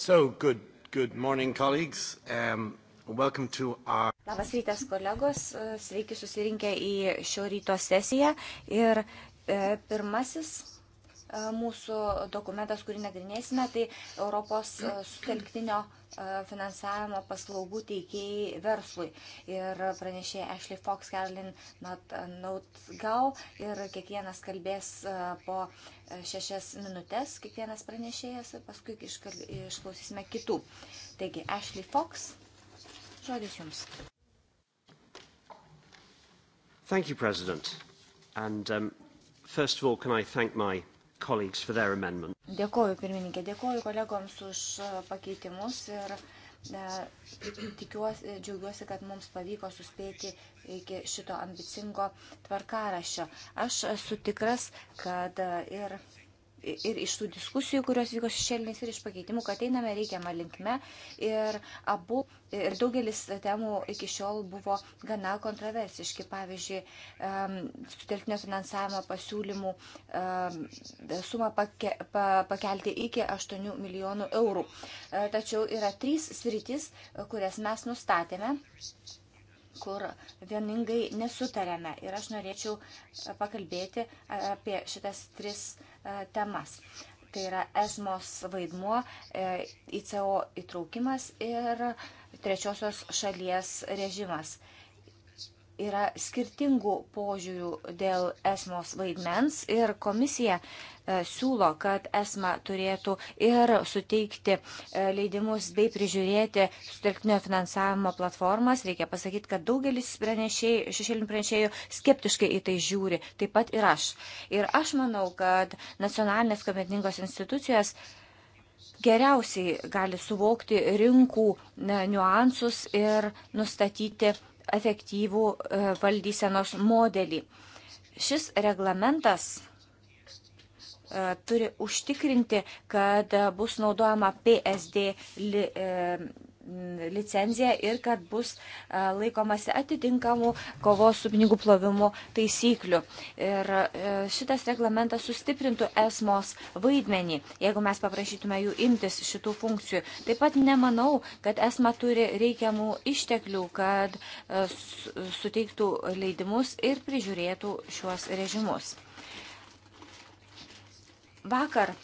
So, good, good morning, colleagues. Um, welcome to our... Labas rytas, kolegos. E, sveiki susirinkę į šio ryto sesiją. Ir e, pirmasis e, mūsų dokumentas, kurį nagrinėsime, tai Europos e, sutelktinio e, E, finansavimo paslaugų teikėjai verslui. Ir pranešė Ashley Fox, Carolyn Nautgal ir kiekvienas kalbės e, po šešias minutės, kiekvienas pranešėjas ir paskui išklausysime kitų. Taigi, Ashley Fox, žodis jums. Thank you, President. And um, first of all, can I thank my Dėkoju pirmininkė, dėkoju kolegoms už e, pakeitimus ir e, tikiuosi, e, džiaugiuosi, kad mums pavyko suspėti iki šito ambicingo tvarkarašio. Aš esu tikras, kad ir ir iš tų diskusijų, kurios vyko šešėliniais ir iš pakeitimų, kad einame reikiamą linkme ir, abu, ir daugelis temų iki šiol buvo gana kontroversiški, pavyzdžiui, sutelktinio finansavimo pasiūlymų sumą pake, pa, pakelti iki 8 milijonų eurų. E, tačiau yra trys sritis, kurias mes nustatėme kur vieningai nesutarėme. Ir aš norėčiau pakalbėti apie šitas tris uh, E, temas. Tai yra esmos vaidmuo, e, ICO įtraukimas ir trečiosios šalies režimas yra skirtingų požiūrių dėl esmos vaidmens ir komisija e, siūlo, kad esma turėtų ir suteikti e, leidimus bei prižiūrėti sutelktinio finansavimo platformas. Reikia pasakyti, kad daugelis šešėlinių pranešėjų skeptiškai į tai žiūri, taip pat ir aš. Ir aš manau, kad nacionalinės kompetingos institucijos geriausiai gali suvokti rinkų niuansus ir nustatyti efektyvų e, valdysenos modelį. Šis reglamentas e, turi užtikrinti, kad e, bus naudojama PSD licenciją ir kad bus laikomasi atitinkamų kovos su pinigų plovimu taisyklių. Ir šitas reglamentas sustiprintų esmos vaidmenį, jeigu mes paprašytume jų imtis šitų funkcijų. Taip pat nemanau, kad esma turi reikiamų išteklių, kad suteiktų leidimus ir prižiūrėtų šiuos režimus. Vakar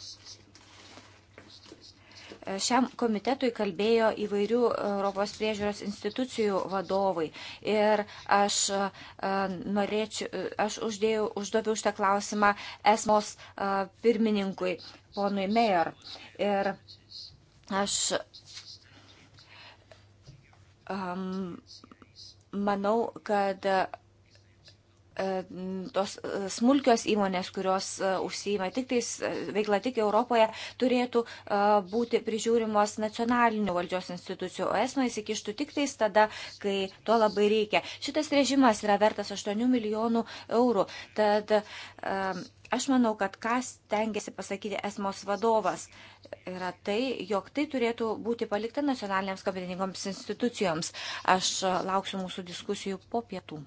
Šiam komitetui kalbėjo įvairių Europos priežiūros institucijų vadovai. Ir aš, e, norėčiau, aš uždėjau, uždaviau šitą klausimą esmos e, pirmininkui, ponui Meir. Ir aš um, manau, kad E, tos e, smulkios įmonės, kurios e, užsima tik tais veikla tik Europoje, turėtų būti prižiūrimos nacionalinių valdžios institucijų, o esmai įsikištų tik tais tada, kai to labai reikia. Šitas režimas yra vertas 8 milijonų eurų. Tad aš manau, kad kas tengiasi pasakyti esmos vadovas yra tai, jog tai turėtų būti palikta nacionalinėms kompetentingoms institucijoms. Aš lauksiu mūsų diskusijų po pietų.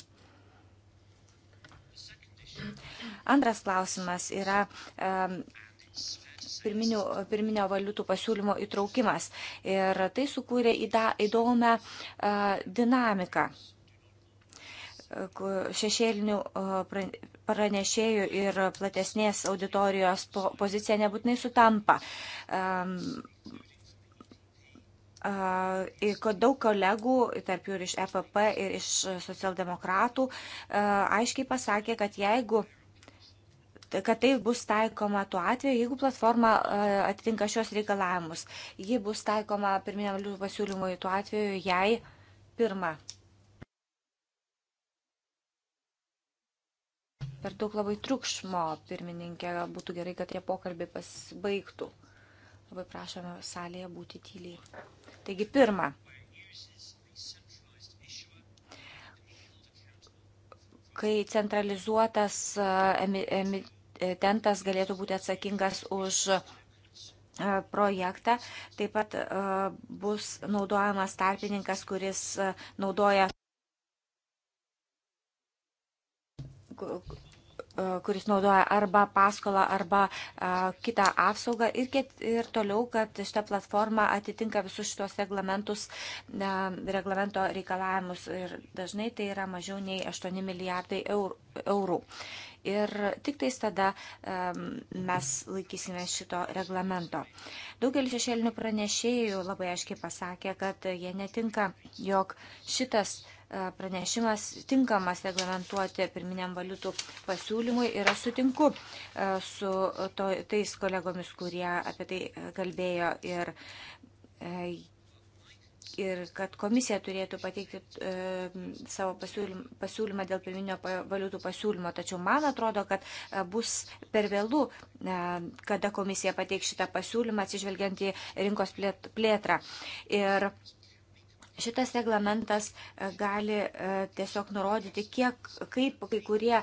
Antras klausimas yra pirminių, pirminio valiutų pasiūlymo įtraukimas. Ir tai sukūrė įdomią dinamiką šešėlinių pranešėjų ir platesnės auditorijos pozicija nebūtinai sutampa. Kad daug kolegų, tarp jų ir iš EPP, ir iš socialdemokratų, aiškiai pasakė, kad jeigu kad tai bus taikoma tuo atveju, jeigu platforma e, atitinka šios reikalavimus. Ji bus taikoma pirminiam pasiūlymui tuo atveju, jei pirma. Per daug labai triukšmo pirmininkė, būtų gerai, kad tie pokalbiai pasibaigtų. Labai prašome salėje būti tyliai. Taigi pirma, kai centralizuotas e, emi, emi, kompetentas galėtų būti atsakingas už e, projektą. Taip pat e, bus naudojamas tarpininkas, kuris e, naudoja E, kuris naudoja arba paskolą, arba a, e, kitą apsaugą ir, ket, ir toliau, kad šita platforma atitinka visus šitos reglamentus, a, e, reglamento reikalavimus ir dažnai tai yra mažiau nei 8 milijardai eur, eurų. Ir tik tais tada um, mes laikysime šito reglamento. Daugelis šešėlinių pranešėjų labai aiškiai pasakė, kad jie netinka, jog šitas uh, pranešimas tinkamas reglamentuoti pirminiam valiutų pasiūlymui ir aš sutinku e, su to, tais kolegomis, kurie apie tai kalbėjo ir, e, ir kad komisija turėtų pateikti e, savo pasiūlymą, pasiūlymą dėl pirminio valiutų pasiūlymo. Tačiau man atrodo, kad bus per vėlų, kada komisija pateiks šitą pasiūlymą atsižvelgiant į rinkos plėtrą. Ir Šitas reglamentas e, gali e, tiesiog nurodyti, kiek, kaip kai kurie e,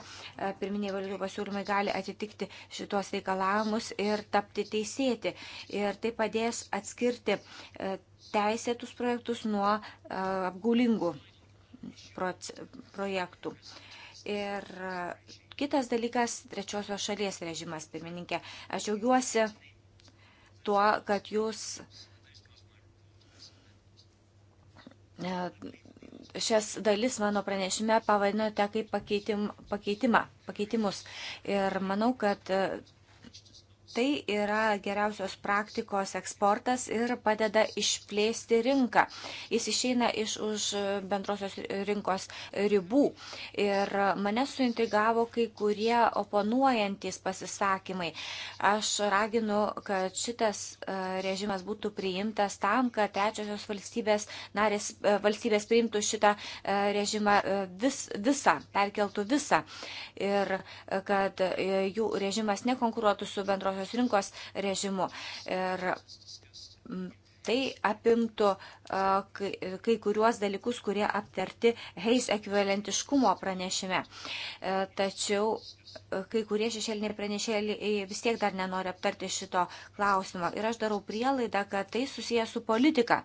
pirminiai valiutų pasiūlymai gali atitikti šitos reikalavimus ir tapti teisėti. Ir tai padės atskirti teisėtus projektus nuo apgulingų projektų. Ir kitas dalykas - trečiosios šalies režimas, pirmininkė. Aš džiaugiuosi tuo, kad jūs E, šias dalis mano pranešime pavadinote kaip pakeitim, pakeitimą, pakeitimus. Ir manau, kad tai yra geriausios praktikos eksportas ir padeda išplėsti rinką. Jis išeina iš už bendrosios rinkos ribų. Ir mane suintrigavo kai kurie oponuojantis pasisakymai. Aš raginu, kad šitas e, režimas būtų priimtas tam, kad trečiosios valstybės, narės, e, valstybės priimtų šitą e, režimą vis, visą, perkeltų visą. Ir kad jų režimas nekonkuruotų su bendrosios laisvosios rinkos režimu. Ir tai apimtų kai kuriuos dalykus, kurie aptarti heis ekvivalentiškumo pranešime. E, tačiau e, kai kurie šešėliniai pranešėjai vis tiek dar nenori aptarti šito klausimo. Ir aš darau prielaidą, kad tai susijęs su politika.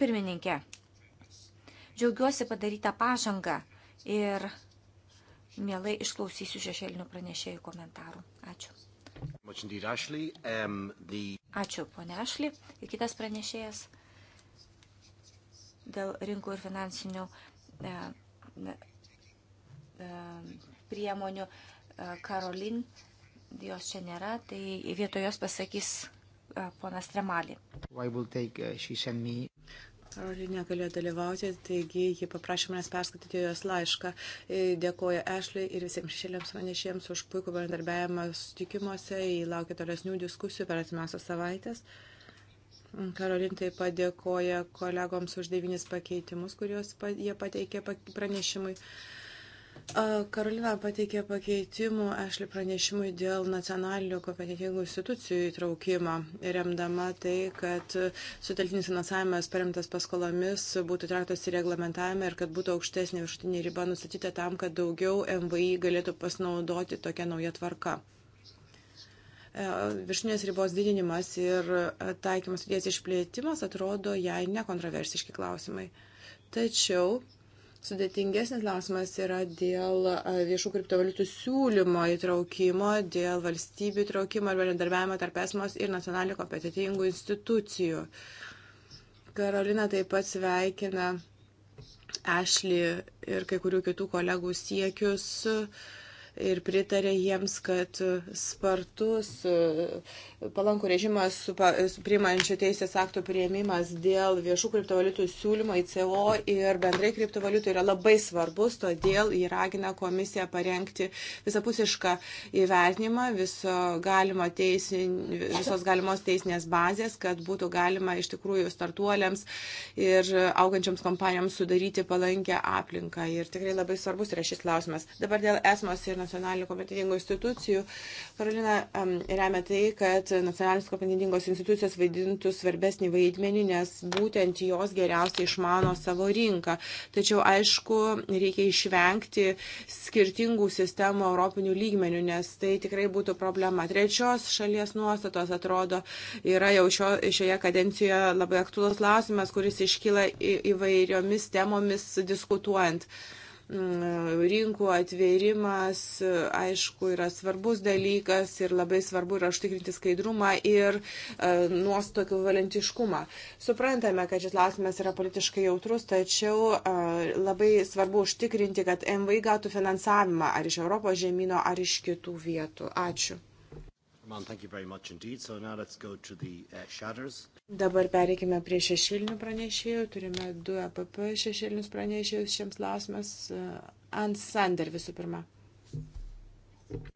Pirmininkė, džiaugiuosi padarytą pažangą ir mielai išklausysiu šešėlinių pranešėjų komentarų. Ačiū. Ačiū, ponė Ašly. Ir kitas pranešėjas dėl rinkų ir finansinių e, e, priemonių e, Karolin, jos čia nėra, tai vietoj jos pasakys e, ponas Tremalį. Sori negalėjo dalyvauti, taigi ji paprašė manęs perskaityti jos laišką. E, dėkoju Ešliui ir visiems šešėliams pranešėjams už puikų bendarbiavimą sutikimuose. Jį laukia tolesnių diskusijų per atimiausias savaitės. Karolin taip pat dėkoja kolegoms už devynis pakeitimus, kuriuos jie pateikė pranešimui. Karolina pateikė pakeitimų Ešli pranešimui dėl nacionalinių kompetentingų institucijų įtraukimo, remdama tai, kad sutelkinis finansavimas paremtas paskolomis būtų traktas į reglamentavimą ir kad būtų aukštesnė viršutinė riba nustatyta tam, kad daugiau MVI galėtų pasinaudoti tokia nauja tvarka. Viršinės ribos didinimas ir taikymas idėjas išplėtimas atrodo jai nekontroversiški klausimai. Tačiau Sudėtingesnis klausimas yra dėl viešų kriptovaliutų siūlymo įtraukimo, dėl valstybių įtraukimo ir bendradarbiavimo tarp esmos ir nacionalinių kompetitingų institucijų. Karolina taip pat sveikina Ashley ir kai kurių kitų kolegų siekius ir pritarė jiems, kad spartus palankų režimą su, su priimančių teisės aktų prieimimas dėl viešų kriptovaliutų siūlymo į CO ir bendrai kriptovaliutų yra labai svarbus, todėl jį ragina komisija parengti visapusišką įvertinimą viso galimo teisin, visos galimos teisinės bazės, kad būtų galima iš tikrųjų startuoliams ir augančiams kompanijoms sudaryti palankę aplinką. Ir tikrai labai svarbus yra šis klausimas. Dabar dėl esmos ir nacionalinių kompetitingų institucijų. Karolina um, remia tai, kad kad nacionalinės kompetentingos institucijos vaidintų svarbesnį vaidmenį, nes būtent jos geriausiai išmano savo rinką. Tačiau, aišku, reikia išvengti skirtingų sistemų europinių lygmenių, nes tai tikrai būtų problema. Trečios šalies nuostatos, atrodo, yra jau šio, šioje kadencijoje labai aktuolus klausimas, kuris iškyla į, įvairiomis temomis diskutuojant. Thank you Mm, rinkų atvėrimas, aišku, yra svarbus dalykas ir labai svarbu yra užtikrinti skaidrumą ir e, nuostokių valentiškumą. Suprantame, kad šis klausimas yra politiškai jautrus, tačiau e, labai svarbu užtikrinti, kad MVI gautų finansavimą ar iš Europos žemynų, ar iš kitų vietų. Ačiū. Man, thank you very much indeed. So now let's go to the uh, shatters. Dabar pereikime prie šešėlinių pranešėjų. Turime du APP e šešėlinius pranešėjus šiems klausimas. Uh, Ann Sander visų pirma.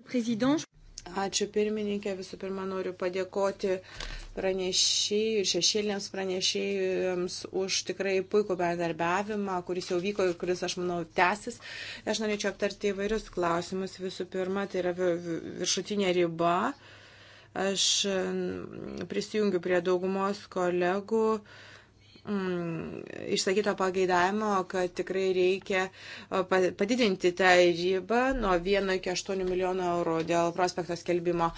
Prezident. Ačiū pirmininkė. Visų pirma noriu padėkoti pranešėjų ir šešėliniams pranešėjams už tikrai puikų bendarbiavimą, kuris jau vyko ir kuris, aš manau, tęsis. Aš norėčiau aptarti įvairius klausimus. Visų pirma, tai yra viršutinė riba. Uh, Aš mm, prisijungiu prie daugumos kolegų mm, išsakyto pageidavimo, kad tikrai reikia padidinti tą ribą nuo 1 iki 8 milijonų eurų dėl prospekto skelbimo.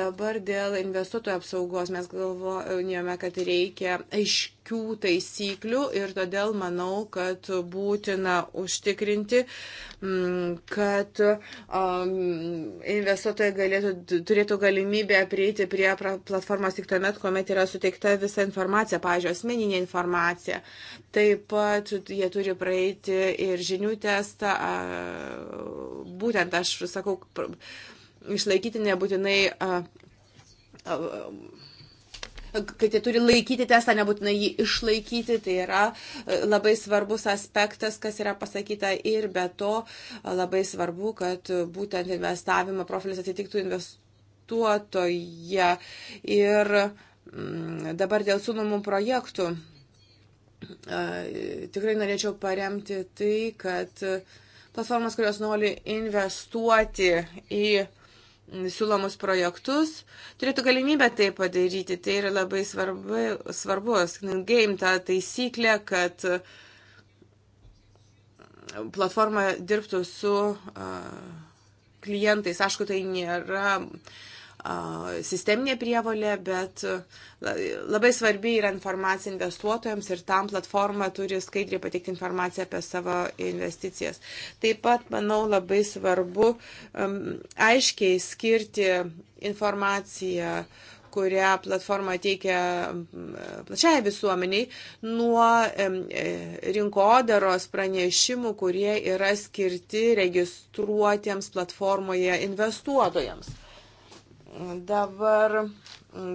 Dabar dėl investuotojų apsaugos mes galvojame, kad reikia aiškiai aiškių taisyklių ir todėl manau, kad būtina užtikrinti, mm, kad investuotojai galėtų, turėtų galimybę prieiti prie platformos tik tuomet, kuomet yra suteikta visa informacija, pažiūrėjau, asmeninė informacija. Taip pat jie turi praeiti ir žinių testą. Būtent aš sakau, išlaikyti nebūtinai kad jie turi laikyti testą, nebūtinai jį išlaikyti, tai yra e, labai svarbus aspektas, kas yra pasakyta ir be to e, labai svarbu, kad būtent investavimo profilis atitiktų investuotoje. Ir mm, dabar dėl sunomų projektų. E, tikrai norėčiau paremti tai, kad platformas, kurios nori investuoti į siūlomus projektus, turėtų galimybę tai padaryti. Tai yra labai svarbu, svarbus game ta taisyklė, kad e, platforma dirbtų su e, klientais. Aišku, tai nėra uh, sisteminė prievalė, bet labai svarbi yra informacija investuotojams ir tam platforma turi skaidriai pateikti informaciją apie savo investicijas. Taip pat, manau, labai svarbu um, aiškiai skirti informaciją kurią platforma teikia um, plačiai visuomeniai, nuo e, rinkodaros pranešimų, kurie yra skirti registruotiems platformoje investuotojams. Dabar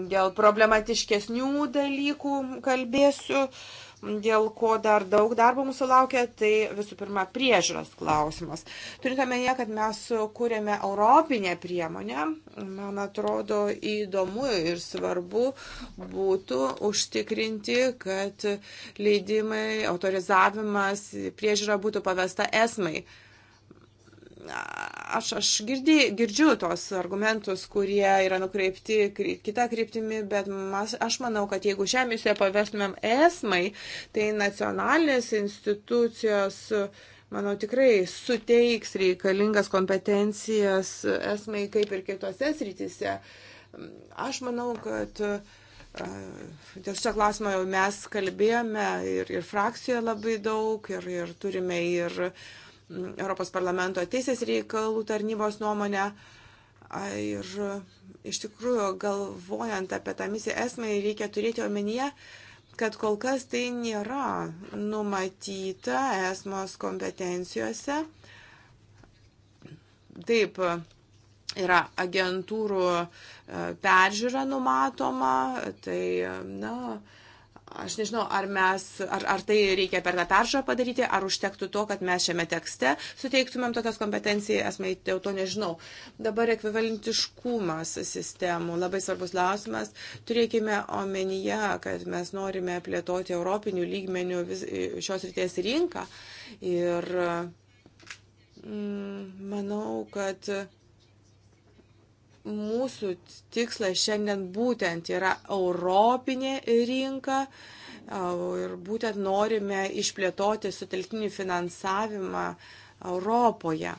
dėl problematiškesnių dalykų kalbėsiu, dėl ko dar daug darbo mūsų laukia, tai visų pirma priežiūros klausimas. Turintame jie, kad mes kūrėme europinę priemonę, man atrodo įdomu ir svarbu būtų užtikrinti, kad leidimai, autorizavimas, priežiūra būtų pavesta esmai aš, aš girdė, girdžiu tos argumentus, kurie yra nukreipti kitą kryptimį, bet mas, aš manau, kad jeigu žemėse pavestumėm esmai, tai nacionalinės institucijos uh, manau, tikrai suteiks reikalingas kompetencijas esmai kaip ir kitose srityse. Aš manau, kad dėl šio klausimo jau mes kalbėjome ir, ir frakcijoje labai daug, ir, ir turime ir uh, Europos parlamento teisės reikalų tarnybos nuomonę. Ir iš tikrųjų, galvojant apie tą misiją esmai, reikia turėti omenyje, kad kol kas tai nėra numatyta esmos kompetencijose. Taip, yra agentūrų e, peržiūra numatoma, tai, na, Aš nežinau, ar, mes, ar, ar tai reikia per tą peršą padaryti, ar užtektų to, kad mes šiame tekste suteiktumėm tokias kompetencijas, esmai jau to nežinau. Dabar ekvivalentiškumas sistemų, labai svarbus klausimas. Turėkime omenyje, kad mes norime plėtoti europinių lygmenių vis, šios ryties rinką. Ir mm, manau, kad mūsų tikslas šiandien būtent yra europinė rinka ir būtent norime išplėtoti sutelktinį finansavimą Europoje.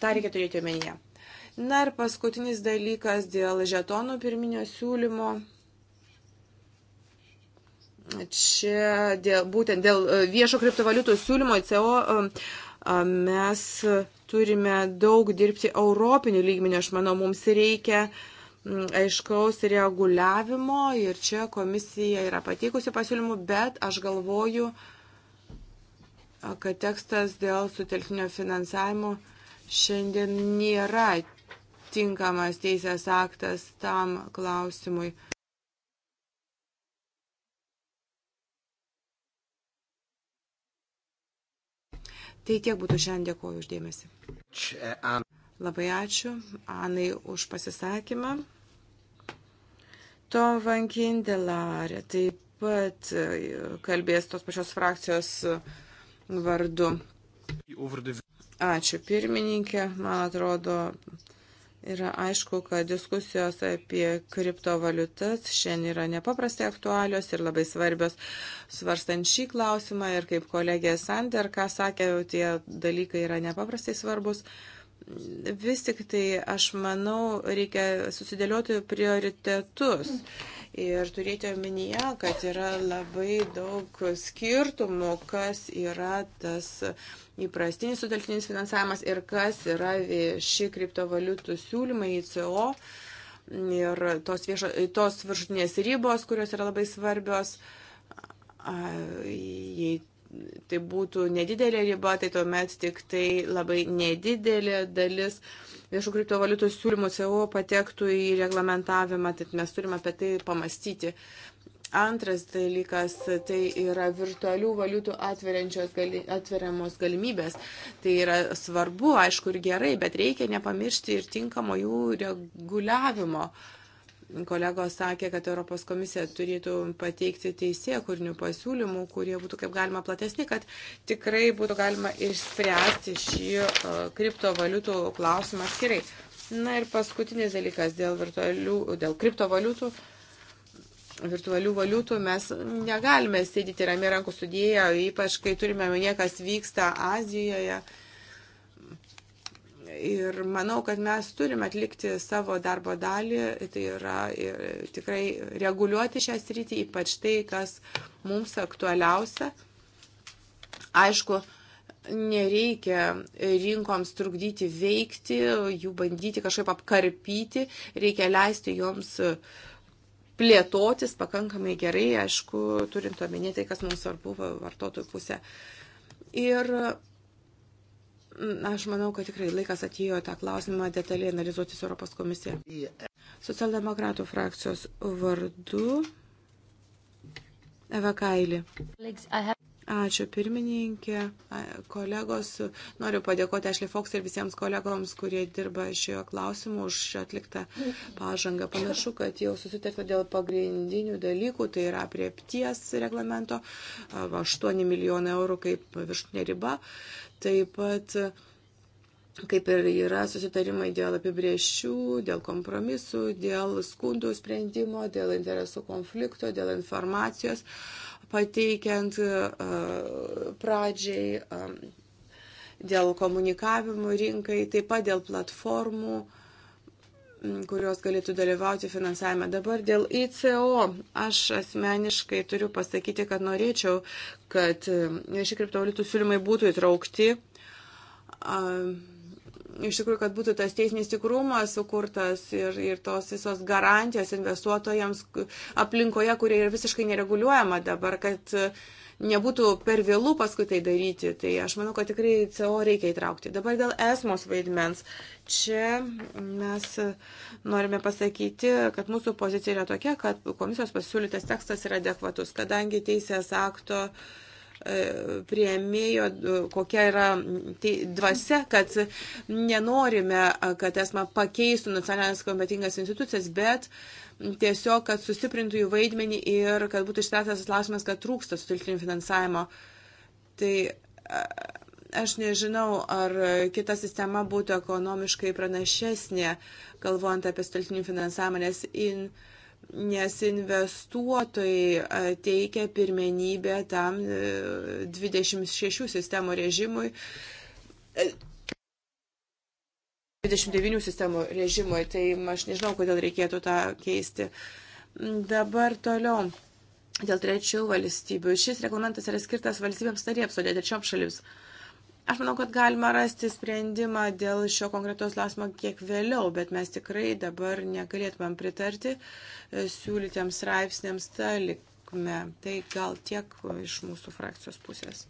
Ta reikia turėti omenyje. Na ir paskutinis dalykas dėl žetonų pirminio siūlymo. Čia dėl, būtent dėl e, viešo kriptovaliutų siūlymo ICO e e, mes turime daug dirbti europinių lygmenių. Aš manau, mums reikia mm, aiškaus reguliavimo ir čia komisija yra pateikusi pasiūlymų, bet aš galvoju, kad tekstas dėl sutelkinio finansavimo šiandien nėra tinkamas teisės aktas tam klausimui. Tai tiek būtų šiandien dėkoju uždėmesi. Labai ačiū Anai už pasisakymą. Tom Vankindelarė taip pat e, kalbės tos pačios frakcijos e, vardu. Ačiū pirmininkė, man atrodo, Yra aišku, kad diskusijos apie kriptovaliutas šiandien yra nepaprastai aktualios ir labai svarbios svarstant šį klausimą ir kaip kolegė Sander, ką sakė, tie dalykai yra nepaprastai svarbus. Vis tik tai, aš manau, reikia susidėlioti prioritetus. Mm ir turėti omenyje, kad yra labai daug skirtumų, kas yra tas įprastinis sutelkinis finansavimas ir kas yra vieši kriptovaliutų siūlymai ICO ir tos, viešo, tos viršutinės ribos, kurios yra labai svarbios. Jei tai būtų nedidelė riba, tai tuomet tik tai labai nedidelė dalis uh, viešų kriptovaliutų siūlymų CO e patektų į reglamentavimą, tad mes turime apie tai pamastyti. Antras dalykas - tai yra virtualių valiutų gali, atveriamos galimybės. Tai yra svarbu, aišku, ir gerai, bet reikia nepamiršti ir tinkamo jų reguliavimo. Uh, Kolegos sakė, kad Europos komisija turėtų pateikti teisė kūrinių pasiūlymų, kurie būtų kaip galima platesni, kad tikrai būtų galima išspręsti šį e, kriptovaliutų klausimą atskirai. Na ir paskutinis dalykas dėl, dėl kriptovaliutų virtualių valiutų mes negalime sėdyti ramiai rankų sudėję, ypač kai turime minė, kas vyksta Azijoje. Ir manau, kad mes turime atlikti savo darbo dalį, tai yra tikrai reguliuoti šią sritį, ypač tai, kas mums aktualiausia. Aišku, nereikia rinkoms trukdyti veikti, jų bandyti kažkaip apkarpyti, reikia leisti joms plėtotis pakankamai gerai, aišku, turint omenyje tai, kas mums svarbu vartotojų pusė. Ir Aš manau, kad tikrai laikas atėjo tą klausimą detaliai analizuoti su Europos komisija. Socialdemokratų frakcijos vardu Eva Kailį. Ačiū pirmininkė, kolegos. Noriu padėkoti Ašlė Foks ir visiems kolegoms, kurie dirba šio klausimu už atliktą pažangą. Panašu, kad jau susitarta dėl pagrindinių dalykų, tai yra priepties reglamento 8 milijonai eurų kaip viršutinė riba. Taip pat kaip ir yra susitarimai dėl apibriešių, dėl kompromisų, dėl skundų sprendimo, dėl interesų konflikto, dėl informacijos. Uh, pateikiant e, pradžiai e, dėl komunikavimų rinkai, taip pat dėl platformų, kurios galėtų dalyvauti finansavime. Dabar dėl ICO aš asmeniškai turiu pasakyti, kad norėčiau, kad e, šie kriptovaliutų siūlymai būtų įtraukti. Uh, iš tikrųjų, kad būtų tas teisinis tikrumas sukurtas ir, ir tos visos garantijos investuotojams aplinkoje, kurie yra visiškai nereguliuojama dabar, kad e, nebūtų per vėlų paskui tai daryti. Tai aš manau, kad tikrai CO reikia įtraukti. Dabar dėl esmos vaidmens. Čia mes norime pasakyti, kad mūsų pozicija yra tokia, kad komisijos pasiūlytas tekstas yra adekvatus, kadangi teisės akto uh, E, prieimėjo, kokia yra dvasia, kad nenorime, kad esame pakeistų nacionalinės kompetingas institucijas, bet tiesiog, kad sustiprintų jų vaidmenį ir kad būtų išspręstas klausimas, kad trūksta sutiltinių finansavimo. Tai aš nežinau, ar kita sistema būtų ekonomiškai pranašesnė, galvojant apie sutiltinių finansavimą, nes in, uh, nes investuotojai e, teikia pirmenybę tam 26 e, sistemų režimui. 29 e, sistemų režimui, tai aš nežinau, kodėl reikėtų tą keisti. Dabar toliau. Dėl trečių valstybių. Šis reglamentas yra skirtas valstybėms narėms, o ne trečioms šalims. Uh, Aš manau, kad galima rasti sprendimą dėl šio konkretos klausimo kiek vėliau, bet mes tikrai dabar negalėtumėm pritarti e, siūlytiems straipsniams tą likme. Tai gal tiek iš mūsų frakcijos pusės.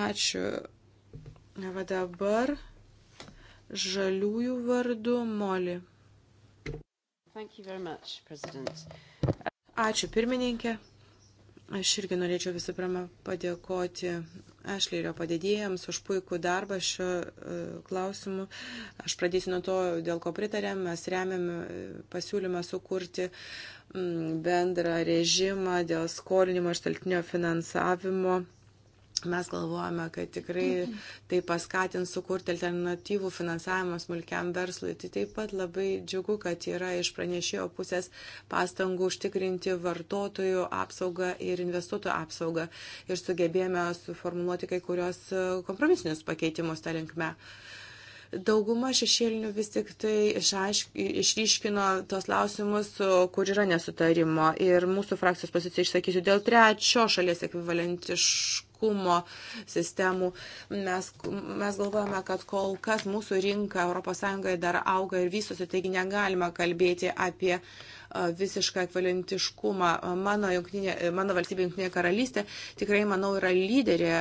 Ačiū. Va dabar žaliųjų vardu Moli. Ačiū pirmininkė. Aš irgi norėčiau visų pirma padėkoti Ašlyrio padėdėjams už puikų darbą šio e, klausimu. Aš pradėsiu nuo to, dėl ko pritarėm. Mes remiam e, pasiūlymą sukurti bendrą režimą dėl skolinimo ir staltinio finansavimo Mes galvojame, kad tikrai tai paskatins sukurti alternatyvų finansavimą smulkiam verslui. Tai taip pat labai džiugu, kad yra iš pranešėjo pusės pastangų užtikrinti vartotojų apsaugą ir investuotojų apsaugą. Ir sugebėjome suformuoluoti kai kurios e, kompromisinius pakeitimus tą linkme dauguma šešėlinių vis tik tai išaišk, išryškino tos lausimus, e, kur yra nesutarimo. Ir mūsų frakcijos poziciją išsakysiu dėl trečio šalies ekvivalentiško saugumo sistemų. Mes, mes galvojame, kad kol kas mūsų rinka ES dar auga ir vystosi, taigi negalima kalbėti apie visišką ekvalentiškumą. Mano, jungtinė, mano valstybė Junktinė karalystė tikrai, manau, yra lyderė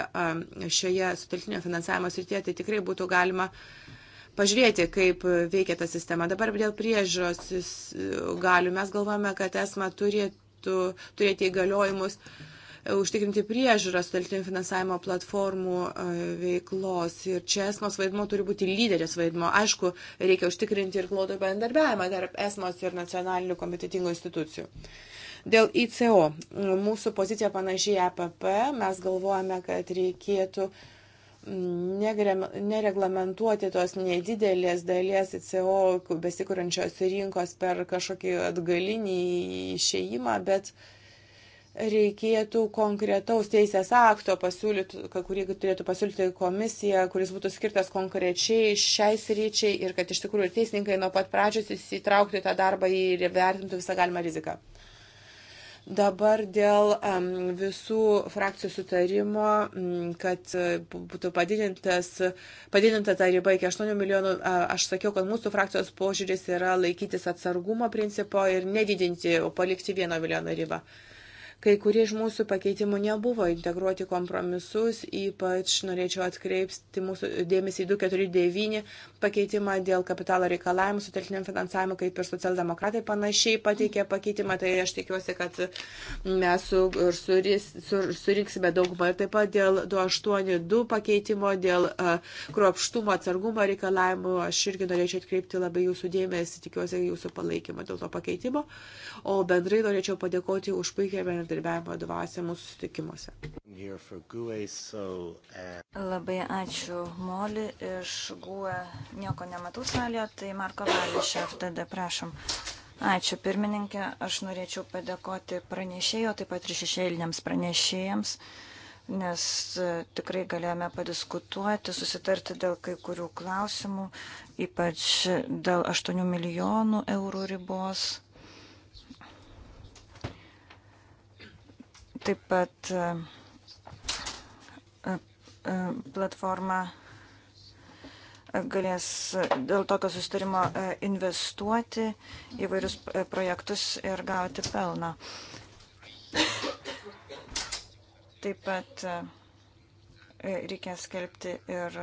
šioje sutelkinio finansavimo srityje, tai tikrai būtų galima pažiūrėti, kaip veikia ta sistema. Dabar dėl priežiūros galių mes galvojame, kad esma turėtų turėti įgaliojimus uh, užtikrinti priežiūrą, sutelkti finansavimo platformų e, veiklos. Ir čia esmos vaidmo turi būti lyderės vaidmo. Aišku, reikia užtikrinti ir glaudų bendarbiavimą tarp esmos ir nacionalinių kompetitingų institucijų. Dėl ICO mūsų pozicija panašiai APP. Mes galvojame, kad reikėtų mm, nereglamentuoti tos nedidelės dalies ICO besikūrančios rinkos per kažkokį atgalinį išėjimą, bet uh, reikėtų konkretaus teisės akto pasiūlyti, kurį turėtų pasiūlyti komisija, kuris būtų skirtas konkrečiai šiai sryčiai ir kad iš tikrųjų teisininkai nuo pat pradžios įsitrauktų į tą darbą ir vertintų visą galimą riziką. Dabar dėl um, visų frakcijų sutarimo, um, kad e, būtų padidinta ta riba iki 8 milijonų, aš sakiau, kad mūsų frakcijos požiūris yra laikytis atsargumo principo ir nedidinti, o palikti 1 milijono ribą. Uh, Kai kurie iš mūsų pakeitimų nebuvo integruoti kompromisus, ypač norėčiau atkreipti mūsų dėmesį į 249 pakeitimą dėl kapitalo reikalavimų sutelkiniam finansavimui, kaip ir socialdemokratai panašiai pateikė pakeitimą, tai aš tikiuosi, kad mes su, suris, sur, surinksime daugumą. Ir taip pat dėl 282 pakeitimo, dėl uh, kruopštumo atsargumo reikalavimų, aš irgi norėčiau atkreipti labai jūsų dėmesį, tikiuosi jūsų palaikymo dėl to pakeitimo. O bendrai norėčiau padėkoti už puikiai bendradarbiavimo dvasę mūsų sutikimuose. Labai ačiū, Moli. Iš GUE nieko nematau salėje, tai Marko Vališ, FTD, prašom. Ačiū, pirmininkė. Aš norėčiau padėkoti pranešėjo, taip pat ir šešėliniams pranešėjams, nes e, tikrai galėjome padiskutuoti, susitarti dėl kai kurių klausimų, ypač dėl 8 milijonų eurų ribos Taip pat e, e, e, platforma galės dėl tokio sustarimo investuoti įvairius projektus ir gauti pelną. Taip pat reikia skelbti ir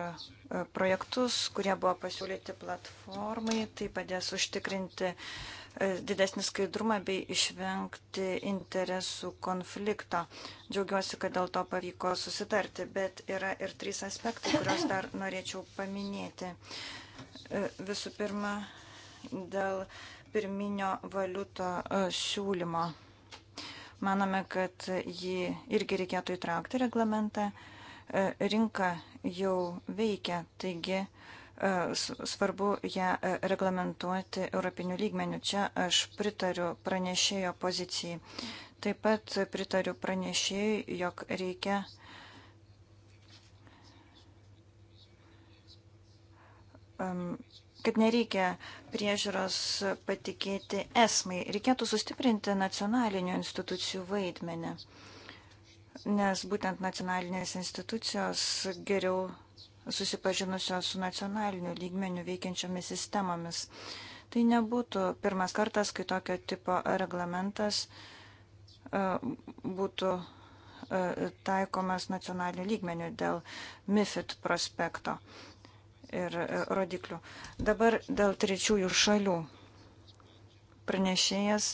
projektus, kurie buvo pasiūlyti platformai, tai padės užtikrinti didesnį skaidrumą bei išvengti interesų konflikto. Džiaugiuosi, kad dėl to pavyko susitarti, bet yra ir trys aspektai, kuriuos dar norėčiau paminėti. E, visų pirma, dėl pirminio valiuto e, siūlymo. Manome, kad jį irgi reikėtų įtraukti reglamentą. E, rinka jau veikia, taigi E, svarbu ją e, reglamentuoti europinių lygmenių. Čia aš pritariu pranešėjo pozicijai. Taip pat pritariu pranešėjai, jog reikia kad nereikia priežiūros patikėti esmai. Reikėtų sustiprinti nacionalinių institucijų vaidmenį, nes būtent nacionalinės institucijos geriau susipažinusios su nacionaliniu lygmeniu veikiančiomis sistemomis. Tai nebūtų pirmas kartas, kai tokio tipo reglamentas e, būtų e, taikomas nacionaliniu lygmeniu dėl MIFID prospekto ir e, rodiklių. Dabar dėl trečiųjų šalių pranešėjas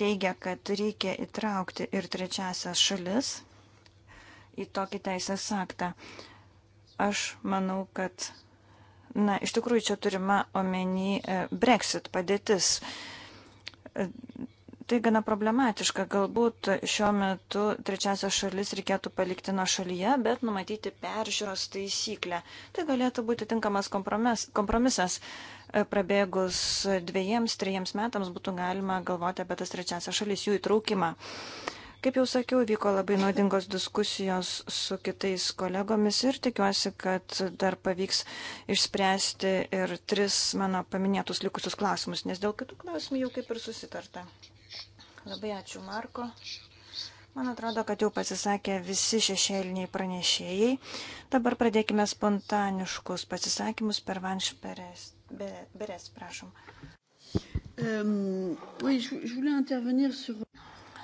teigia, kad reikia įtraukti ir trečiasias šalis į tokį teisės aktą. Aš manau, kad, na, iš tikrųjų čia turima omeny e, Brexit padėtis. E, tai gana problematiška. Galbūt šiuo metu trečiasios šalis reikėtų palikti nuo šalyje, bet numatyti peržiūros taisyklę. Tai galėtų būti tinkamas kompromis, kompromisas. E, prabėgus dviejiems, trejiems metams būtų galima galvoti apie tas trečiasias šalis, jų įtraukimą. Uh, Kaip jau sakiau, vyko labai nuodingos diskusijos su kitais kolegomis ir tikiuosi, kad dar pavyks išspręsti ir tris mano paminėtus likusius klausimus, nes dėl kitų klausimų jau kaip ir susitarta. Labai ačiū, Marko. Man atrodo, kad jau pasisakė visi šešėliniai pranešėjai. Dabar pradėkime spontaniškus pasisakymus per Vanš Beres, beres prašom. Um, oui, je, je voulais intervenir sur...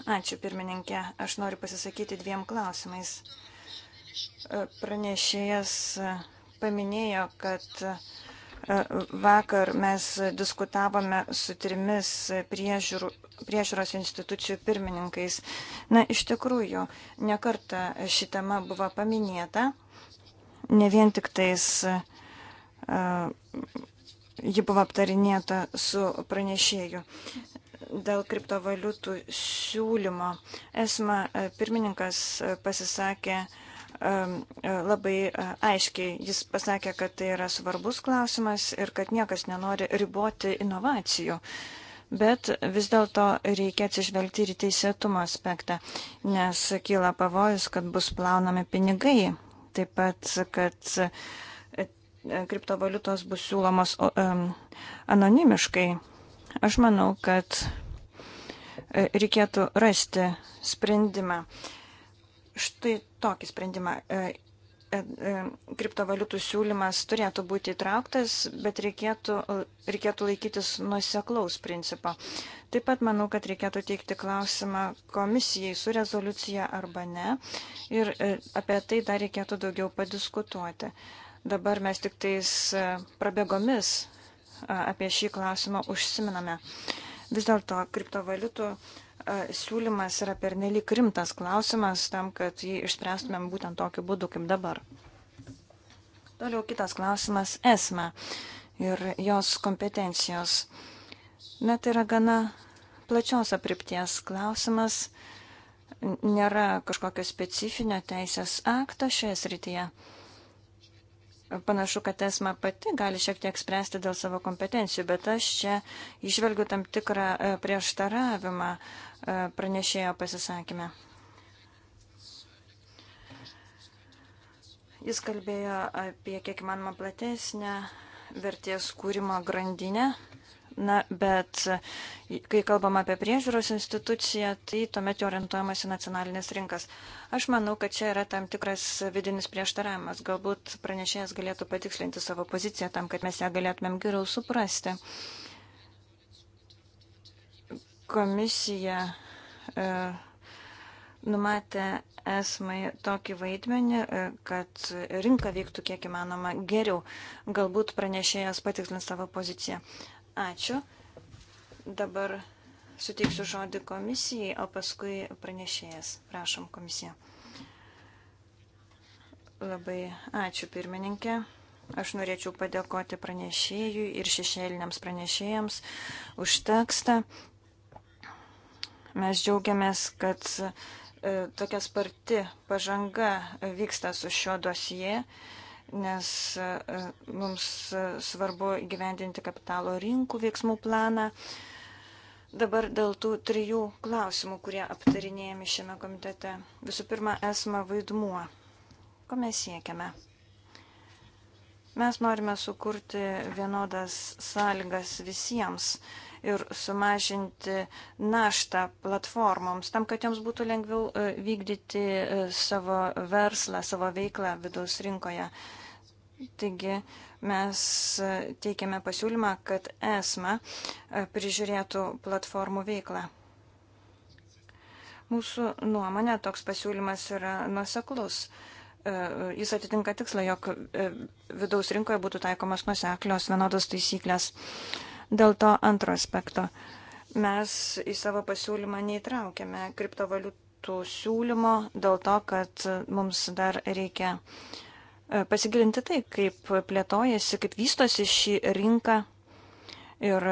Ačiū, pirmininkė. Aš noriu pasisakyti dviem klausimais. E, pranešėjas e, paminėjo, kad e, vakar mes diskutavome su trimis priežiūrų, priežiūros institucijų pirmininkais. Na, iš tikrųjų, nekarta ši tema buvo paminėta, ne vien tik tais ji buvo aptarinėta su pranešėju dėl kriptovaliutų siūlymo. Esma e, pirmininkas e, pasisakė e, labai aiškiai. Jis pasakė, kad tai yra svarbus klausimas ir kad niekas nenori riboti inovacijų. Bet vis dėlto reikia atsižvelgti ir į teisėtumo aspektą, nes kyla pavojus, kad bus plaunami pinigai. Taip pat, kad kriptovaliutos bus siūlomos anonimiškai Aš manau, kad e, reikėtų rasti sprendimą. Štai tokį sprendimą. E, e, kriptovaliutų siūlymas turėtų būti įtrauktas, bet reikėtų, reikėtų laikytis nuseklaus principo. Taip pat manau, kad reikėtų teikti klausimą komisijai su rezoliucija arba ne. Ir apie tai dar reikėtų daugiau padiskutuoti. Dabar mes tik tais prabėgomis apie šį klausimą užsiminame. Vis dėlto kriptovaliutų siūlymas yra pernelyg rimtas klausimas tam, kad jį išspręstumėm būtent tokiu būdu kaip dabar. Toliau kitas klausimas - esmė ir jos kompetencijos. Net tai yra gana plačios aprypties klausimas nėra kažkokio specifinio teisės akto šioje srityje panašu, kad esma pati gali šiek tiek spręsti dėl savo kompetencijų, bet aš čia išvelgiu tam tikrą e, prieštaravimą e, pranešėjo pasisakymę. Jis kalbėjo apie kiek manoma platesnę vertės kūrimo grandinę Na, bet e, kai kalbam apie priežiūros instituciją, tai tuomet jau orientuojamas į nacionalinės rinkas. Aš manau, kad čia yra tam tikras vidinis prieštaravimas. Galbūt pranešėjas galėtų patikslinti savo poziciją tam, kad mes ją galėtumėm geriau suprasti. Komisija e, numatė esmai tokį vaidmenį, e, kad rinka veiktų kiek įmanoma geriau. Galbūt pranešėjas patikslins savo poziciją. Ačiū. Dabar suteiksiu žodį komisijai, o paskui pranešėjas. Prašom komisiją. Labai ačiū pirmininkė. Aš norėčiau padėkoti pranešėjui ir šešėliniams pranešėjams už tekstą. Mes džiaugiamės, kad e, tokia sparti pažanga vyksta su šio dosijai nes e, mums e, svarbu gyvendinti kapitalo rinkų veiksmų planą. Dabar dėl tų trijų klausimų, kurie aptarinėjami šiame komitete. Visų pirma, esma vaidmuo. Ko mes siekiame? Mes norime sukurti vienodas sąlygas visiems ir sumažinti naštą platformoms, tam, kad joms būtų lengviau e, vykdyti e, savo verslą, savo veiklą vidaus rinkoje. Taigi mes e, teikiame pasiūlymą, kad ESMA prižiūrėtų platformų veiklą. Mūsų nuomonė toks pasiūlymas yra nuoseklus jis atitinka tikslą, jog vidaus rinkoje būtų taikomas nuseklios vienodos taisyklės. Dėl to antro aspekto mes į savo pasiūlymą neįtraukėme kriptovaliutų siūlymo dėl to, kad mums dar reikia e, pasigilinti tai, kaip plėtojasi, kaip vystosi šį rinką ir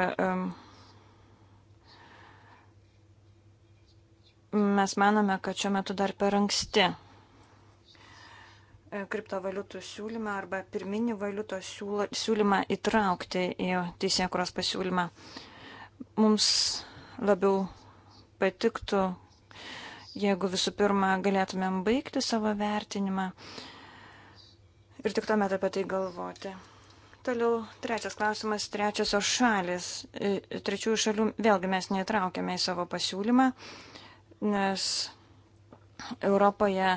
mes manome, kad šiuo metu dar per anksti E, kriptovaliutų siūlymą arba pirminį valiutos siūlymą įtraukti į teisėkuros pasiūlymą. Mums labiau patiktų, jeigu visų pirma galėtumėm baigti savo vertinimą ir tik tuomet apie tai galvoti. Toliau trečias klausimas, trečiosios šalis. E, trečiųjų šalių vėlgi mes neįtraukėme į savo pasiūlymą, nes Europoje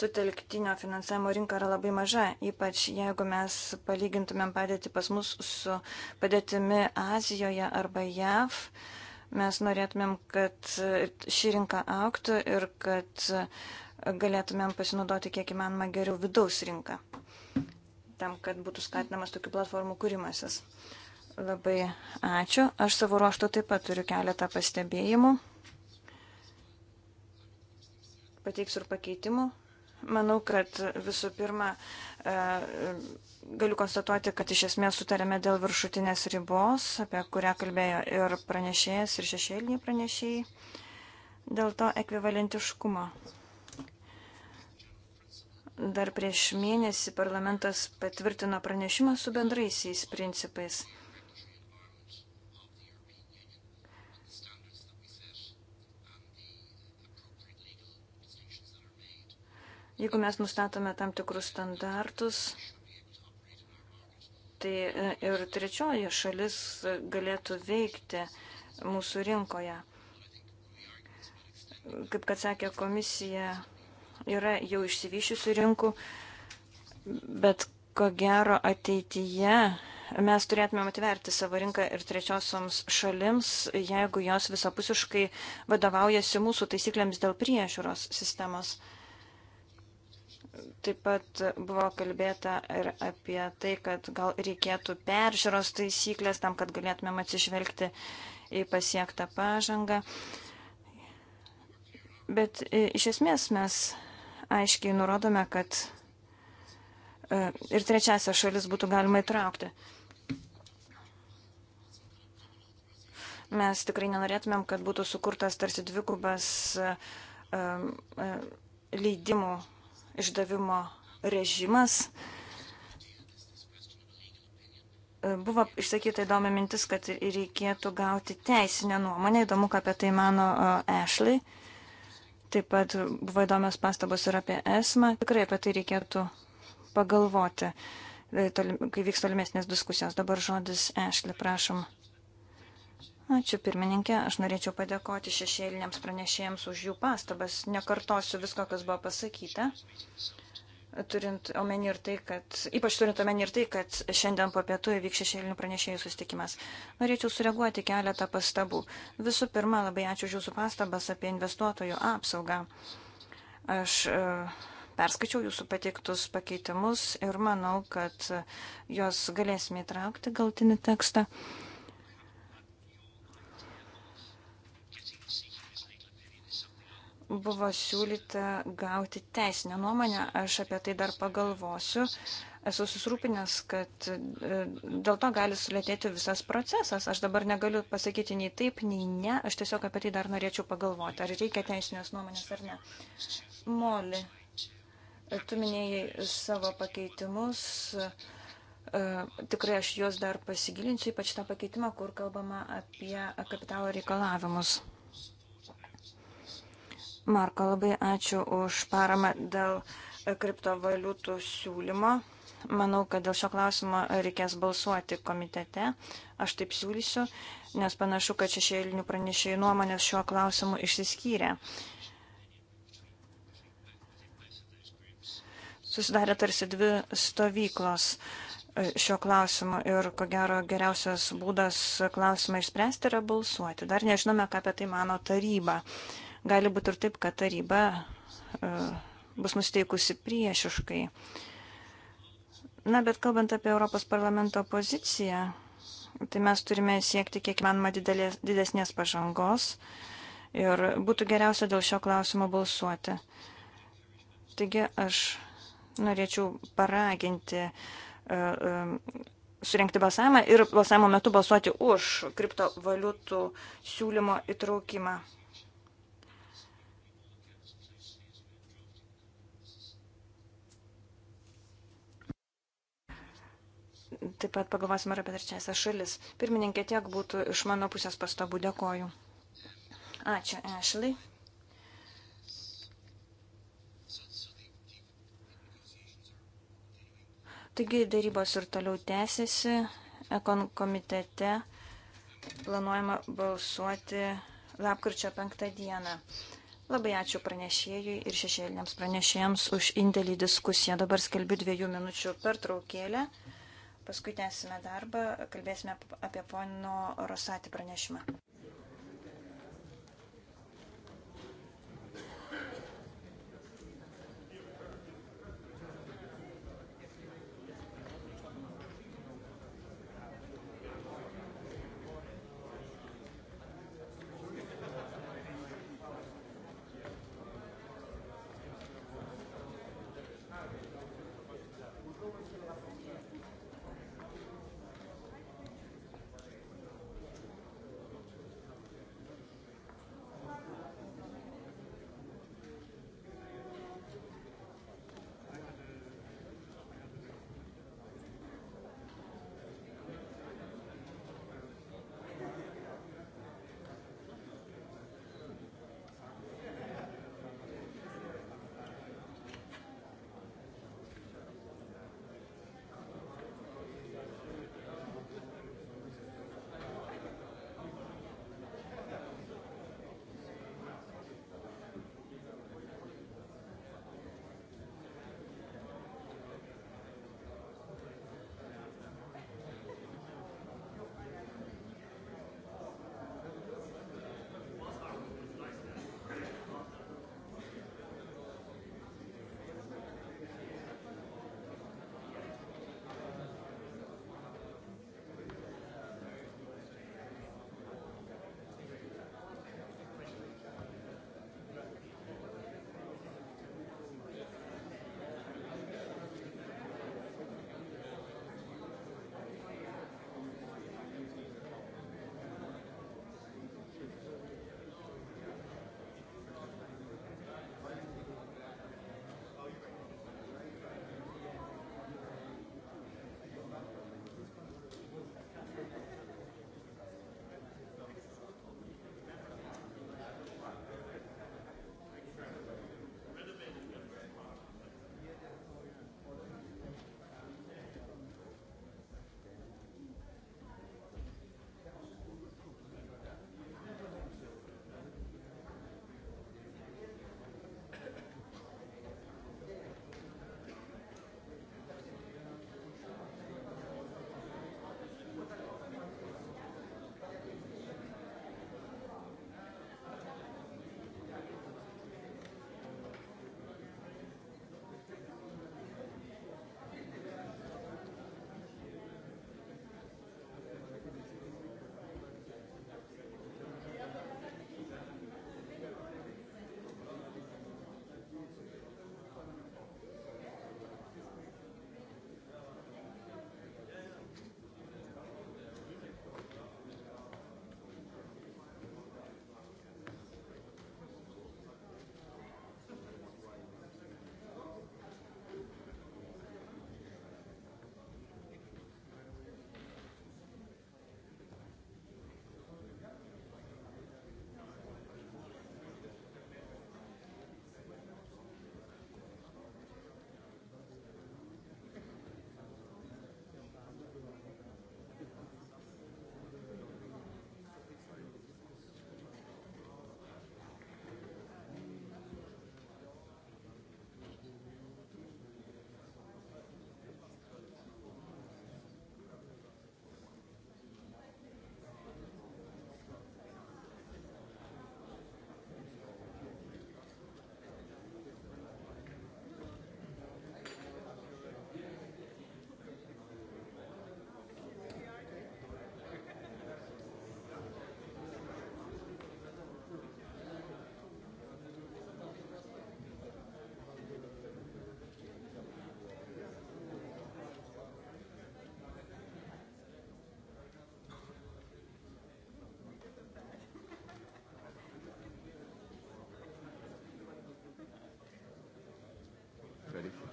sutelktinio finansavimo rinka yra labai maža, ypač jeigu mes palygintumėm padėti pas mus su padėtimi Azijoje arba JAV. Mes norėtumėm, kad ši rinka auktų ir kad galėtumėm pasinaudoti kiek įmanoma geriau vidaus rinką, tam, kad būtų skatinamas tokių platformų kūrimasis. Labai ačiū. Aš savo ruoštų taip pat turiu keletą pastebėjimų pateiksiu ir pakeitimų. Manau, kad visų pirma, e, galiu konstatuoti, kad iš esmės sutarėme dėl viršutinės ribos, apie kurią kalbėjo ir pranešėjas, ir šešėliniai pranešėjai, dėl to ekvivalentiškumo. Dar prieš mėnesį parlamentas patvirtino pranešimą su bendraisiais principais. Jeigu mes nustatome tam tikrus standartus, tai e, ir trečioji šalis galėtų veikti mūsų rinkoje. Kaip kad sakė komisija, yra jau išsivyšiusių rinkų, bet ko gero ateityje mes turėtumėm atverti savo rinką ir trečiosioms šalims, jeigu jos visapusiškai vadovaujasi mūsų taisyklėms dėl priežiūros sistemos. Taip pat buvo kalbėta ir apie tai, kad gal reikėtų peržiūros taisyklės tam, kad galėtumėm atsižvelgti į pasiektą pažangą. Bet e, iš esmės mes aiškiai nurodome, kad e, ir trečiasią šalis būtų galima įtraukti. Mes tikrai nenorėtumėm, kad būtų sukurtas tarsi dvigubas e, leidimų išdavimo režimas. E, buvo išsakyta įdomi mintis, kad reikėtų gauti teisinę nuomonę. Įdomu, ką apie tai mano e, Ashley. Taip pat buvo įdomios pastabos ir apie esmą. Tikrai apie tai reikėtų pagalvoti, e, kai vyks tolimesnės diskusijos. Dabar žodis Ashley, prašom. Ačiū pirmininkė, aš norėčiau padėkoti šešėliniams pranešėjams už jų pastabas. Nekartosiu visko, kas buvo pasakyta, turint omeny ir tai, kad, ypač turint omeny ir tai, kad šiandien po pietų įvyks šešėlinių pranešėjų sustikimas. Norėčiau sureaguoti keletą pastabų. Visų pirma, labai ačiū už jūsų pastabas apie investuotojų apsaugą. Aš e, perskaičiau jūsų pateiktus pakeitimus ir manau, kad juos galėsime įtraukti galtinį tekstą. Uh, buvo siūlyta gauti teisinę nuomonę, aš apie tai dar pagalvosiu. Esu susirūpinęs, kad e, dėl to gali sulėtėti visas procesas. Aš dabar negaliu pasakyti nei taip, nei ne. Aš tiesiog apie tai dar norėčiau pagalvoti, ar reikia teisinės nuomonės ar ne. Moli, tu minėjai savo pakeitimus. E, tikrai aš juos dar pasigilinsiu, ypač tą pakeitimą, kur kalbama apie kapitalo reikalavimus. Marko, labai ačiū už paramą dėl kriptovaliutų siūlymo. Manau, kad dėl šio klausimo reikės balsuoti komitete. Aš taip siūlysiu, nes panašu, kad šešėlinių pranešėjų nuomonės šiuo klausimu išsiskyrė. Susidarė tarsi dvi stovyklos e, šio klausimo ir ko gero geriausias būdas klausimą išspręsti yra balsuoti. Dar nežinome, ką apie tai mano taryba. Uh, Gali būti ir taip, kad taryba e, bus nusteikusi priešiškai. Na, bet kalbant apie Europos parlamento poziciją, tai mes turime siekti kiek manoma didelės, didesnės pažangos ir būtų geriausia dėl šio klausimo balsuoti. Taigi aš norėčiau paraginti uh, e, uh, e, surinkti balsavimą ir balsavimo metu balsuoti už kriptovaliutų siūlymo įtraukimą. taip pat pagalvosime ir apie trečiasias šalis. Pirmininkė, tiek būtų iš mano pusės pastabų. Dėkoju. Ačiū, Ashley. Taigi darybos ir toliau tęsiasi. Ekon komitete planuojama balsuoti lapkričio penktą dieną. Labai ačiū pranešėjui ir šešėliniams pranešėjams už indėlį diskusiją. Dabar skelbiu dviejų minučių pertraukėlę. Paskui tęsime darbą, kalbėsime apie pono Rosati pranešimą.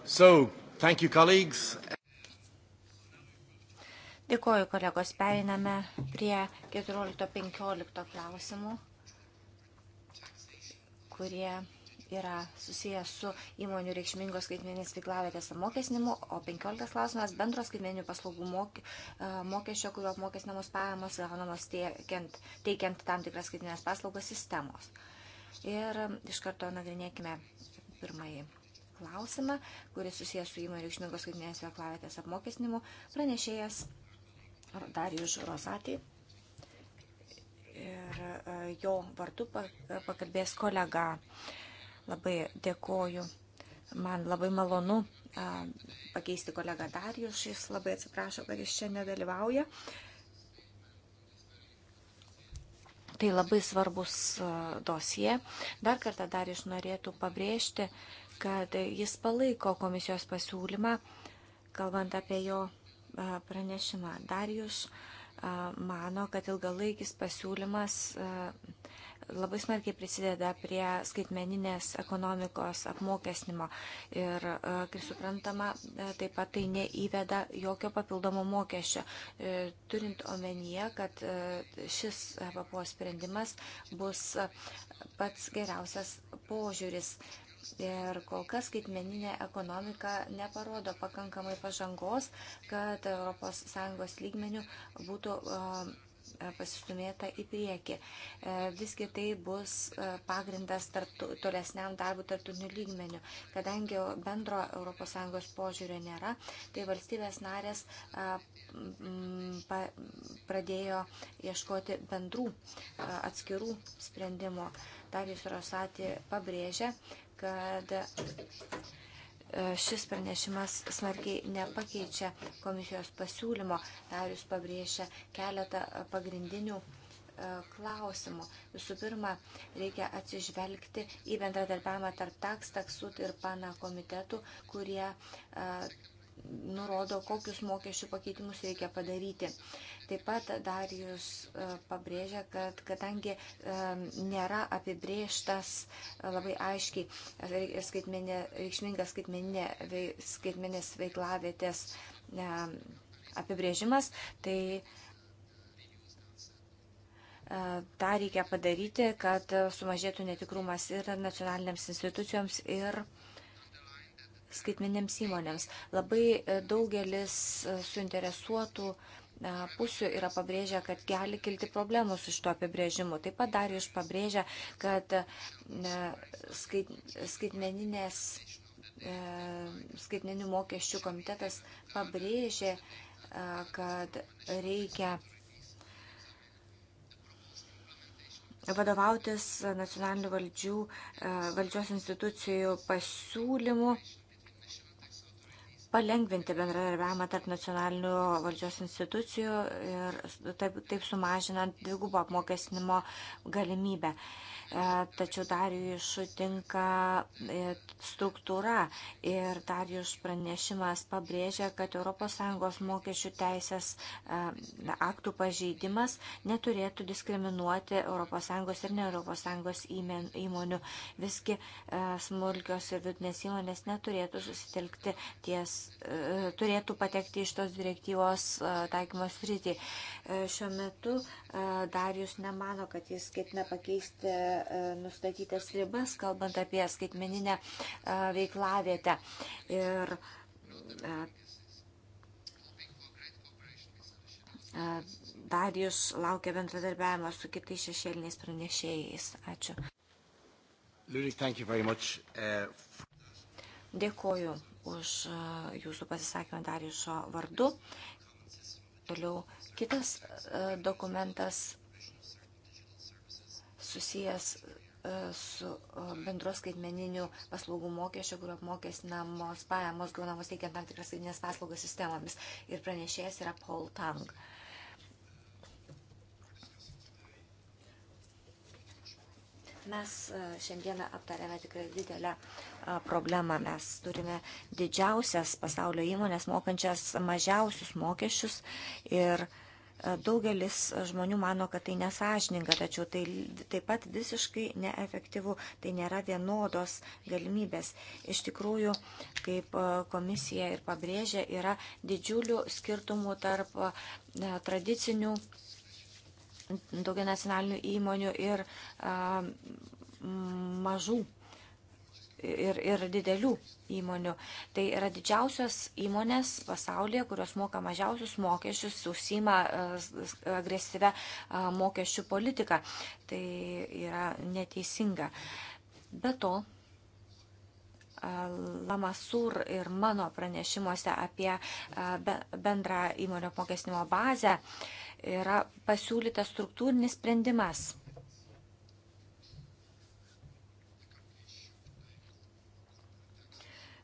So, thank you, colleagues. Dėkoju, kolegos, pereiname prie 14-15 klausimų, kurie yra susijęs su įmonių reikšmingos skaitmeninės veiklavėtės apmokesnimu, o 15 klausimas bendros skaitmeninių paslaugų mok, e, mokesčio, kurio apmokestinamos pajamos gaunamos teikiant, teikiant tam tikras skaitmeninės paslaugas sistemos. Ir iš karto nagrinėkime pirmąjį klausimą, kuris susijęs su įmonių išmingos skaitinės veklavietės apmokestinimu, pranešėjas Darijus Rosatį. Ir e, jo vardu e, pakalbės kolega. Labai dėkoju. Man labai malonu e, pakeisti kolegą Darijus. Jis labai atsiprašo, kad jis čia nedalyvauja. Tai labai svarbus dosie. Dar kartą dar iš norėtų pabrėžti, kad jis palaiko komisijos pasiūlymą, kalbant apie jo pranešimą. Darijus mano, kad ilgalaikis pasiūlymas labai smarkiai prisideda prie skaitmeninės ekonomikos apmokesnimo. Ir, kaip suprantama, taip pat tai neįveda jokio papildomo mokesčio. E, turint omenyje, kad šis PPO sprendimas bus pats geriausias požiūris Ir kol kas skaitmeninė ekonomika neparodo pakankamai pažangos, kad ES lygmenių būtų pasistumėta į priekį. E, visgi tai bus pagrindas tarp, tolesniam darbų tartunių lygmenių. Kadangi bendro ES požiūrio nėra, tai valstybės narės pradėjo ieškoti bendrų atskirų sprendimų. Darius Rosati pabrėžia, kad e, šis pranešimas smarkiai nepakeičia komisijos pasiūlymo. Darius pabrėžia keletą pagrindinių e, klausimų. Visų pirma, reikia atsižvelgti į bendradarbiavimą tarp TAX, TAXUT ir PANA komitetų, kurie e, nurodo, kokius mokesčių pakeitimus reikia padaryti. Taip pat dar jūs e, pabrėžia, kad kadangi e, nėra apibrėžtas e, labai aiškiai skaitmenė, reikšmingas skaitmenė, skaitmenės veiklavietės apibrėžimas, tai tą reikia padaryti, kad sumažėtų netikrumas ir nacionaliniams institucijoms, ir uh, skaitmenėms įmonėms. Labai e, daugelis e, suinteresuotų e, pusių yra pabrėžę, kad gali kilti problemų su šito apibrėžimu. Taip pat dar iš pabrėžia, kad skait, skaitmeninės skaitmeninių mokesčių komitetas pabrėžė, kad reikia vadovautis nacionalinių valdžių, valdžios institucijų pasiūlymų palengvinti bendradarbiavimą tarp nacionalinių valdžios institucijų ir taip, taip sumažinant dvigubo apmokestinimo galimybę. Uh, E, tačiau Darijus sutinka e, struktūra ir Darijus pranešimas pabrėžia, kad ES mokesčių teisės e, aktų pažeidimas neturėtų diskriminuoti ES ir ne ES įmonių. Visgi smulkios ir vidutinės įmonės neturėtų susitelkti ties, turėtų patekti iš tos direktyvos taikymos rytį. Šiuo metu Darijus nemano, kad jis ketina pakeisti E, nustatytas ribas, kalbant apie skaitmeninę e, veiklavietę. Ir e, dar jūs laukia bendradarbiavimas su kitais šešėliniais pranešėjais. Ačiū. Dėkoju už jūsų pasisakymą Dariušo vardu. Toliau kitas dokumentas susijęs e, su e, bendros skaitmeniniu paslaugų mokesčio, kur apmokestinamos pajamos gaunamos teikiant tam tikras skaitinės paslaugas sistemomis. Ir pranešėjas yra Paul Tang. Mes e, šiandieną aptarėme tikrai didelę problemą. Mes turime didžiausias pasaulio įmonės mokančias mažiausius mokesčius ir uh, Daugelis žmonių mano, kad tai nesažininga, tačiau tai taip pat visiškai neefektyvu, tai nėra vienodos galimybės. Iš tikrųjų, kaip komisija ir pabrėžė, yra didžiulių skirtumų tarp e, tradicinių daugia nacionalinių įmonių ir e, mažų ir, ir didelių įmonių. Tai yra didžiausios įmonės pasaulyje, kurios moka mažiausius mokesčius, susima e, agresyvę e, mokesčių politiką. Tai yra neteisinga. Be to, e, Lamasur ir mano pranešimuose apie bendrą įmonio apmokestinimo bazę yra pasiūlytas struktūrinis sprendimas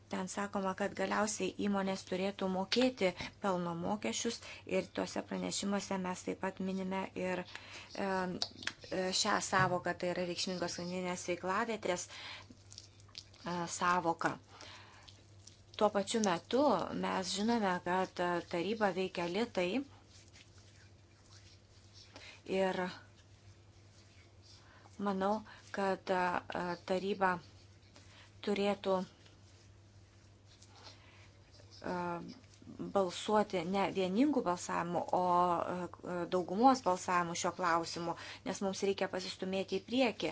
Ten sakoma, kad galiausiai įmonės turėtų mokėti pelno mokesčius ir tuose pranešimuose mes taip pat minime ir šią savoką, tai yra reikšmingos kaninės veiklavietės e, savoka. Tuo pačiu metu mes žinome, kad taryba veikia lietai ir manau, kad e, taryba turėtų E, balsuoti ne vieningų balsavimų, o e, daugumos balsavimų šio klausimu, nes mums reikia pasistumėti į priekį.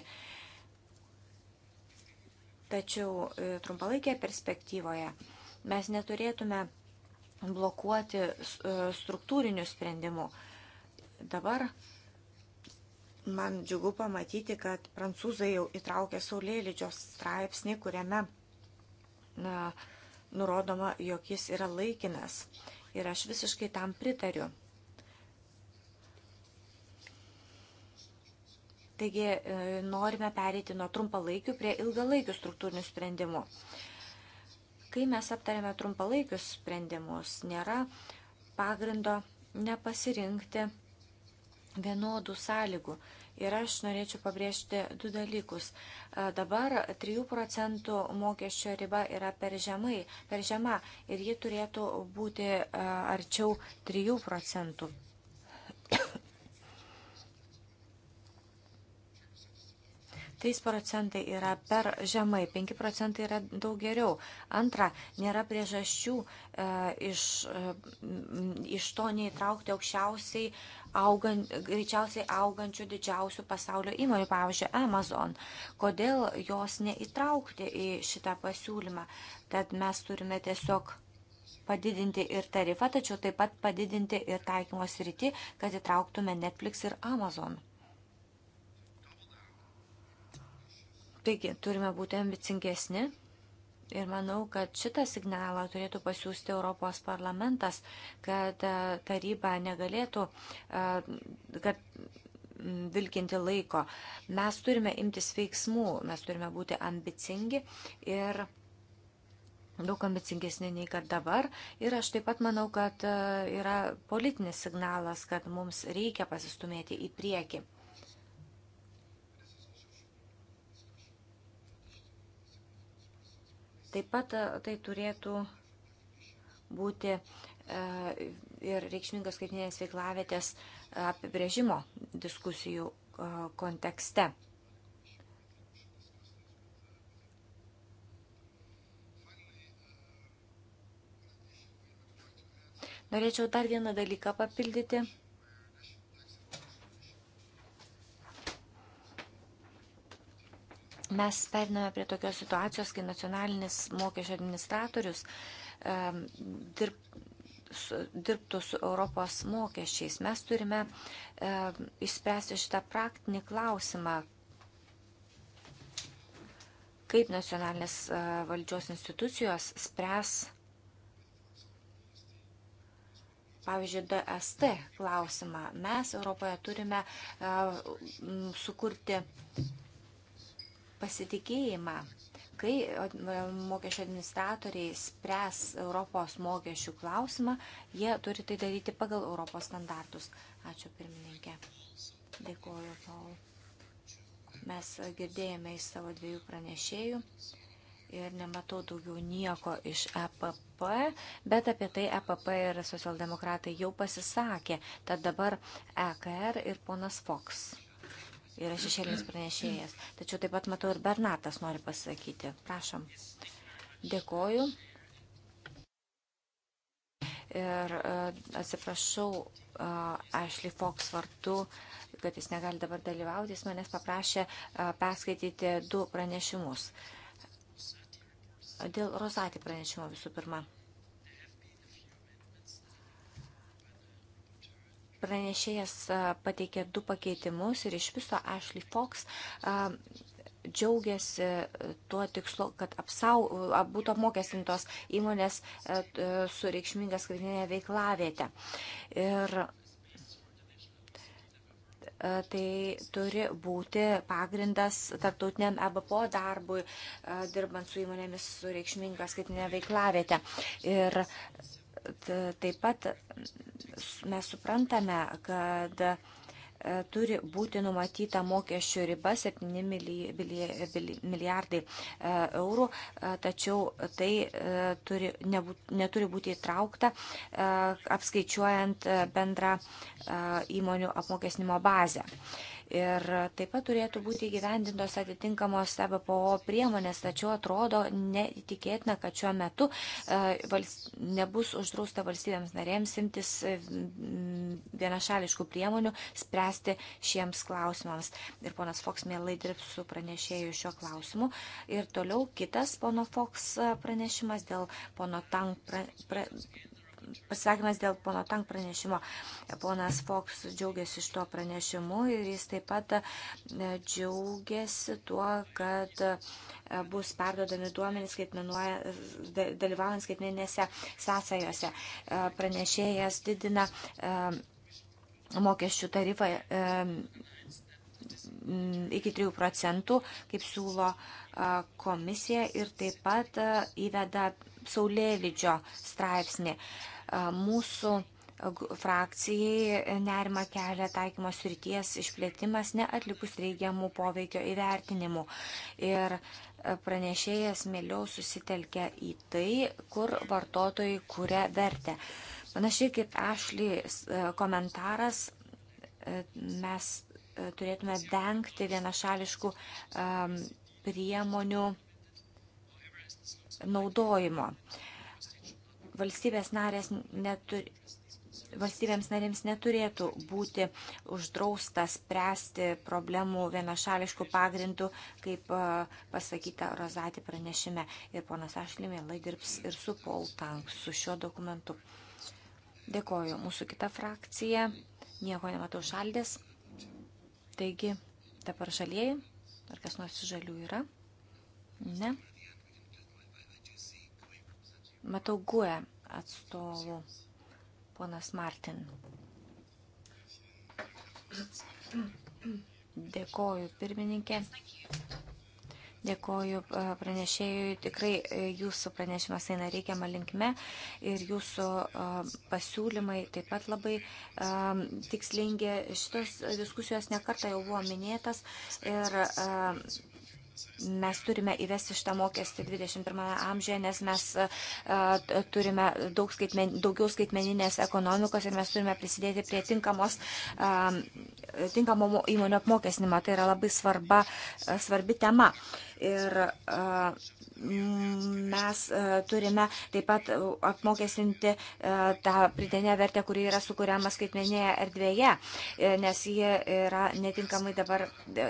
Tačiau e, trumpalaikėje perspektyvoje mes neturėtume blokuoti struktūrinių sprendimų. Dabar man džiugu pamatyti, kad prancūzai jau įtraukė Saulėlydžio straipsnį, kuriame na, uh, nurodoma, jog jis yra laikinas. Ir aš visiškai tam pritariu. Taigi e, norime pereiti nuo trumpalaikių prie ilgalaikių struktūrinių sprendimų. Kai mes aptarėme trumpalaikius sprendimus, nėra pagrindo nepasirinkti vienodų sąlygų. Ir aš norėčiau pabrėžti du dalykus. Dabar 3 procentų mokesčio riba yra per, žemai, per žema ir ji turėtų būti arčiau 3 procentų. 3 procentai yra per žemai, 5 procentai yra daug geriau. Antra, nėra priežasčių e, iš, e, iš to neįtraukti aukščiausiai augan, greičiausiai augančių didžiausių pasaulio įmonių, pavyzdžiui, Amazon. Kodėl jos neįtraukti į šitą pasiūlymą? Tad mes turime tiesiog padidinti ir tarifą, tačiau taip pat padidinti ir taikymos rytį, kad įtrauktume Netflix ir Amazon. Taigi, turime būti ambicingesni ir manau, kad šitą signalą turėtų pasiūsti Europos parlamentas, kad e, taryba negalėtų, e, kad vilkinti laiko. Mes turime imtis veiksmų, mes turime būti ambicingi ir daug ambicingesnė nei kad dabar. Ir aš taip pat manau, kad e, yra politinis signalas, kad mums reikia pasistumėti į priekį. Taip pat e, tai turėtų būti e, ir reikšmingas skaitinės veiklavėtės e, apibrėžimo diskusijų kontekste. Norėčiau dar vieną dalyką papildyti. mes periname prie tokios situacijos, kai nacionalinis mokesčio administratorius um, dirb, su, dirbtų su Europos mokesčiais. Mes turime um, išspręsti šitą praktinį klausimą, kaip nacionalinės uh, valdžios institucijos spręs, pavyzdžiui, DST klausimą. Mes Europoje turime uh, sukurti uh, pasitikėjimą. Kai e, mokesčio administratoriai spręs Europos mokesčių klausimą, jie turi tai daryti pagal Europos standartus. Ačiū pirmininkė. Dėkuoju tau. Mes girdėjome iš savo dviejų pranešėjų ir nematau daugiau nieko iš EPP, bet apie tai EPP ir socialdemokratai jau pasisakė. Tad dabar EKR ir ponas Foks yra šešėlinis pranešėjas. Tačiau taip pat matau ir Bernatas nori pasakyti. Prašom. Dėkoju. Ir e, atsiprašau e, Ashley Fox vartu, kad jis negali dabar dalyvauti. Jis manęs paprašė e, perskaityti du pranešimus. Dėl Rosati pranešimo visų pirma. Pranešėjas pateikė du pakeitimus ir iš viso Ashley Fox džiaugiasi tuo tikslu, kad apsau, būtų apmokestintos įmonės su reikšminga skaitinė veiklavietė. Ir tai turi būti pagrindas tarptautiniam EBPO darbui, dirbant su įmonėmis su reikšminga skaitinė veiklavietė. Ir Taip pat mes suprantame, kad e, turi būti numatyta mokesčių riba 7 milijardai e, eurų, e, tačiau tai turi, nebūt, neturi būti įtraukta apskaičiuojant bendrą įmonių apmokesnimo bazę. Ir taip pat turėtų būti įgyvendintos atitinkamos EBPO priemonės, tačiau atrodo netikėtina, kad šiuo metu e, nebus uždrausta valstybėms narėms imtis e, vienašališkų priemonių spręsti šiems klausimams. Ir ponas Foks mielai dirbs su pranešėju šio klausimu. Ir toliau kitas pono Foks pranešimas dėl pono Tank pra, pra, pasakymas dėl pono Tank pranešimo. Ponas Fox džiaugiasi iš to pranešimu ir jis taip pat e, džiaugiasi tuo, kad e, bus perdodami duomenys dalyvaujant skaitmeninėse sąsajose. E, pranešėjas didina mokesčių tarifą iki 3 procentų, kaip siūlo komisija ir taip pat įveda saulėlydžio straipsnį. Uh, Mūsų frakcijai nerima kelia taikymo srities išplėtimas neatlikus reikiamų poveikio įvertinimų. Ir pranešėjas mėliau susitelkia į tai, kur vartotojai kuria vertę. Panašiai kaip Ašlys komentaras, mes turėtume vengti vienašališkų priemonių naudojimo valstybės narės neturi. Valstybėms narėms neturėtų būti uždrausta spręsti problemų vienašališkų pagrindų, kaip pasakyta Rozati pranešime. Ir ponas Ašlį mielai dirbs ir su Poltank, su šiuo dokumentu. Dėkoju. Mūsų kita frakcija. Nieko nematau šaldės. Taigi, dabar žalieji. Ar kas nors žalių yra? Ne. Matau GUE atstovų, ponas Martin. Dėkoju pirmininkė. Dėkoju e, pranešėjui, tikrai e, jūsų pranešimas eina reikiamą linkme ir jūsų e, pasiūlymai taip pat labai tikslingi. Šitos diskusijos nekarta jau buvo minėtas ir mes turime įvesti šitą mokestį 21 amžiuje, nes mes e, e, turime daug skaitmen, daugiau skaitmeninės ekonomikos ir mes turime prisidėti prie tinkamos tinkamo įmonių apmokesnimo. Tai yra labai svarba, svarbi tema. Ir mes turime taip pat apmokestinti tą pridėnę vertę, kuri yra sukūriama skaitmenėje erdvėje, e, nes jie yra netinkamai dabar, e,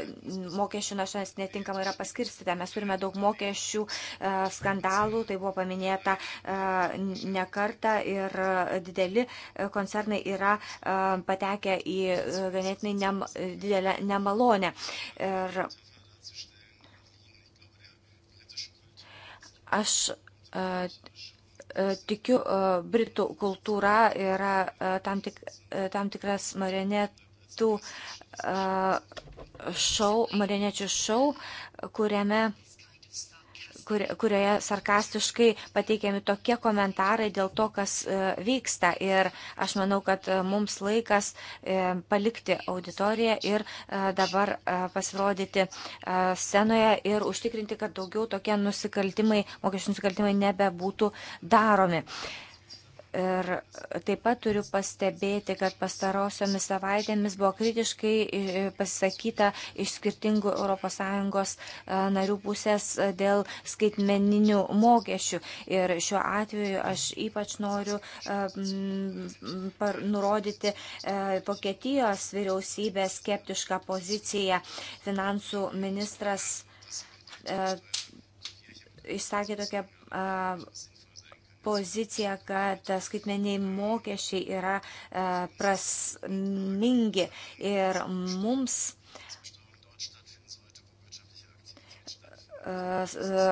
mokesčių našas netinkamai yra paskirstyta. Mes turime daug mokesčių skandalų, tai buvo paminėta ne kartą ir dideli koncernai yra patekę į ganėtinai nem, didelę nemalonę. Ir aš e, e, tikiu, e, Britų kultūra yra tam, tik, tam tikras marionetų šou, marionečių šou, kuriame kur, kurioje sarkastiškai pateikiami tokie komentarai dėl to, kas e, vyksta. Ir aš manau, kad e, mums laikas e, palikti auditoriją ir dabar pasirodyti scenoje ir užtikrinti, kad daugiau tokie nusikaltimai, mokesčių nusikaltimai nebebūtų daromi. Uh, Ir taip pat turiu pastebėti, kad pastarosiomis savaitėmis buvo kritiškai e, e, pasisakyta iš skirtingų ES e, narių pusės dėl skaitmeninių mokesčių. Ir šiuo atveju aš ypač noriu nurodyti Vokietijos vyriausybės skeptišką poziciją. Finansų ministras išsakė tokią poziciją, kad skaitmeniai mokesčiai yra e, prasmingi ir mums e,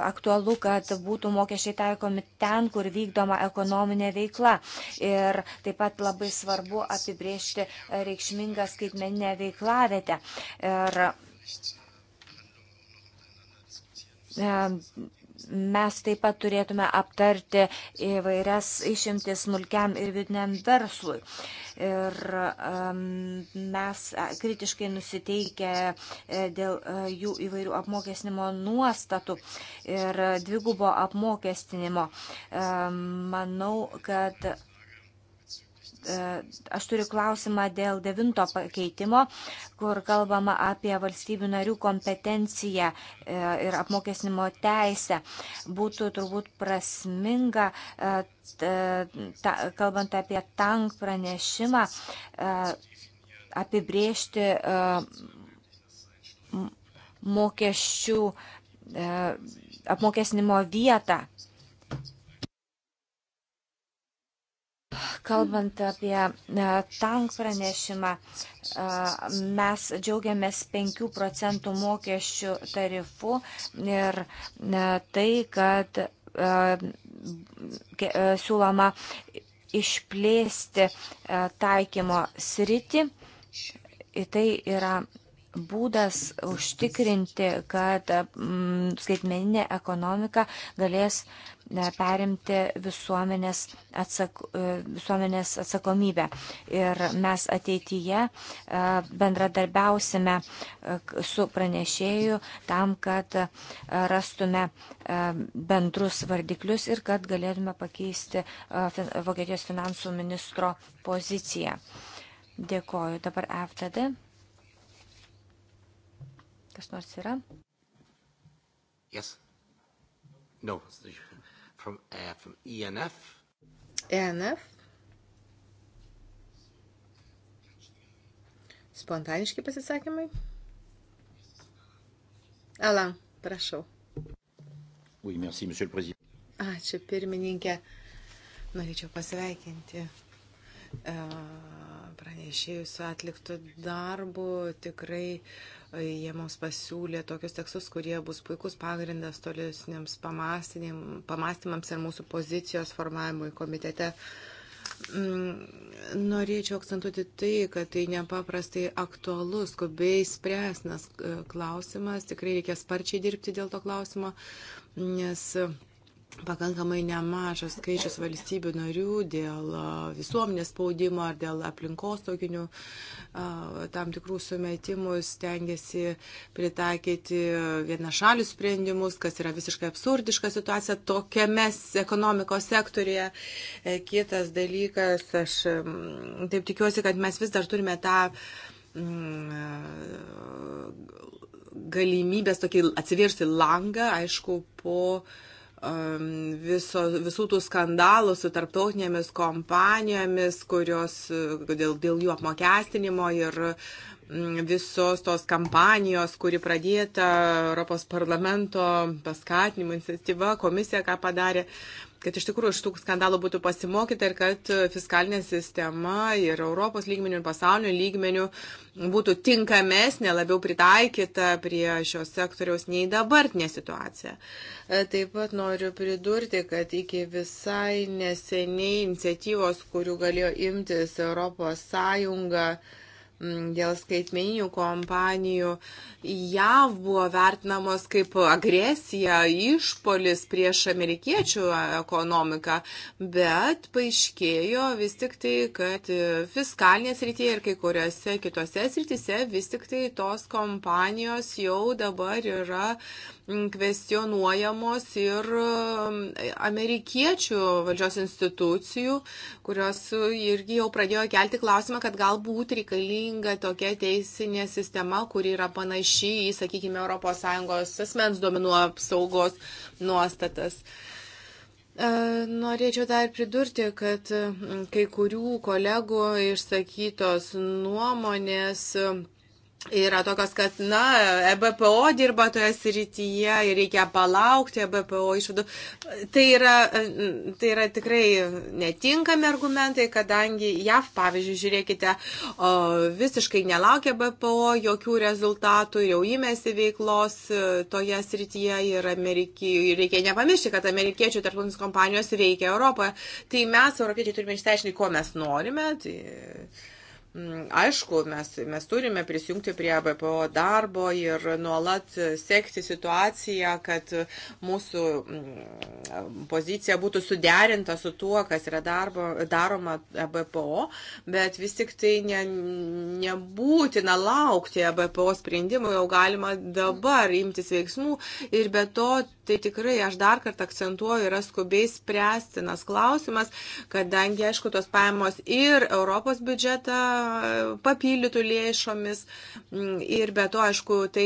aktualu, kad būtų mokesčiai taikomi ten, kur vykdoma ekonominė veikla. Ir taip pat labai svarbu apibriežti reikšmingą skaitmeninę veiklavietę. Ir e, Mes taip pat turėtume aptarti įvairias išimtis smulkiam ir vidiniam verslui. Ir mes kritiškai nusiteikę e, dėl e, jų įvairių apmokestinimo nuostatų ir dvigubo apmokestinimo. Manau, kad E, aš turiu klausimą dėl devinto pakeitimo, kur kalbama apie valstybių narių kompetenciją e, ir apmokesnimo teisę. Būtų turbūt prasminga, e, kalbant apie tank pranešimą, apibriežti mokesčių apmokesnimo vietą Kalbant apie e, tank pranešimą, e, mes džiaugiamės 5 procentų mokesčių tarifu ir e, tai, kad siūloma išplėsti taikymo sritį. Tai yra būdas užtikrinti, kad skaitmeninė ekonomika galės uh, perimti visuomenės, atsak, e, visuomenės atsakomybę. Ir mes ateityje e, bendradarbiausime e, su pranešėju tam, kad rastume bendrus vardiklius ir kad galėtume pakeisti Vokietijos finansų ministro poziciją. Dėkoju. Dabar FTD. Kas nors yra? Yes. No, from, uh, from ENF. ENF. Spontaniški pasisakymai. Alan, prašau. Oui, merci, monsieur le président. Ačiū, pirmininkė. Norėčiau pasveikinti. Uh, pranešėjus atliktų darbų. Tikrai e, jie mums pasiūlė tokius tekstus, kurie bus puikus pagrindas tolesniams pamastymams ir mūsų pozicijos formavimui komitete. Mm, norėčiau akcentuoti tai, kad tai nepaprastai aktualus, skubiai spręsnas e, klausimas. Tikrai reikia sparčiai dirbti dėl to klausimo, nes pakankamai nemažas skaičius valstybių narių dėl visuomenės spaudimo ar dėl aplinkos tokinių tam tikrų sumetimų stengiasi pritaikyti vienašalius sprendimus, kas yra visiškai absurdiška situacija tokiame ekonomikos sektorėje. E, kitas dalykas, aš taip tikiuosi, kad mes vis dar turime tą galimybės tokį atsiversti langą, aišku, po uh, Um, viso, visų tų skandalų su tarptautinėmis kompanijomis, kurios uh, dėl, dėl jų apmokestinimo ir mm, visos tos kampanijos, kuri pradėta Europos parlamento paskatinimo iniciatyva, komisija ką padarė. Uh, kad iš tikrųjų iš tų skandalų būtų pasimokyta ir kad e, fiskalinė sistema ir Europos lygmenių, ir pasaulio lygmenių būtų tinkamesnė, labiau pritaikyta prie šios sektoriaus nei dabartinė situacija. E, taip pat noriu pridurti, kad iki visai neseniai iniciatyvos, kurių galėjo imtis Europos Sąjunga, Mm, dėl skaitmeninių kompanijų JAV buvo vertinamos kaip agresija, išpolis prieš amerikiečių ekonomiką, bet paaiškėjo vis tik tai, kad fiskalinės rytyje ir kai kuriuose kitose srityse vis tik tai tos kompanijos jau dabar yra uh, kvestionuojamos ir um, amerikiečių valdžios institucijų, kurios uh, irgi jau pradėjo kelti klausimą, kad galbūt reikalinga tokia teisinė sistema, kuri yra panaši į, sakykime, ES asmens duomenų apsaugos nuostatas. Uh, norėčiau dar pridurti, kad um, kai kurių kolegų išsakytos nuomonės um, yra tokios, kad, na, EBPO dirba toje srityje ir reikia palaukti EBPO išvadų. Tai yra, tai yra tikrai netinkami argumentai, kadangi JAV, pavyzdžiui, žiūrėkite, o, visiškai nelaukia EBPO jokių rezultatų, jau įmėsi veiklos e, toje srityje ir Ameriki, reikia nepamiršti, kad amerikiečių tarptautinės kompanijos veikia Europoje. Tai mes, europiečiai, turime išsiaiškinti, ko mes norime. Tai, Mm, aišku, mes, mes turime prisijungti prie BPO darbo ir nuolat sekti situaciją, kad mūsų mm, pozicija būtų suderinta su tuo, kas yra darbo, daroma BPO, bet vis tik tai ne, nebūtina laukti BPO sprendimų, jau galima dabar imtis veiksmų ir be to tai tikrai aš dar kartą akcentuoju, yra skubiai spręstinas klausimas, kadangi, aišku, tos pajamos ir Europos biudžetą papildytų lėšomis mm, ir be to, aišku, tai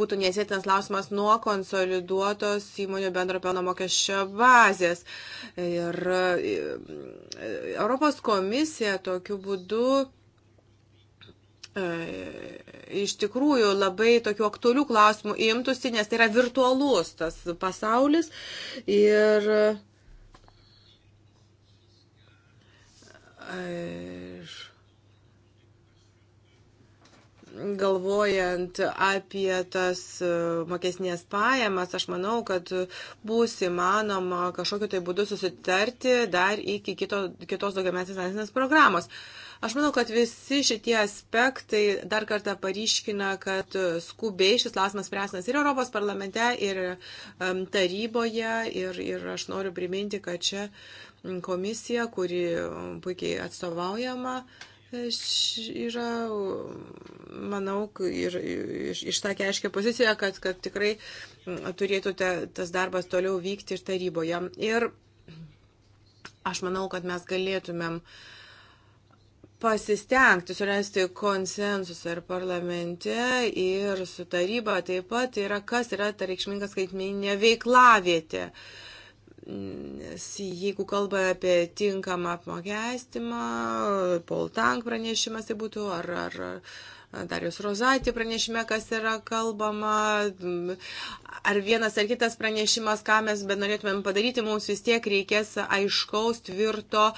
būtų nesėtinas klausimas nuo konsoliduotos įmonių bendro pelno mokesčio bazės. Ir e, Europos komisija tokiu būdu e, iš tikrųjų labai tokių aktualių klausimų imtųsi, nes tai yra virtualus tas pasaulis. Ir aišku, e, galvojant apie tas e, mokesnės pajamas, aš manau, kad bus įmanoma kažkokiu tai būdu susitarti dar iki kito, kitos daugiametės finansinės programos. Aš manau, kad visi šitie aspektai dar kartą paryškina, kad skubiai šis klausimas spręsnas ir Europos parlamente, ir um, taryboje. Ir, ir aš noriu priminti, kad čia komisija, kuri puikiai atstovaujama, uh, yra, manau, ir išsakė aiškę poziciją, kad, kad tikrai turėtų te, tas darbas toliau vykti ir taryboje. Ir aš manau, kad mes galėtumėm pasistengti surasti konsensusą ir parlamente, ir su taryba taip pat yra, kas yra ta reikšminga skaitmeninė veiklavietė. Uh, jeigu kalba apie tinkamą apmokestimą, Poltank pranešimas tai būtų, ar, ar, ar Darius Rozaitį pranešime, kas yra kalbama, ar vienas ar kitas pranešimas, ką mes bet norėtumėm padaryti, mums vis tiek reikės aiškaus, tvirto,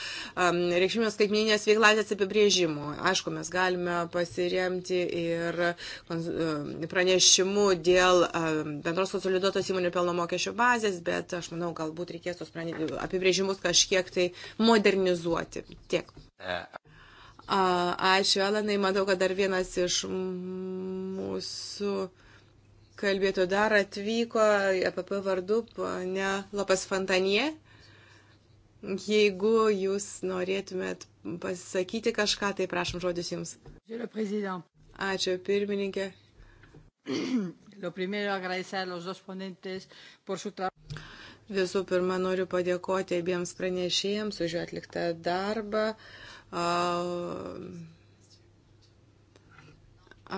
um, reikšmės skaitmininės veiklatės apibrėžimų. Aišku, mes galime pasiremti ir um, pranešimu dėl um, bendros konsoliduotos įmonių pelno mokesčio bazės, bet aš manau, galbūt reikės tos apibrėžimus kažkiek tai modernizuoti. Tiek. E, Ačiū, Alanai. Matau, kad dar vienas iš mūsų kalbėtų dar atvyko APP e vardu, ne Lapas Fantanie. Jeigu jūs norėtumėt pasisakyti kažką, tai prašom žodis jums. Ačiū, pirmininkė. Visų pirma, noriu padėkoti abiems pranešėjams už jų atliktą darbą. Uh,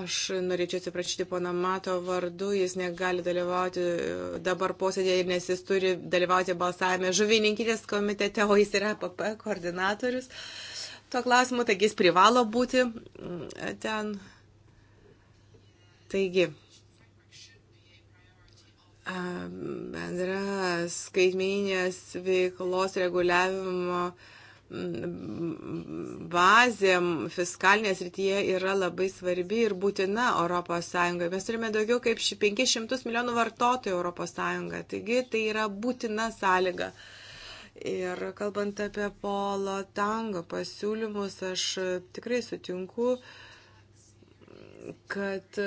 Aš norėčiau atsiprašyti pono Mato vardu, jis negali dalyvauti dabar posėdėje, nes jis turi dalyvauti balsavime žuvininkitės komitete, o jis yra PP koordinatorius tuo klausimu, taigi jis privalo būti mm, ten. Taigi, bendra skaitminės veiklos reguliavimo uh, bazė fiskalinės rytyje yra labai svarbi ir būtina ES. Mes turime daugiau kaip 500 milijonų vartotojų ES, taigi tai yra būtina sąlyga. Ir kalbant apie Polo Tango pasiūlymus, aš tikrai sutinku, kad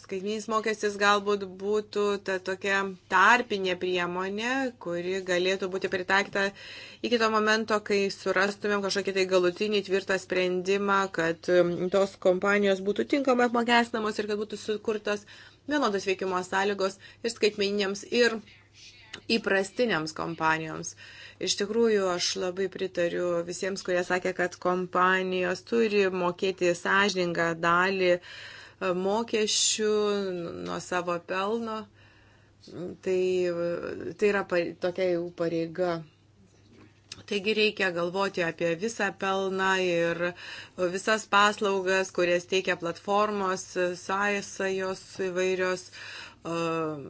Skaitminis mokestis galbūt būtų ta tokia tarpinė priemonė, kuri galėtų būti pritaikyta iki to momento, kai surastumėm kažkokį tai galutinį tvirtą sprendimą, kad um, tos kompanijos būtų tinkamai apmokestinamos ir kad būtų sukurtos vienodos veikimo sąlygos ir skaitmeniniams, ir įprastiniams kompanijoms. Iš tikrųjų, aš labai pritariu visiems, kurie sakė, kad kompanijos turi mokėti sąžiningą dalį uh, mokesčių, nuo savo pelno. Tai, tai yra tokia jų pareiga. Taigi reikia galvoti apie visą pelną ir visas paslaugas, kurias teikia platformos, sąsajos įvairios. Ehm,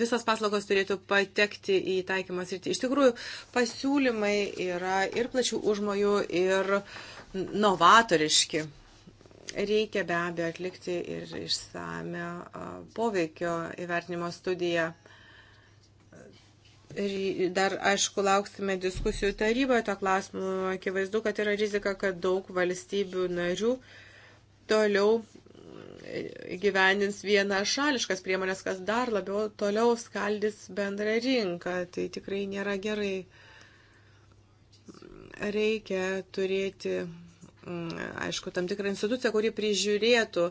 visas paslaugos turėtų patekti į taikymą sritį. Iš tikrųjų, pasiūlymai yra ir plačių užmojų, ir novatoriški. Reikia be abejo atlikti ir išsame poveikio įvertinimo studiją. Ir dar, aišku, lauksime diskusijų taryboje to klausimu. Akivaizdu, kad yra rizika, kad daug valstybių narių toliau gyvenins vieną šališkas priemonės, kas dar labiau toliau skaldys bendrą rinką. Tai tikrai nėra gerai. Reikia turėti aišku, tam tikrą instituciją, kuri prižiūrėtų,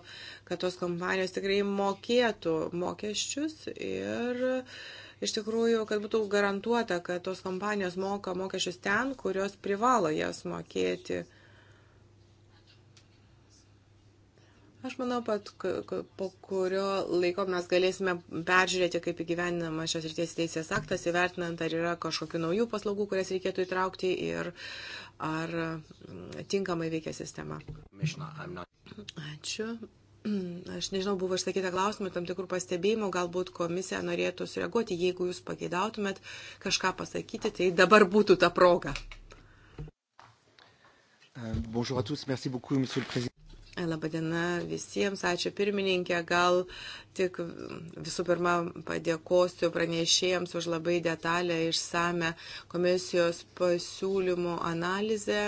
kad tos kompanijos tikrai mokėtų mokesčius ir iš tikrųjų, kad būtų garantuota, kad tos kompanijos moka mokesčius ten, kurios privalo jas mokėti. Aš manau, pat po kurio laiko mes galėsime peržiūrėti, kaip įgyvendinama šios ryties teisės aktas, įvertinant, ar yra kažkokių naujų paslaugų, kurias reikėtų įtraukti ir ar mm, tinkamai veikia sistema. Ačiū. Aš nežinau, buvo išsakyta klausimų, tam tikrų pastebėjimų, galbūt komisija norėtų sureaguoti, jeigu jūs pageidautumėt kažką pasakyti, tai dabar būtų ta proga. Euh, bonjour à tous, merci beaucoup, monsieur le président. Labadiena visiems, ačiū pirmininkė, gal tik visų pirma padėkosiu pranešėjams už labai detalę išsame komisijos pasiūlymų analizę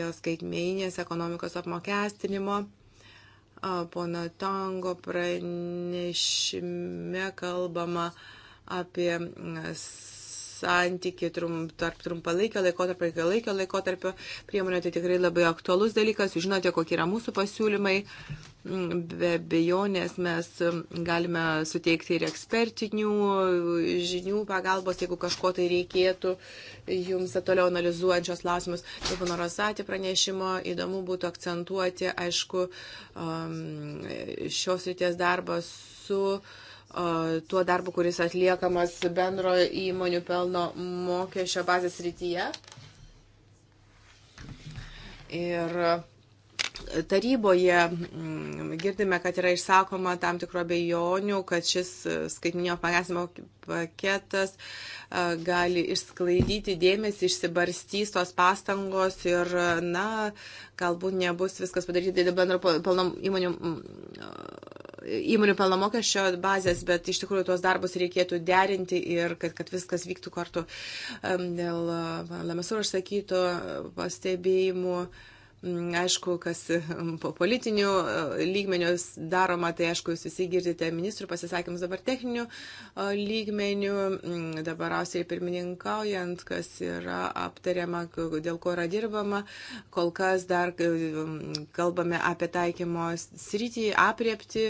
dėl skaitmeinės ekonomikos apmokestinimo. Pono Tango pranešime kalbama apie santyki trum, tarp trumpalaikio laikotarpio ir ilgalaikio laikotarpio priemonių. Tai tikrai labai aktualus dalykas. Jūs žinote, kokie yra mūsų pasiūlymai. Mm, be bejonės mes mm, galime suteikti ir ekspertinių mm, žinių pagalbos, jeigu kažko tai reikėtų jums toliau analizuojančios klausimus. Dėl panorosatį pranešimo įdomu būtų akcentuoti, aišku, šios ryties darbas su uh, tuo darbu, kuris atliekamas bendro įmonių pelno mokesčio bazės rytyje. Ir taryboje mm, girdime, kad yra išsakoma tam tikro bejonių, kad šis skaitinio apmokestinimo paketas gali išsklaidyti dėmesį, išsibarstys tos pastangos ir, na, galbūt nebus viskas padaryti dėl bendro pelno įmonių mm, įmonių pelno mokesčio bazės, bet iš tikrųjų tuos darbus reikėtų derinti ir kad, kad viskas vyktų kartu. Dėl Lamesur išsakyto pastebėjimų aišku, kas mm, po politinių e, lygmenius daroma, tai aišku, jūs visi girdite ministrų pasisakymus dabar techninių e, lygmenių, mm, dabar ausiai pirmininkaujant, kas yra aptariama, dėl ko yra dirbama, kol kas dar mm, kalbame apie taikymo sritį, apriepti,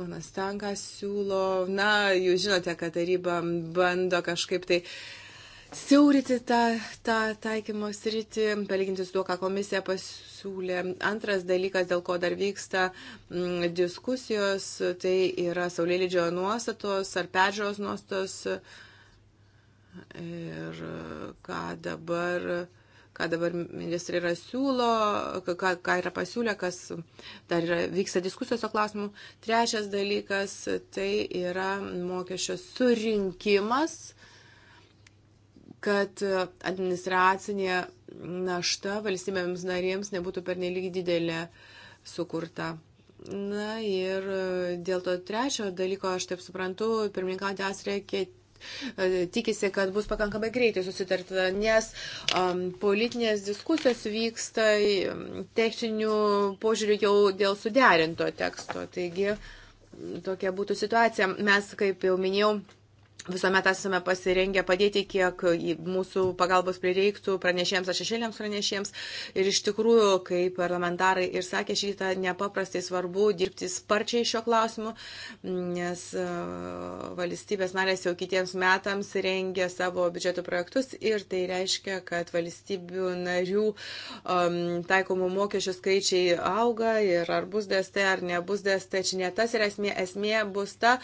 manas tankas siūlo, na, jūs žinote, kad taryba bando kažkaip tai uh, siaurinti tą, tą taikymo sritį, palyginti su tuo, ką komisija pasiūlė. Antras dalykas, dėl ko dar vyksta m, mm, diskusijos, tai yra saulėlydžio nuostatos ar peržiūros nuostatos ir ką dabar ką dabar ministrai yra siūlo, ką, ką yra pasiūlę, kas dar yra, vyksta diskusijos o klausimų. Trečias dalykas tai yra mokesčio surinkimas kad e, administracinė našta valstybėms narėms nebūtų pernelyg didelė sukurta. Na ir e, dėl to trečio dalyko, aš taip suprantu, pirmininkantė Asrė e, tikisi, kad bus pakankamai greitai susitarta, nes um, politinės diskusijos vyksta techninių požiūrių jau dėl suderinto teksto. Taigi tokia būtų situacija. Mes, kaip jau minėjau, Visuomet esame pasirengę padėti, kiek mūsų pagalbos prireiktų pranešėjams ar šešėliams pranešėjams. Ir iš tikrųjų, kaip parlamentarai ir sakė, šitą nepaprastai svarbu dirbti sparčiai šio klausimu, nes e, valstybės narės jau kitiems metams rengia savo biudžeto projektus ir tai reiškia, kad valstybių narių um, taikomų mokesčių skaičiai auga ir ar bus DST ar nebus DST, čia ne tas ir esmė, esmė bus ta,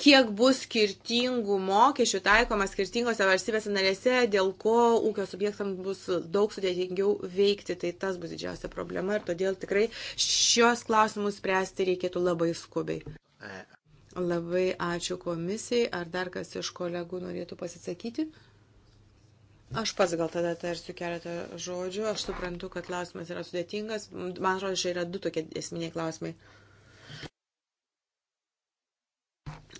kiek bus skirtingų mokesčių taikomas skirtingose valstybėse narėse, dėl ko ūkio subjektams bus daug sudėtingiau veikti, tai tas bus didžiausia problema ir todėl tikrai šios klausimus spręsti reikėtų labai skubiai. Labai ačiū komisijai. Ar dar kas iš kolegų norėtų pasisakyti? Aš pats gal tada tarsiu keletą žodžių. Aš suprantu, kad klausimas yra sudėtingas. Man atrodo, čia yra du tokie esminiai klausimai. Uh,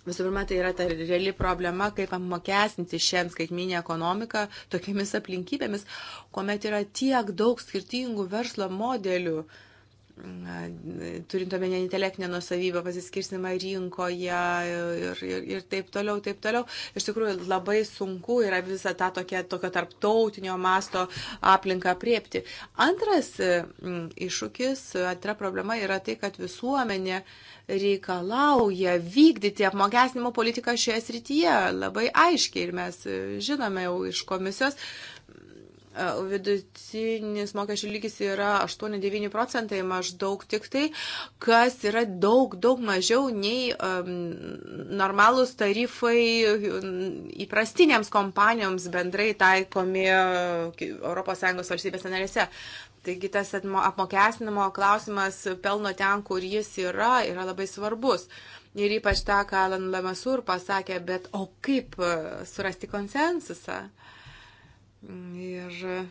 Visų pirma, tai yra ta reali problema, kaip apmokestinti šiandien skaitminį ekonomiką tokiamis aplinkybėmis, kuomet yra tiek daug skirtingų verslo modelių. Uh, turint omenyje intelektinę nusavybę, pasiskirstimą rinkoje ir, ir, ir taip toliau, taip toliau. Iš tikrųjų labai sunku yra visą tą tokia, tokio tarptautinio masto aplinką priepti. Antras mm, iššūkis, antra problema yra tai, kad visuomenė reikalauja vykdyti apmokestinimo politiką šioje srityje labai aiškiai ir mes žinome jau iš komisijos E, vidutinis mokesčių lygis yra 8-9 procentai maždaug tik tai, kas yra daug, daug mažiau nei um, normalūs tarifai įprastinėms kompanijoms bendrai taikomi ES valstybės narėse. Taigi tas apmokestinimo klausimas pelno ten, kur jis yra, yra labai svarbus. Ir ypač tą, ką Alan Lamasur pasakė, bet o kaip e, surasti konsensusą? Uh, Ir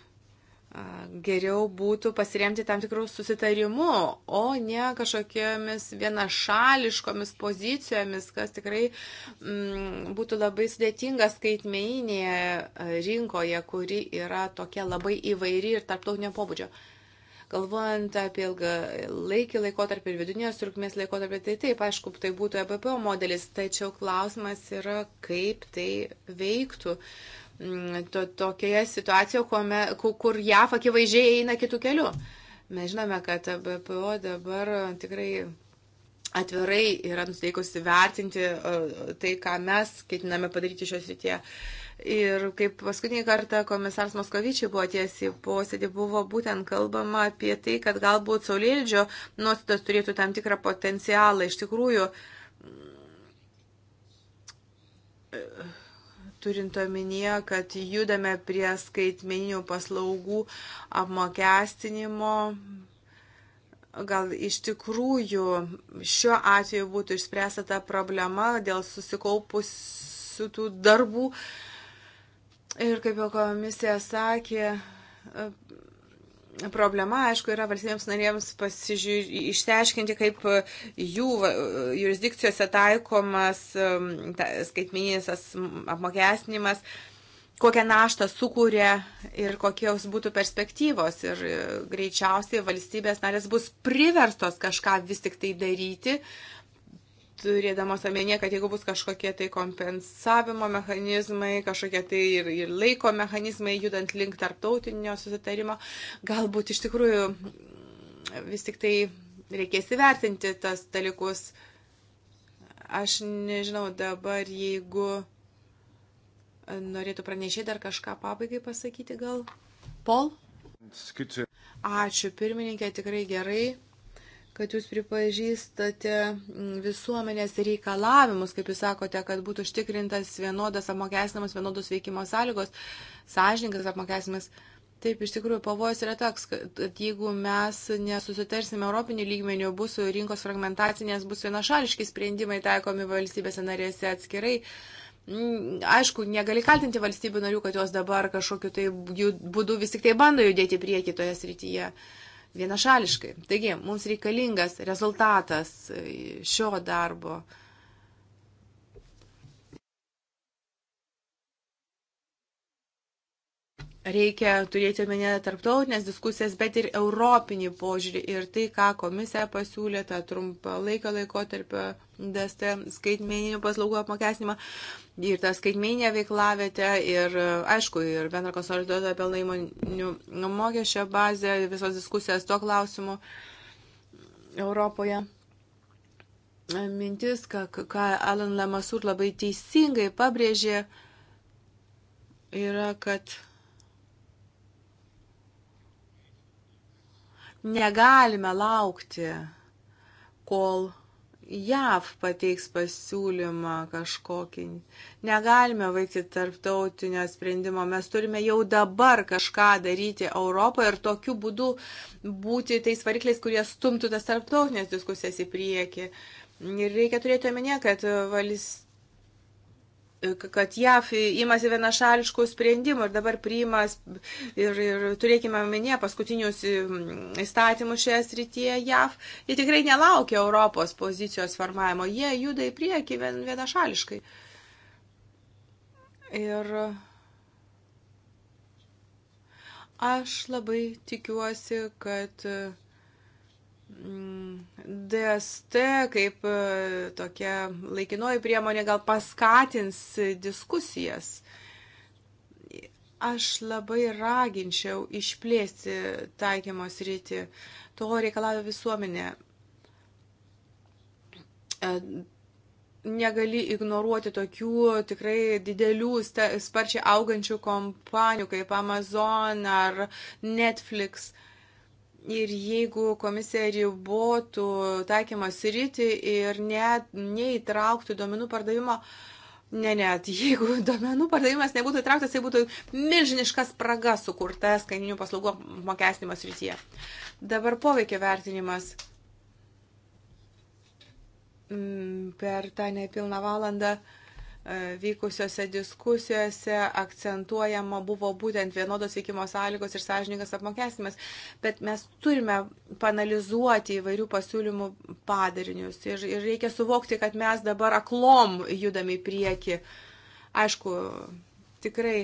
geriau būtų pasiremti tam tikrų susitarimu, o ne kažkokiamis vienašališkomis pozicijomis, kas tikrai mm, būtų labai sudėtinga skaitmeinėje rinkoje, kuri yra tokia labai įvairi ir tarptautinio pobūdžio. Galvojant apie ilgą laikį laikotarpį ir vidinės trukmės laikotarpį, tai taip, aišku, tai būtų EBPO modelis, tačiau klausimas yra, kaip tai veiktų. Uh, Mm, to, tokioje situacijoje, kuome, kur JAF akivaizdžiai eina kitų kelių. Mes žinome, kad BPO dabar uh, tikrai atvirai yra nusteikusi vertinti uh, tai, ką mes ketiname padaryti šios rytie. Ir kaip paskutinį kartą komisars Moskovičiai buvo tiesiai posėdį, buvo būtent kalbama apie tai, kad galbūt saulėdžio nuostatas turėtų tam tikrą potencialą. Iš tikrųjų, turint omenyje, kad judame prie skaitmeninių paslaugų apmokestinimo. Gal iš tikrųjų šiuo atveju būtų išspręsta ta problema dėl susikaupusių tų darbų. Ir kaip jau komisija sakė, problema, aišku, yra valstybėms narėms išsiaiškinti, kaip jų jurisdikcijose taikomas um, ta, skaitmeninis apmokesnimas, kokią naštą sukūrė ir kokios būtų perspektyvos. Ir e, greičiausiai valstybės narės bus priverstos kažką vis tik tai daryti. Uh, turėdamas omenyje, kad jeigu bus kažkokie tai kompensavimo mechanizmai, kažkokie tai ir, ir laiko mechanizmai judant link tarptautinio susitarimo, galbūt iš tikrųjų vis tik tai reikės įvertinti tas dalykus. Aš nežinau dabar, jeigu norėtų pranešiai dar kažką pabaigai pasakyti, gal Pol? Ačiū pirmininkė, tikrai gerai kad jūs pripažįstate mm, visuomenės reikalavimus, kaip jūs sakote, kad būtų užtikrintas vienodas apmokestinamas, vienodos veikimo sąlygos, sąžininkas apmokestinamas. Taip, iš tikrųjų, pavojus yra toks, kad jeigu mes nesusitarsime Europinių lygmenių, bus rinkos fragmentacinės, bus vienašališki sprendimai taikomi valstybėse narėse atskirai. Mm, aišku, negali kaltinti valstybių narių, kad jos dabar kažkokiu tai būdu vis tik tai bando judėti prieki toje srityje. Uh, vienašališkai. Taigi, mums reikalingas rezultatas e, šio darbo. reikia turėti omenyje tarptautinės diskusijas, bet ir europinį požiūrį. Ir tai, ką komisija pasiūlė, tą trumpą laiką laikotarpio DST skaitmeninių paslaugų apmokesnimą ir tą skaitmeninę veiklavietę ir, aišku, ir bendrą konsoliduotą pelną įmonių mokesčio bazę, visos diskusijos tuo klausimu Europoje. Mintis, ką, ką Alan Lamasur labai teisingai pabrėžė, yra, kad Negalime laukti, kol JAV pateiks pasiūlymą kažkokį. Negalime vaikti tarptautinio sprendimo. Mes turime jau dabar kažką daryti Europoje ir tokiu būdu būti tais varikliais, kurie stumtų tas tarptautinės diskusijas į priekį. Ir reikia turėti omenyje, kad valstybė E, kad JAF imasi vienašališkų sprendimų ir dabar priima ir, ir turėkime minėję paskutinius e, įstatymus šioje srityje JAF, jie tikrai nelaukia Europos pozicijos formavimo, jie juda į priekį vien, vienašališkai. Ir aš labai tikiuosi, kad uh, Mm, DST kaip e, tokia laikinoji priemonė gal paskatins diskusijas. Aš labai raginčiau išplėsti taikymos rytį. To reikalavo visuomenė. E, negali ignoruoti tokių tikrai didelių, sparčiai augančių kompanijų kaip Amazon ar Netflix. Uh, Ir jeigu komisija ribotų taikymos rytį ir net neįtrauktų duomenų pardavimo, ne net, jeigu duomenų pardavimas nebūtų įtrauktas, tai būtų milžiniška spraga sukurta skaitinių paslaugų mokestinimo srityje. Dabar poveikio vertinimas. Mm, per tą nepilną valandą uh, vykusiose diskusijose akcentuojama buvo būtent vienodos veikimo sąlygos ir sąžininkas apmokestimas, bet mes turime panalizuoti įvairių pasiūlymų padarinius ir, ir reikia suvokti, kad mes dabar aklom judam į priekį. Aišku, tikrai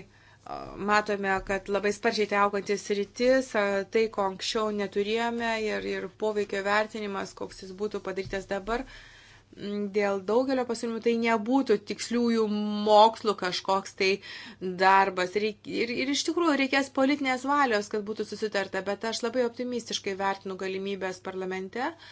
matome, kad labai sparčiai tai augantis rytis, tai, ko anksčiau neturėjome ir, ir poveikio vertinimas, koks jis būtų padarytas dabar, uh, dėl daugelio pasiūlymų tai nebūtų tiksliųjų mokslų kažkoks tai darbas. Reik, ir, ir iš tikrųjų reikės politinės valios, kad būtų susitarta, bet aš labai optimistiškai vertinu galimybės parlamente uh,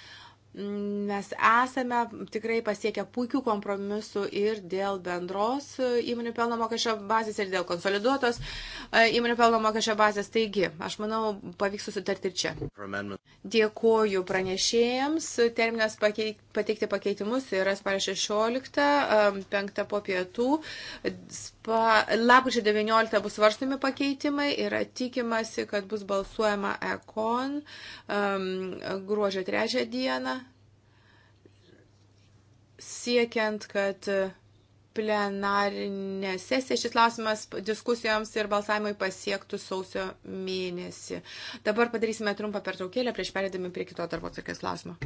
Mes esame tikrai pasiekę puikių kompromisų ir dėl bendros e, įmonių pelno mokesčio bazės, ir dėl konsoliduotos e, įmonių pelno mokesčio bazės. Taigi, aš manau, pavyks susitarti ir čia. Dėkoju pranešėjams. Terminas pakeit, pateikti pakeitimus yra spalio 16, 5 e, po pietų pa, lapkričio 19 bus svarstomi pakeitimai, yra tikimasi, kad bus balsuojama ekon um, gruožio 3 dieną, siekiant, kad plenarinė sesija šis klausimas diskusijoms ir balsavimui pasiektų sausio mėnesį. Dabar padarysime trumpą pertraukėlę prieš perėdami prie kito darbo tokias klausimo.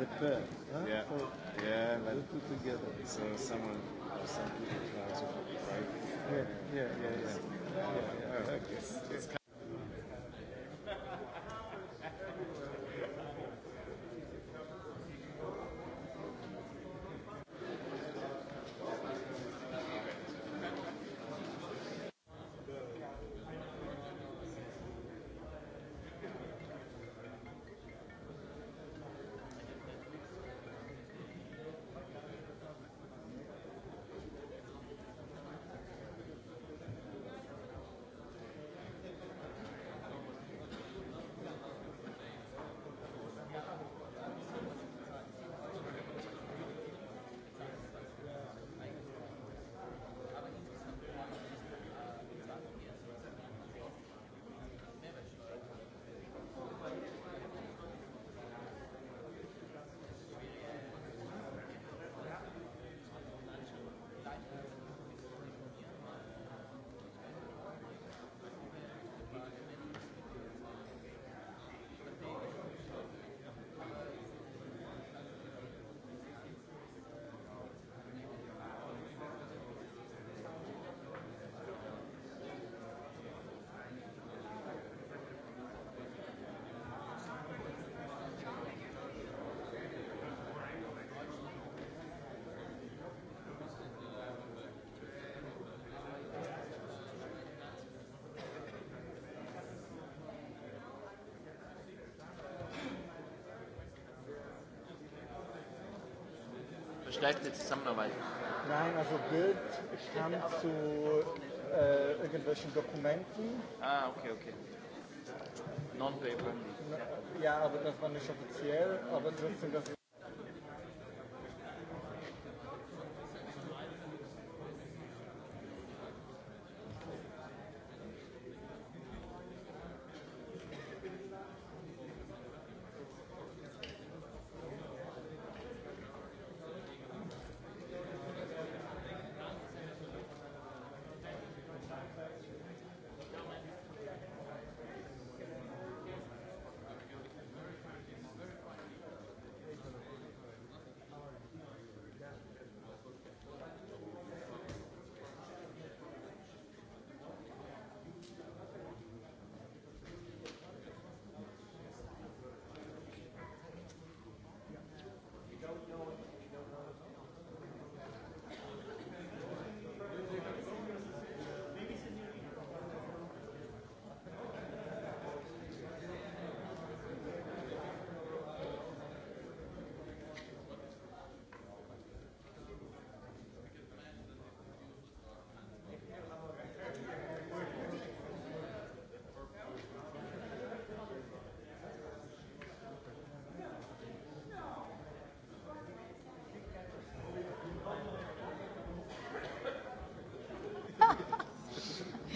The pair. Huh? Yeah. Or yeah. The but two together. So someone or some people tries to write. Yeah. Yeah. Yeah. Yeah. yeah. yeah. yeah. yeah. yeah. yeah. yeah. yeah. yeah. Verstärkte Zusammenarbeit. Nein, also Bild stand zu äh, irgendwelchen Dokumenten. Ah, okay, okay. Non-paper. Ja, aber das war nicht offiziell, aber trotzdem, das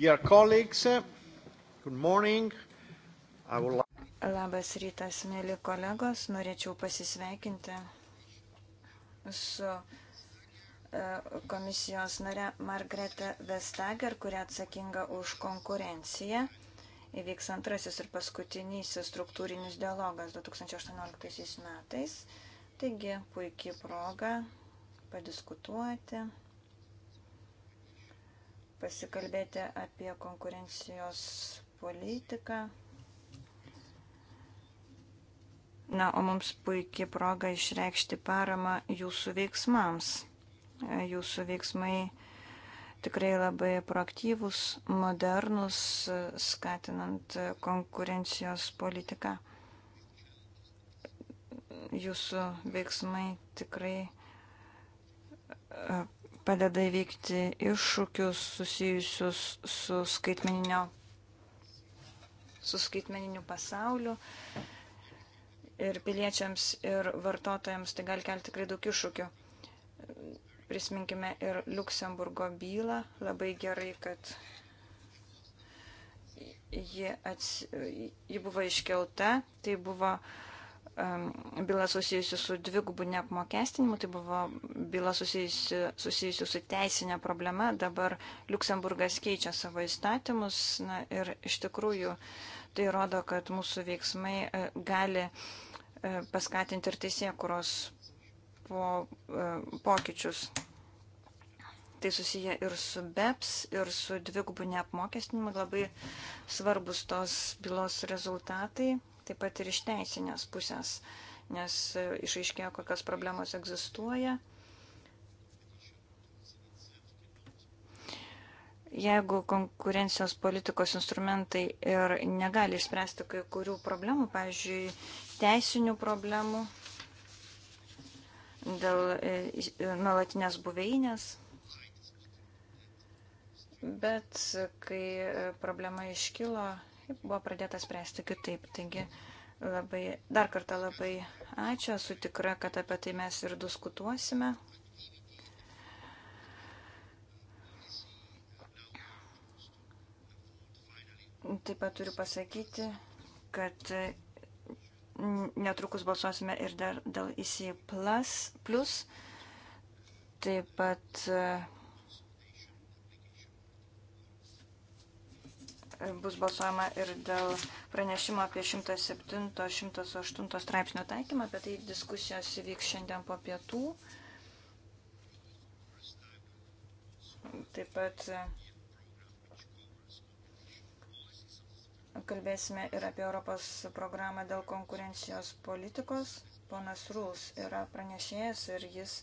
Dear colleagues, good morning. I would like... Labas rytas, mėly kolegos. Norėčiau pasisveikinti su e, komisijos nare Margrete Vestager, kuri atsakinga už konkurenciją. Įvyks antrasis ir paskutinysis struktūrinis dialogas 2018 metais. Taigi, puikiai proga padiskutuoti pasikalbėti apie konkurencijos politiką. Na, o mums puikiai proga išreikšti paramą jūsų veiksmams. Jūsų veiksmai tikrai labai proaktyvus, modernus, skatinant konkurencijos politiką. Jūsų veiksmai tikrai padeda įvykti iššūkius susijusius su skaitmeninio su skaitmeniniu pasauliu. Ir piliečiams, ir vartotojams tai gali kelti tikrai daug iššūkių. Prisiminkime ir Luksemburgo bylą. Labai gerai, kad ji, ats, ji buvo iškelta. Tai buvo uh, byla susijusi su dvigubu neapmokestinimu, tai buvo byla susijusi, susijusi su teisinė problema, dabar Luksemburgas keičia savo įstatymus na, ir iš tikrųjų tai rodo, kad mūsų veiksmai e, gali e, paskatinti ir teisėkuros po, e, pokyčius. Tai susiję ir su BEPS, ir su dvigubu neapmokestinimu. Labai svarbus tos bylos rezultatai taip pat ir iš teisinės pusės, nes e, išaiškėjo, kokios problemos egzistuoja. Jeigu konkurencijos politikos instrumentai ir negali išspręsti kai kurių problemų, pavyzdžiui, teisinių problemų dėl e, e, nuolatinės buveinės, bet kai problema iškilo, buvo pradėta spręsti kitaip. Taigi labai, dar kartą labai ačiū, esu tikra, kad apie tai mes ir diskutuosime. Taip pat turiu pasakyti, kad netrukus balsuosime ir dar dėl IC plus. Taip pat bus balsuojama ir dėl pranešimo apie 107-108 straipsnio taikymą, apie tai diskusijos įvyks šiandien po pietų. Taip pat kalbėsime ir apie Europos programą dėl konkurencijos politikos. Ponas Rūs yra pranešėjas ir jis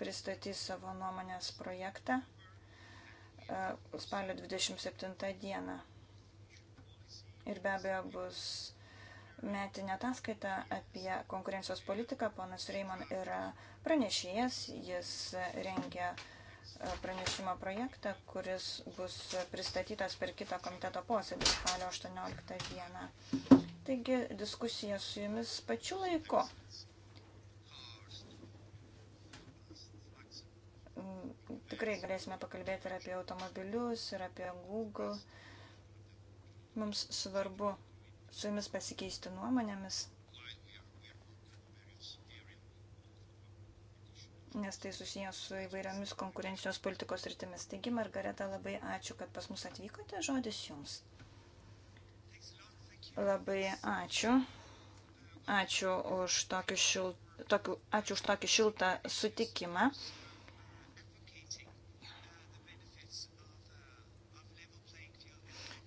pristatys savo nuomonės projektą e, spalio 27 dieną ir be abejo bus metinė ataskaita apie konkurencijos politiką. Ponas Reimon yra pranešėjas, jis rengia e, pranešimo projektą, kuris bus pristatytas per kitą komiteto posėdį spalio 18 dieną. Taigi diskusija su jumis pačiu laiku. Mm, tikrai galėsime pakalbėti ir apie automobilius, ir apie Google Mums svarbu su jumis pasikeisti nuomonėmis, nes tai susijęs su įvairiomis konkurencijos politikos rytimis. Taigi, Margareta, labai ačiū, kad pas mus atvykote. Žodis jums. Labai ačiū. Ačiū už tokį šiltą, tokiu, ačiū už tokį šiltą sutikimą.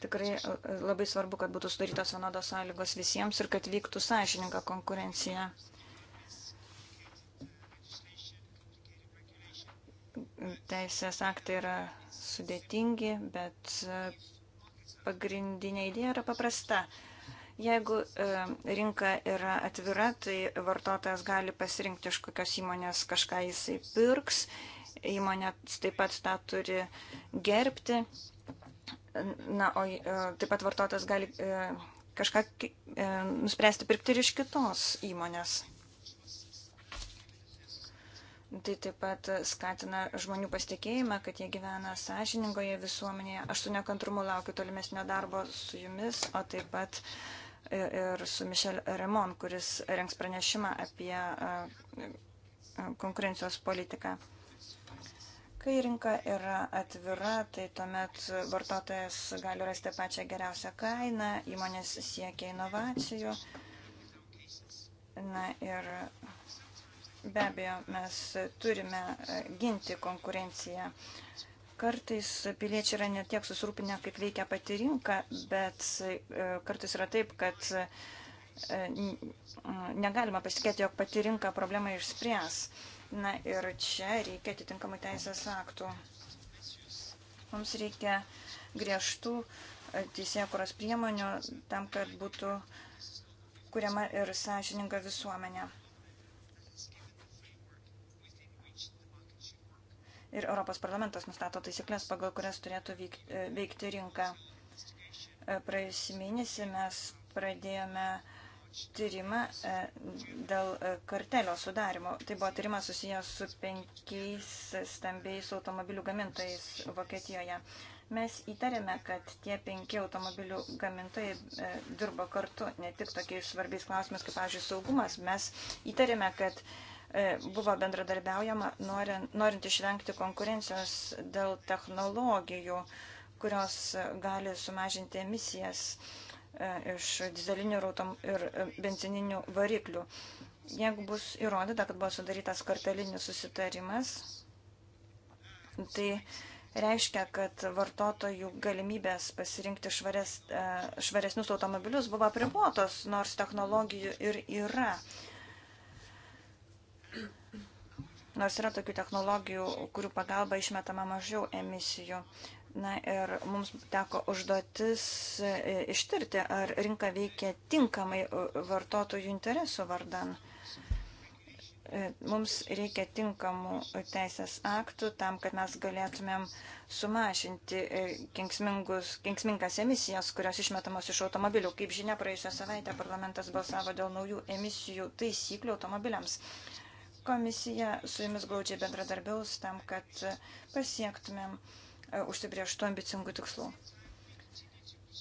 Tikrai e, labai svarbu, kad būtų sudarytos vienodos sąlygos visiems ir kad vyktų sąžininga konkurencija. Teisės aktai yra sudėtingi, bet e, pagrindinė idėja yra paprasta. Jeigu e, rinka yra atvira, tai vartotojas gali pasirinkti, iš kokios įmonės kažką jisai pirks. Įmonė taip pat tą turi gerbti Na, o e, taip pat vartotojas gali e, kažką e, nuspręsti pirkti ir iš kitos įmonės. Tai taip pat skatina žmonių pasitikėjimą, kad jie gyvena sąžiningoje visuomenėje. Aš su nekantrumu laukiu tolimesnio darbo su jumis, o taip pat ir su Mišel Remon, kuris rengs pranešimą apie konkurencijos politiką. Kai rinka yra atvira, tai tuomet vartotojas gali rasti pačią geriausią kainą, įmonės siekia inovacijų. Na ir be abejo, mes turime e, ginti konkurenciją. Kartais piliečiai yra ne tiek susirūpinę, kaip veikia pati rinka, bet e, kartais yra taip, kad e, negalima pasitikėti, jog pati rinka problemą išspręs. Na ir čia reikia atitinkamų teisės aktų. Mums reikia griežtų e, teisėkuros priemonių tam, kad būtų kuriama ir sąžininga visuomenė. Ir Europos parlamentas nustato taisyklės, pagal kurias turėtų e, veikti rinka. E, praėjusį mėnesį mes pradėjome uh, tyrimą e, dėl e, kartelio sudarimo. Tai buvo tyrimas susijęs su penkiais stambiais automobilių gamintojais Vokietijoje. Mes įtarėme, kad tie penki automobilių gamintojai e, dirbo kartu, ne tik tokiais svarbiais klausimais, kaip, pavyzdžiui, saugumas. Mes įtarėme, kad buvo bendradarbiaujama norint, norint išvengti konkurencijos dėl technologijų, kurios gali sumažinti emisijas E, iš dizelinių ir e, benzininių variklių. Jeigu bus įrodyta, kad buvo sudarytas kartelinis susitarimas, tai reiškia, kad vartotojų galimybės pasirinkti švares, e, švaresnius automobilius buvo pribuotos, nors technologijų ir yra. Nors yra tokių technologijų, kurių pagalba išmetama mažiau emisijų. Na ir mums teko užduotis e, ištirti, ar rinka veikia tinkamai e, vartotojų interesų vardan. E, mums reikia tinkamų teisės aktų tam, kad mes galėtumėm sumažinti kenksmingas emisijas, kurios išmetamos iš automobilių. Kaip žinia, praėjusią savaitę parlamentas balsavo dėl naujų emisijų taisyklių automobiliams komisija su jumis glaudžiai bendradarbiaus tam, kad pasiektumėm Э, užsibrieštų ambicingų tikslų.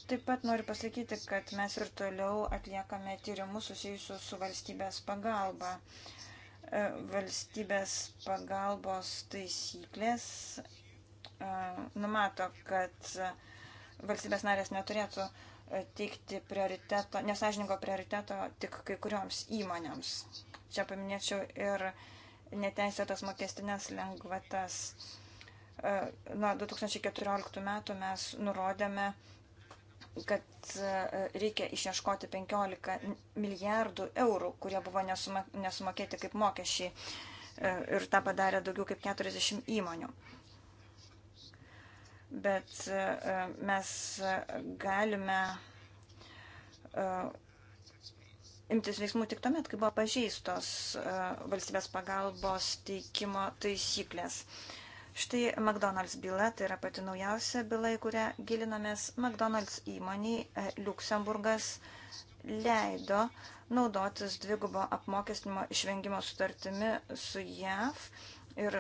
Taip pat noriu pasakyti, kad mes ir toliau atliekame tyrimus susijusius su valstybės pagalba. Э, valstybės pagalbos taisyklės э, numato, kad valstybės narės neturėtų teikti prioriteto, nesažininko prioriteto tik kai kurioms įmonėms. Čia paminėčiau ir neteisėtas mokestinės lengvatas. Nuo 2014 metų mes nurodėme, kad reikia išieškoti 15 milijardų eurų, kurie buvo nesumokėti kaip mokesčiai ir tą padarė daugiau kaip 40 įmonių. Bet mes galime imtis veiksmų tik tuomet, kai buvo pažeistos valstybės pagalbos teikimo taisyklės. Štai McDonald's byla, tai yra pati naujausia byla, į kurią gilinamės. McDonald's įmoniai e, Luksemburgas leido naudotis dvigubo apmokestinimo išvengimo sutartimi su JAV ir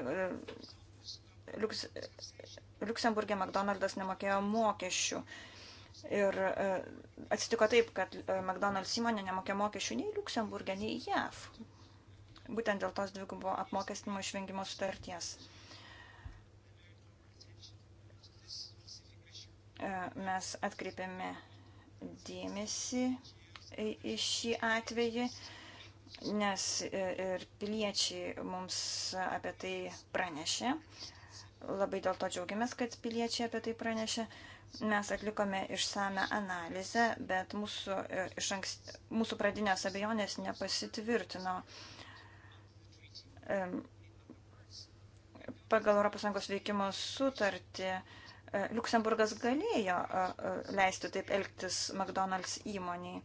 Liuks, e, Liuksemburgė McDonald's nemokėjo mokesčių. Ir e, atsitiko taip, kad McDonald's įmonė nemokė mokesčių nei Liuksemburgė, nei JAV. Būtent dėl tos dvigubo apmokestinimo išvengimo sutarties. E, mes atkreipiame dėmesį į šį atvejį, nes e, ir piliečiai mums apie tai pranešė. Labai dėl to džiaugiamės, kad piliečiai apie tai pranešė. Mes atlikome išsame analizę, bet mūsų, e, iš ankst, mūsų pradinės abejonės nepasitvirtino. Pagal ES veikimo sutartį E, Luksemburgas galėjo e, e, leisti taip elgtis McDonald's įmoniai,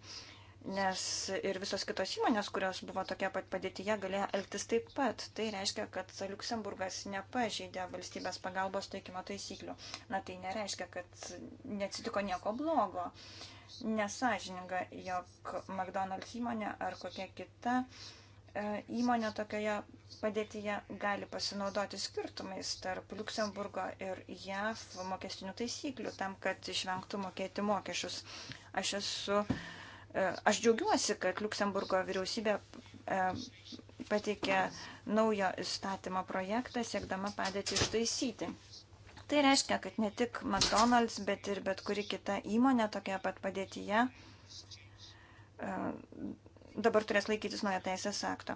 nes ir visos kitos įmonės, kurios buvo tokia pat padėtyje, galėjo elgtis taip pat. Tai reiškia, kad Luksemburgas nepažeidė valstybės pagalbos teikimo taisyklių. Na tai nereiškia, kad neatsitiko nieko blogo. Nesažininga, jog McDonald's įmonė ar kokia kita uh, E, įmonė tokioje padėtyje gali pasinaudoti skirtumais tarp Luksemburgo ir JAV mokestinių taisyklių tam, kad išvengtų mokėti mokesčius. Aš esu, e, aš džiaugiuosi, kad Luksemburgo vyriausybė e, pateikė naujo įstatymo projektą, siekdama padėti ištaisyti. Tai reiškia, kad ne tik McDonald's, bet ir bet kuri kita įmonė tokia pat padėtyje dabar turės laikytis nuo teisės akto.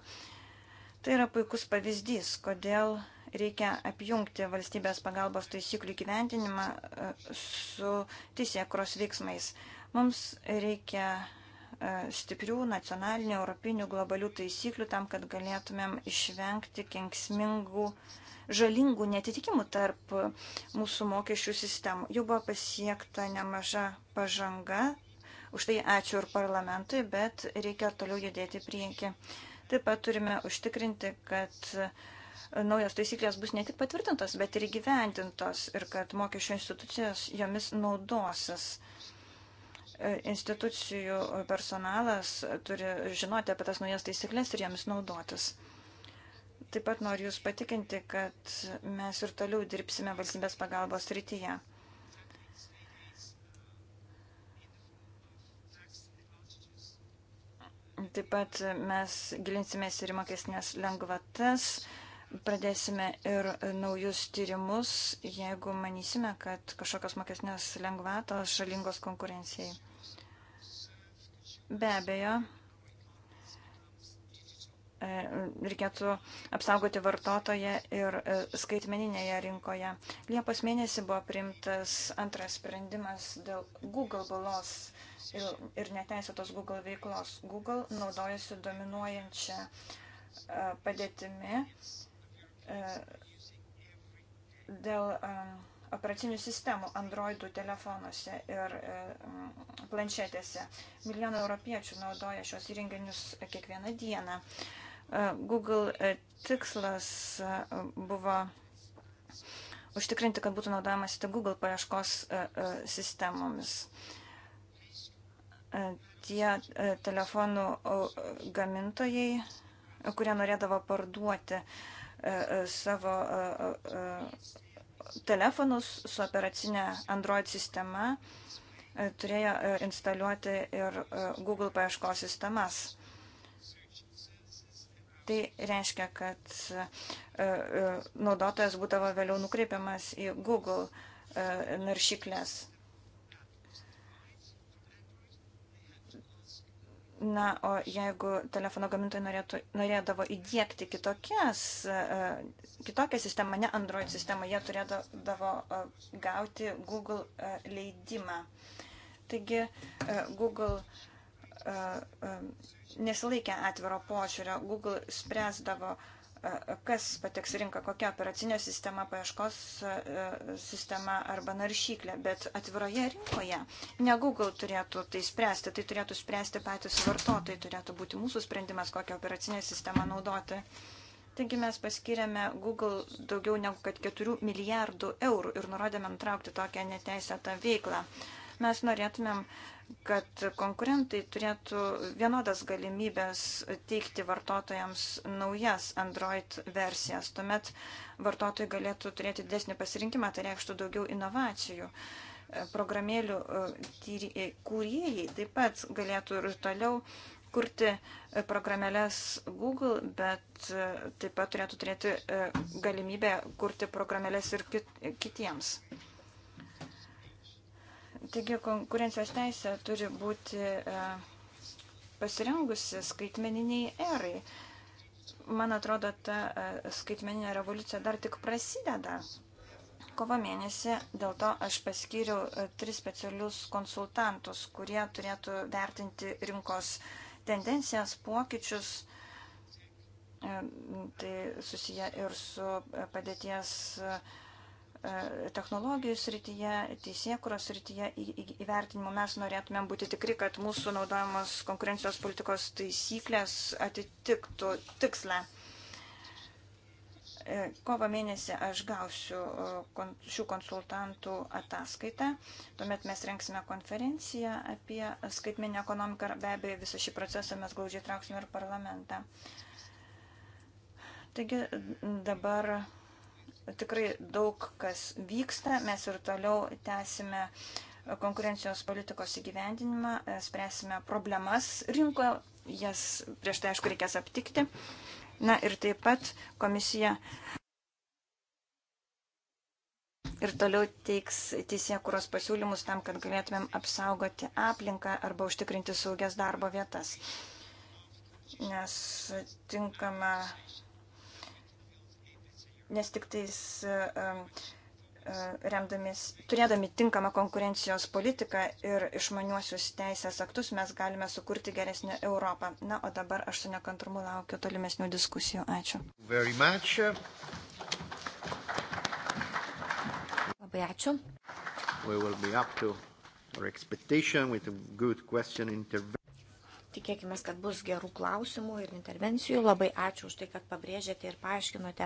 Tai yra puikus pavyzdys, kodėl reikia apjungti valstybės pagalbos taisyklių gyventinimą e, su teisėkros veiksmais. Mums reikia e, stiprių nacionalinių, europinių, globalių taisyklių tam, kad galėtumėm išvengti kenksmingų, žalingų netitikimų tarp mūsų mokesčių sistemų. Jau buvo pasiekta nemaža pažanga, Už tai ačiū ir parlamentui, bet reikia ir toliau judėti prieki. Taip pat turime užtikrinti, kad e, naujos taisyklės bus ne tik patvirtintos, bet ir įgyventintos ir kad mokesčio institucijos jomis naudosis e, institucijų personalas turi žinoti apie tas naujas taisyklės ir jomis naudotis. Taip pat noriu Jūs patikinti, kad mes ir toliau dirbsime valstybės pagalbos rytyje. Taip pat mes gilinsimės ir mokesnės lengvatas, pradėsime ir naujus tyrimus, jeigu manysime, kad kažkokios mokesnės lengvatos žalingos konkurencijai. Be abejo, e, reikėtų apsaugoti vartotoje ir e, skaitmeninėje rinkoje. Liepos mėnesį buvo priimtas antras sprendimas dėl Google balos ir, ir neteisėtos Google veiklos. Google naudojasi dominuojančią e, padėtimi e, dėl e, operacinių sistemų Androidų telefonuose ir planšetėse. Milijonai europiečių naudoja šios įrenginius kiekvieną dieną. Google tikslas buvo užtikrinti, kad būtų naudojamasi tik Google paieškos sistemomis. Uh, tie e, telefonų gamintojai, kurie norėdavo parduoti e, e, savo telefonus su operacinė Android sistema, turėjo instaliuoti ir Google paieškos sistemas. Tai reiškia, kad naudotojas būdavo vėliau nukreipiamas į Google naršyklės. Na, o jeigu telefono gamintojai norėtų, norėdavo įdėkti kitokias, e, kitokią sistemą, ne Android sistemą, jie turėdavo e, gauti Google e, leidimą. Taigi Google nesilaikė atviro požiūrio, Google spręsdavo uh, kas pateks rinką, kokia operacinė sistema, paieškos e, sistema arba naršyklė, bet atviroje rinkoje ne Google turėtų tai spręsti, tai turėtų spręsti patys vartotojai, turėtų būti mūsų sprendimas, kokią operacinę sistemą naudoti. Taigi mes paskiriame Google daugiau negu kad 4 milijardų eurų ir nurodėme nutraukti tokią neteisėtą veiklą. Mes norėtumėm uh, kad konkurentai turėtų vienodas galimybės teikti vartotojams naujas Android versijas. Tuomet vartotojai galėtų turėti didesnį pasirinkimą, tai reikštų daugiau inovacijų. Programėlių e, e, kūrėjai taip pat galėtų ir toliau kurti e, programėlės Google, bet taip pat turėtų turėti galimybę kurti programėlės ir kitiems. Taigi konkurencijos teisė turi būti e, pasirengusi skaitmeniniai erai. Man atrodo, ta e, skaitmeninė revoliucija dar tik prasideda. Kovo mėnesį dėl to aš paskyriau e, tris specialius konsultantus, kurie turėtų vertinti rinkos tendencijas, pokyčius. Tai susiję ir su padėties uh, E, technologijų srityje, teisėkuros srityje įvertinimu mes norėtumėm būti tikri, kad mūsų naudojamos konkurencijos politikos taisyklės atitiktų tikslą. E, kovo mėnesį aš gausiu e, šių konsultantų ataskaitą, tuomet mes renksime konferenciją apie skaitminę ekonomiką ir be abejo visą šį procesą mes glaudžiai trauksime ir parlamentą. Taigi dabar tikrai daug kas vyksta, mes ir toliau tęsime konkurencijos politikos įgyvendinimą, e, spręsime problemas rinkoje, jas prieš tai aišku reikės aptikti. Na ir taip pat komisija ir toliau teiks teisėkuros pasiūlymus tam, kad galėtumėm apsaugoti aplinką arba užtikrinti saugias darbo vietas. Nes tinkama nes tik tais e, e, e, remdamis, turėdami tinkamą konkurencijos politiką ir išmaniuosius teisės aktus mes galime sukurti geresnę Europą. Na, o dabar aš su nekantrumu laukiu tolimesnių diskusijų. Ačiū. Labai ačiū. Tikėkime, kad bus gerų klausimų ir intervencijų. Labai ačiū už tai, kad pabrėžėte ir paaiškinote.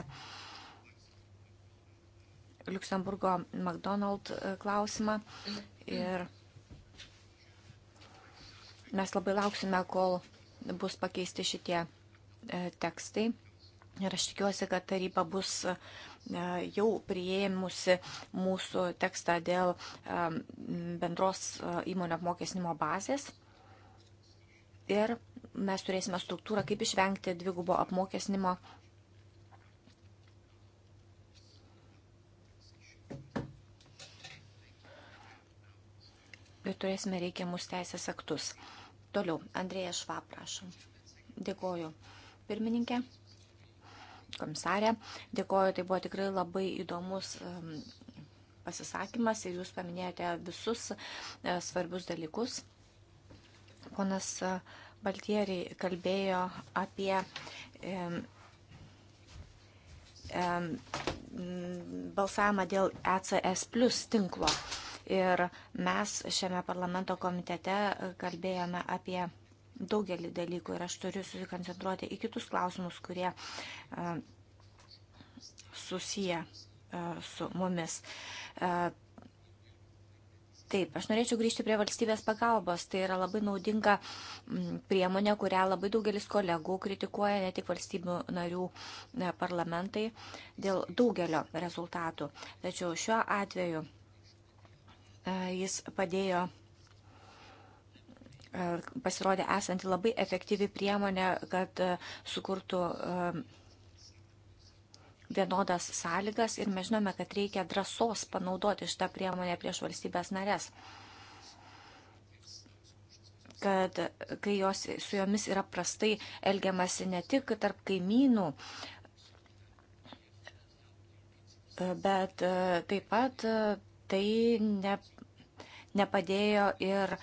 Luxemburgo McDonald e, klausimą ir mes labai lauksime, kol bus pakeisti šitie e, tekstai. Ir aš tikiuosi, kad taryba bus e, jau prieimusi mūsų tekstą dėl bendros įmonio apmokesnimo bazės. Ir mes turėsime struktūrą, kaip išvengti dvigubo apmokesnimo ir turėsime reikiamus teisės aktus. Toliau, Andrėja Švab, prašom. Dėkoju, pirmininkė, komisarė. Dėkoju, tai buvo tikrai labai įdomus um, pasisakymas ir jūs paminėjote visus e, svarbius dalykus. Ponas e, Baltieriai kalbėjo apie balsavimą dėl ECS plus tinklo. Ir mes šiame parlamento komitete kalbėjome apie daugelį dalykų ir aš turiu susikoncentruoti į kitus klausimus, kurie e, susiję e, su mumis. E, taip, aš norėčiau grįžti prie valstybės pagalbos. Tai yra labai naudinga priemonė, kurią labai daugelis kolegų kritikuoja, ne tik valstybių narių parlamentai, dėl daugelio rezultatų. Tačiau šiuo atveju Jis padėjo pasirodė esanti labai efektyvi priemonė, kad sukurtų vienodas sąlygas ir mes žinome, kad reikia drąsos panaudoti šitą priemonę prieš valstybės narės. Kad kai jos, su jomis yra prastai elgiamasi ne tik tarp kaimynų, bet taip pat tai ne nepadėjo ir e,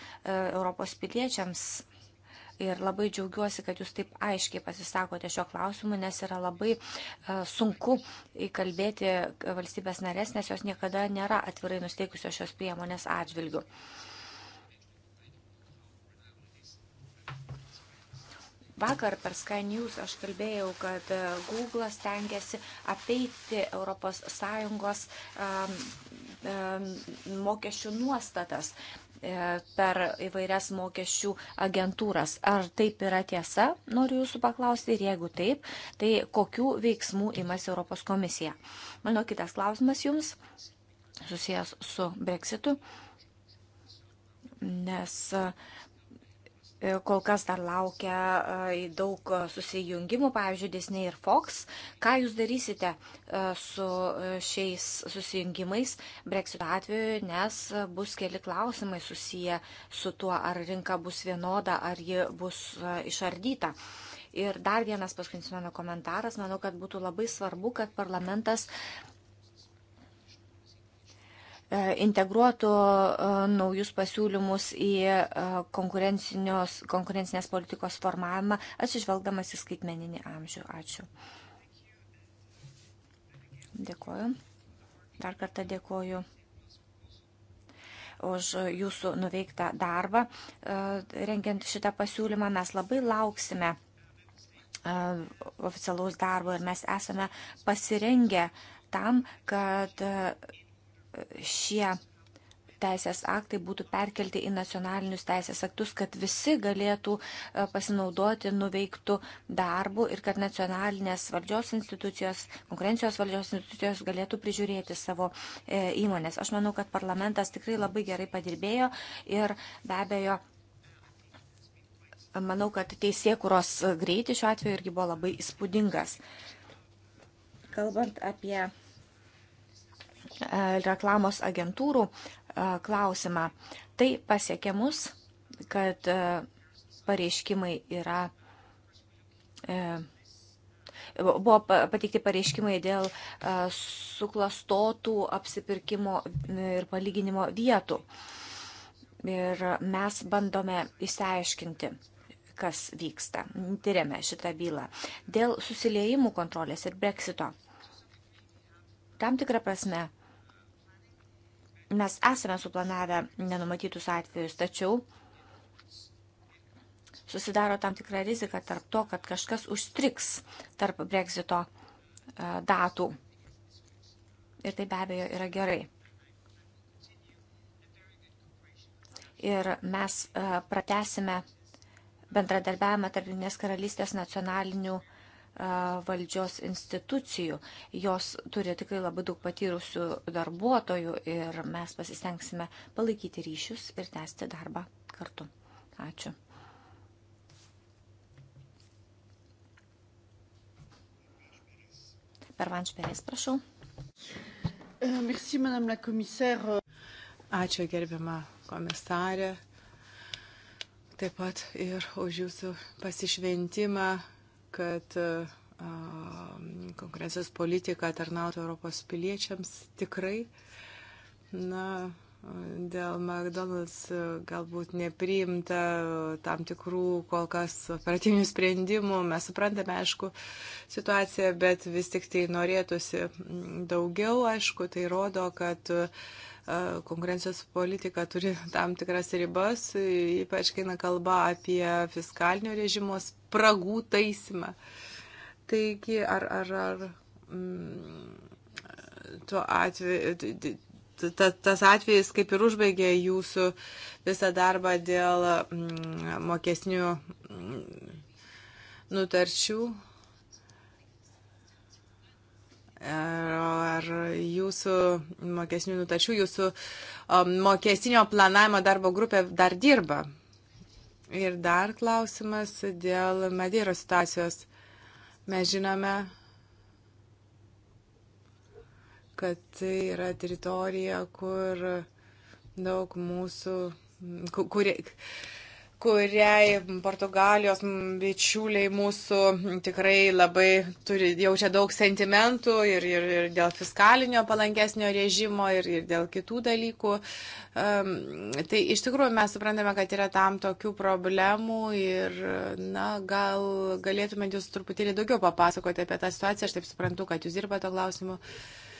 Europos piliečiams. Ir labai džiaugiuosi, kad jūs taip aiškiai pasisakote šio klausimu, nes yra labai e, sunku įkalbėti valstybės narės, nes jos niekada nėra atvirai nusteikusios šios priemonės atžvilgių. Vakar per Sky News aš kalbėjau, kad e, Google stengiasi apeiti ES mokesčių nuostatas e, per įvairias mokesčių agentūras. Ar taip yra tiesa, noriu jūsų paklausti, ir jeigu taip, tai kokių veiksmų imasi Europos komisija? Mano kitas klausimas jums susijęs su breksitu, nes kol kas dar laukia e, daug e, susijungimų, pavyzdžiui, Disney ir Fox. Ką jūs darysite e, su šiais susijungimais Brexito atveju, nes bus keli klausimai susiję su tuo, ar rinka bus vienoda, ar ji bus išardyta. Ir dar vienas paskutinis mano komentaras, manau, kad būtų labai svarbu, kad parlamentas E, integruotų e, naujus pasiūlymus į e, konkurencinės politikos formavimą, atsižvelgdamas į skaitmeninį amžių. Ačiū. Dėkoju. Dar kartą dėkoju už jūsų nuveiktą darbą. Rengiant šitą pasiūlymą mes labai lauksime oficialaus darbo ir mes esame pasirengę tam, kad šie teisės aktai būtų perkelti į nacionalinius teisės aktus, kad visi galėtų e, pasinaudoti nuveiktų darbų ir kad nacionalinės valdžios institucijos, konkurencijos valdžios institucijos galėtų prižiūrėti savo e, įmonės. Aš manau, kad parlamentas tikrai labai gerai padirbėjo ir be abejo. Manau, kad teisėkuros greitis šiuo atveju irgi buvo labai įspūdingas. Kalbant apie reklamos agentūrų klausimą. Tai pasiekė mus, kad pareiškimai yra. E, buvo pateikti pareiškimai dėl suklastotų apsipirkimo ir palyginimo vietų. Ir mes bandome įsiaiškinti, kas vyksta. Tyrėme šitą bylą. Dėl susiliejimų kontrolės ir breksito. Tam tikrą prasme mes esame suplanavę nenumatytus atvejus, tačiau susidaro tam tikra rizika tarp to, kad kažkas užstriks tarp Brexito e, datų. Ir tai be abejo yra gerai. Ir mes e, pratesime bendradarbiavimą tarp Junktinės karalystės nacionalinių uh, valdžios institucijų. Jos turi tikrai labai daug patyrusių darbuotojų ir mes pasistengsime palaikyti ryšius ir tęsti darbą kartu. Ačiū. Pervanš Perės, prašau. E, merci, madame la commissaire. Ačiū gerbiama komisarė. Taip pat ir už jūsų pasišventimą kad konkurencijos politika tarnautų Europos piliečiams tikrai. Na, dėl McDonald's galbūt nepriimta tam tikrų kol kas operatinių sprendimų. Mes suprantame, aišku, situaciją, bet vis tik tai norėtųsi daugiau, aišku, tai rodo, kad uh, konkurencijos politika turi tam tikras ribas, ypač kai kalba apie fiskalinio režimo spragų taisymą. Taigi, ar, ar, ar mm, tuo atveju ta, tas atvejis kaip ir užbaigė jūsų visą darbą dėl mm, mokesnių mm, nutarčių, ar jūsų mokesnių nutačių, jūsų um, mokestinio planavimo darbo grupė dar dirba. Ir dar klausimas dėl Madeiro situacijos. Mes žinome, kad tai yra teritorija, kur daug mūsų, kurie, kuriai Portugalijos bičiuliai mūsų tikrai labai turi, jaučia daug sentimentų ir, ir, ir dėl fiskalinio palankesnio režimo ir, ir dėl kitų dalykų. Um, tai iš tikrųjų mes suprantame, kad yra tam tokių problemų ir na, gal galėtumėt jūs truputėlį daugiau papasakoti apie tą situaciją. Aš taip suprantu, kad jūs dirbate to klausimu. Uh,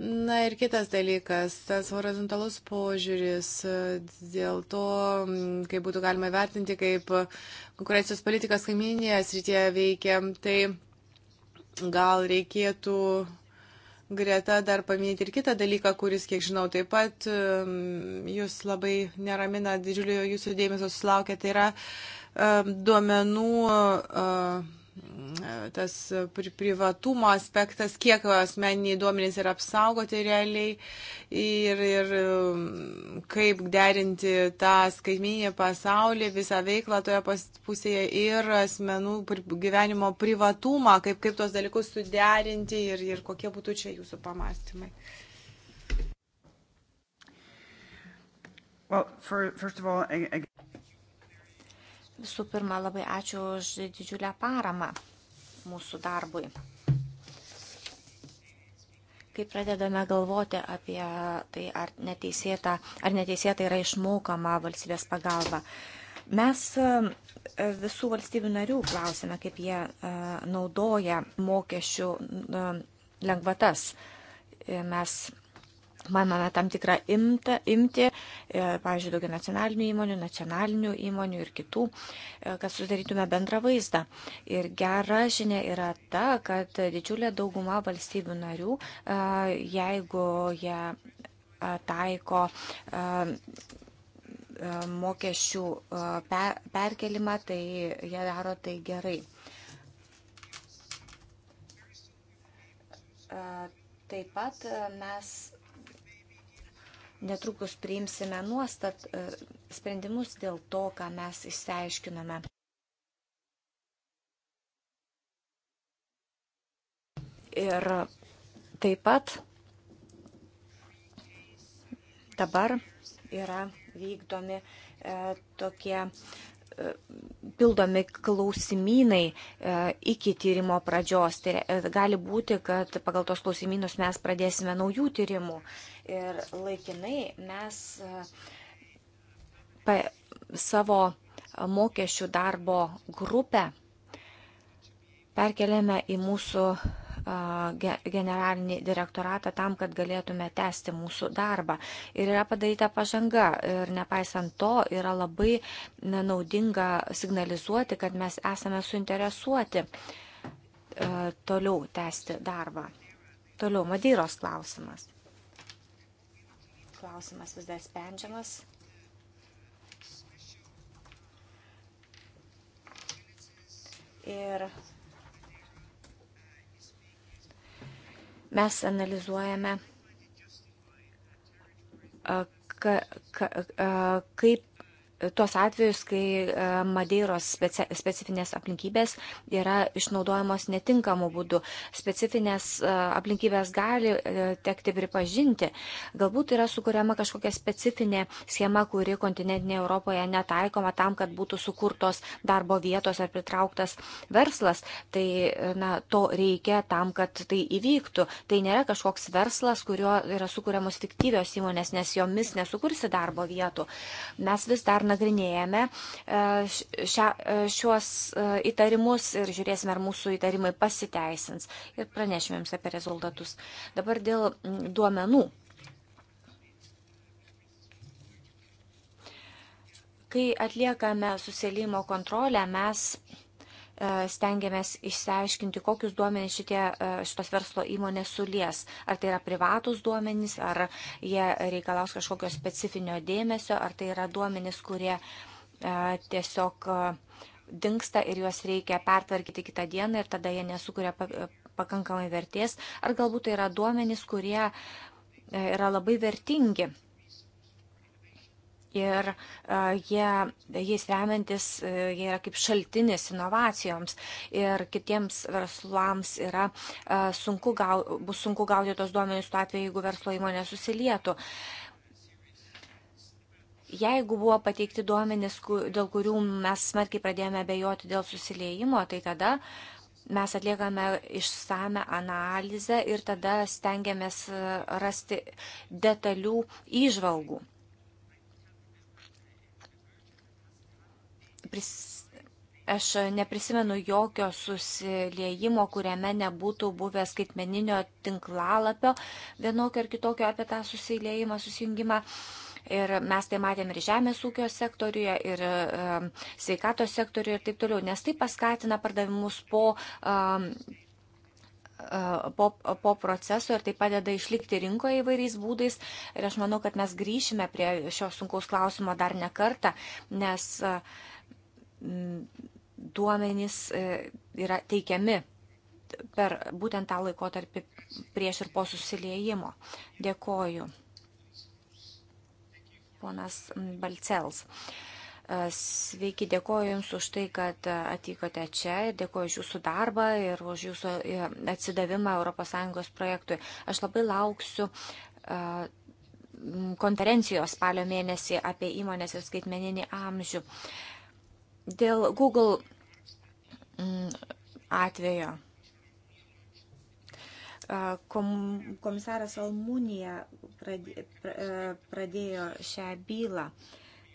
Na ir kitas dalykas, tas horizontalus požiūris e, dėl to, kaip būtų galima vertinti, kaip konkurencijos politikas kaiminėje srityje veikia, tai gal reikėtų greta dar paminėti ir kitą dalyką, kuris, kiek žinau, taip pat e, jūs labai neramina, didžiulio jūsų dėmesio susilaukia, tai yra e, duomenų. Uh, tas uh, privatumo aspektas, kiek asmeniniai duomenys yra apsaugoti realiai ir, ir um, kaip derinti tą skaitminį pasaulį, visą veiklą toje pusėje ir asmenų gyvenimo privatumą, kaip, kaip tos dalykus suderinti ir, ir kokie būtų čia jūsų pamastymai. Well, for, first of all, I, I... Visų pirma, labai ačiū už didžiulę paramą mūsų darbui. Kai pradedame galvoti apie tai, ar neteisėta, ar neteisėta yra išmokama valstybės pagalba, mes e, visų valstybių narių klausime, kaip jie e, naudoja mokesčių e, lengvatas. Mes manome tam tikrą imtą, imti, e, pavyzdžiui, daugia nacionalinių įmonių, nacionalinių įmonių ir kitų, e, kad sudarytume bendrą vaizdą. Ir gera žinia yra ta, kad didžiulė dauguma valstybių narių, e, jeigu jie taiko mokesčių perkelimą, tai jie daro tai gerai. Taip pat mes netrukus priimsime nuostat e, sprendimus dėl to, ką mes išsiaiškinome. Ir taip pat dabar yra vykdomi e, tokie e, E, pildomi klausimynai e, iki tyrimo pradžios. Tai e, gali būti, kad pagal tos klausimynus mes pradėsime naujų tyrimų. Ir laikinai mes pa, savo mokesčių darbo grupę perkeliame į mūsų generalinį direktoratą tam, kad galėtume tęsti mūsų darbą. Ir yra padaryta pažanga. Ir nepaisant to, yra labai naudinga signalizuoti, kad mes esame suinteresuoti toliau tęsti darbą. Toliau, Madyros klausimas. Klausimas vis dar sprendžiamas. Ir Mes analizuojame, ka, ka, kaip tuos atvejus, kai e, Madeiros speci specifinės aplinkybės yra išnaudojamos netinkamu būdu. Specifinės e, aplinkybės gali e, tekti pripažinti. Galbūt yra sukuriama kažkokia specifinė schema, kuri kontinentinėje Europoje netaikoma tam, kad būtų sukurtos darbo vietos ar pritrauktas verslas. Tai na, to reikia tam, kad tai įvyktų. Tai nėra kažkoks verslas, kurio yra sukūriamos fiktyvios įmonės, nes jomis nesukursi darbo vietų. Mes vis dar nagrinėjame e, šia, e, šios e, įtarimus ir žiūrėsime, ar mūsų įtarimai pasiteisins ir pranešime jums apie rezultatus. Dabar dėl duomenų. Kai atliekame susėlimo kontrolę, mes E, stengiamės išsiaiškinti, kokius duomenys šitie, e, šitos verslo įmonės sulies. Ar tai yra privatus duomenys, ar jie reikalaus kažkokio specifinio dėmesio, ar tai yra duomenys, kurie e, tiesiog dinksta ir juos reikia pertvarkyti kitą dieną ir tada jie nesukuria pakankamai vertės, ar galbūt tai yra duomenys, kurie yra labai vertingi ir e, jie, jais remiantis, e, jie yra kaip šaltinis inovacijoms ir kitiems verslams yra e, sunku, gau, bus sunku gauti tos duomenys tuo atveju, jeigu verslo įmonė susilietų. Jeigu buvo pateikti duomenys, dėl kurių mes smarkiai pradėjome bejoti dėl susiliejimo, tai tada mes atliekame išsame analizę ir tada stengiamės rasti detalių įžvalgų pris, aš neprisimenu jokio susiliejimo, kuriame nebūtų buvę skaitmeninio tinklalapio vienokio ar kitokio apie tą susiliejimą, susijungimą. Ir mes tai matėm ir žemės ūkio sektoriuje, ir e, sveikatos sektoriuje ir taip toliau, nes tai paskatina pardavimus po, e, e, po, po proceso ir tai padeda išlikti rinkoje įvairiais būdais. Ir aš manau, kad mes grįšime prie šio sunkaus klausimo dar ne kartą, nes e, Mm, duomenys e, yra teikiami per būtent tą laikotarpį prieš ir po susiliejimo. Dėkoju. Ponas Balcels. E, sveiki, dėkoju Jums už tai, kad atvykote čia ir dėkoju už Jūsų darbą ir už Jūsų e, atsidavimą ES projektui. Aš labai lauksiu konferencijos spalio mėnesį apie įmonės ir skaitmeninį amžių. Uh, Dėl Google mm, atvejo. Komisaras Almūnija e, pradėjo šią bylą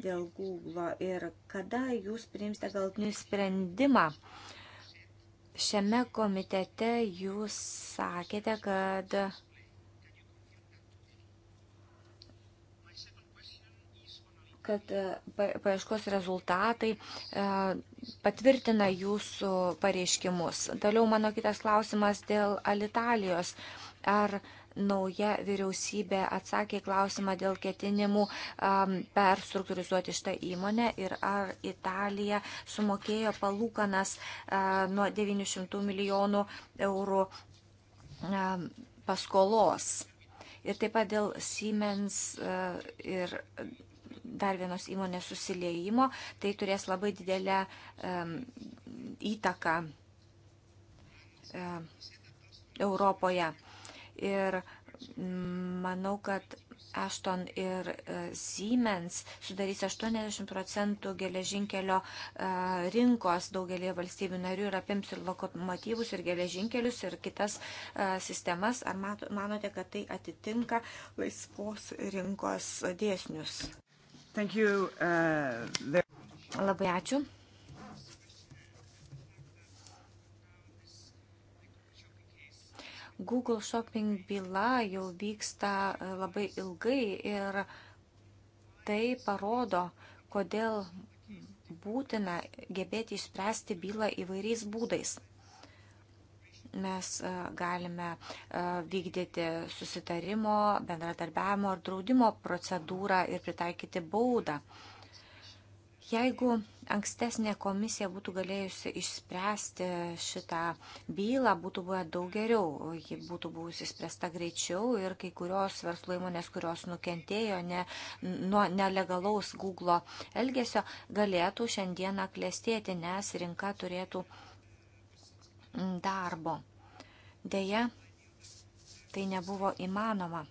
dėl Google ir kada jūs priimsite galtinį sprendimą? Šiame komitete jūs sakėte, kad kad e, paieškos rezultatai e, patvirtina jūsų pareiškimus. Toliau mano kitas klausimas dėl Alitalijos. Ar nauja vyriausybė atsakė klausimą dėl ketinimų um, perstruktūrizuoti šitą įmonę ir ar Italija sumokėjo palūkanas uh, nuo 900 milijonų eurų um, paskolos. Ir taip pat dėl Siemens uh, ir dar vienos įmonės susiliejimo, tai turės labai didelę um, įtaką um, Europoje. Ir mm, manau, kad Ashton ir e, Siemens sudarys 80 procentų geležinkelio e, rinkos daugelį valstybių narių ir apims ir lokomotyvus, ir geležinkelius, ir kitas e, sistemas. Ar manote, kad tai atitinka laisvos rinkos dėsnius? Thank you. Uh, the... Labai ačiū. Google Shopping byla jau vyksta uh, labai ilgai ir tai parodo, kodėl būtina gebėti išspręsti bylą įvairiais būdais mes e, galime e, vykdyti susitarimo, bendradarbiavimo ar draudimo procedūrą ir pritaikyti baudą. Jeigu ankstesnė komisija būtų galėjusi išspręsti šitą bylą, būtų buvę daug geriau. Ji būtų buvusi išspręsta greičiau ir kai kurios verslo įmonės, kurios nukentėjo ne, nuo nelegalaus Google elgesio, galėtų šiandieną klėstėti, nes rinka turėtų Mm, darbo. Deja, tai nebuvo įmanoma.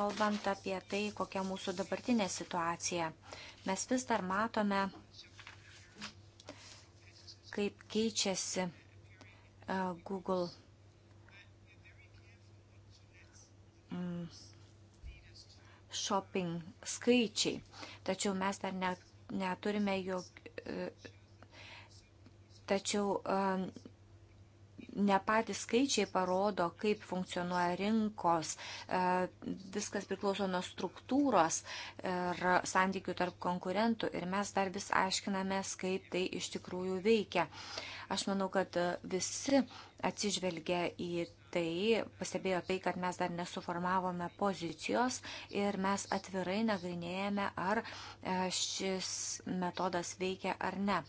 kalbant apie tai, kokia mūsų dabartinė situacija, mes vis dar matome, kaip keičiasi e, Google mm, shopping skaičiai. Tačiau mes dar neturime jok, e, Tačiau ne patys skaičiai parodo, kaip funkcionuoja rinkos, e, viskas priklauso nuo struktūros ir santykių tarp konkurentų ir mes dar vis aiškinamės, kaip tai iš tikrųjų veikia. Aš manau, kad visi atsižvelgia į tai, pastebėjo tai, kad mes dar nesuformavome pozicijos ir mes atvirai nagrinėjame, ar e, šis metodas veikia ar ne.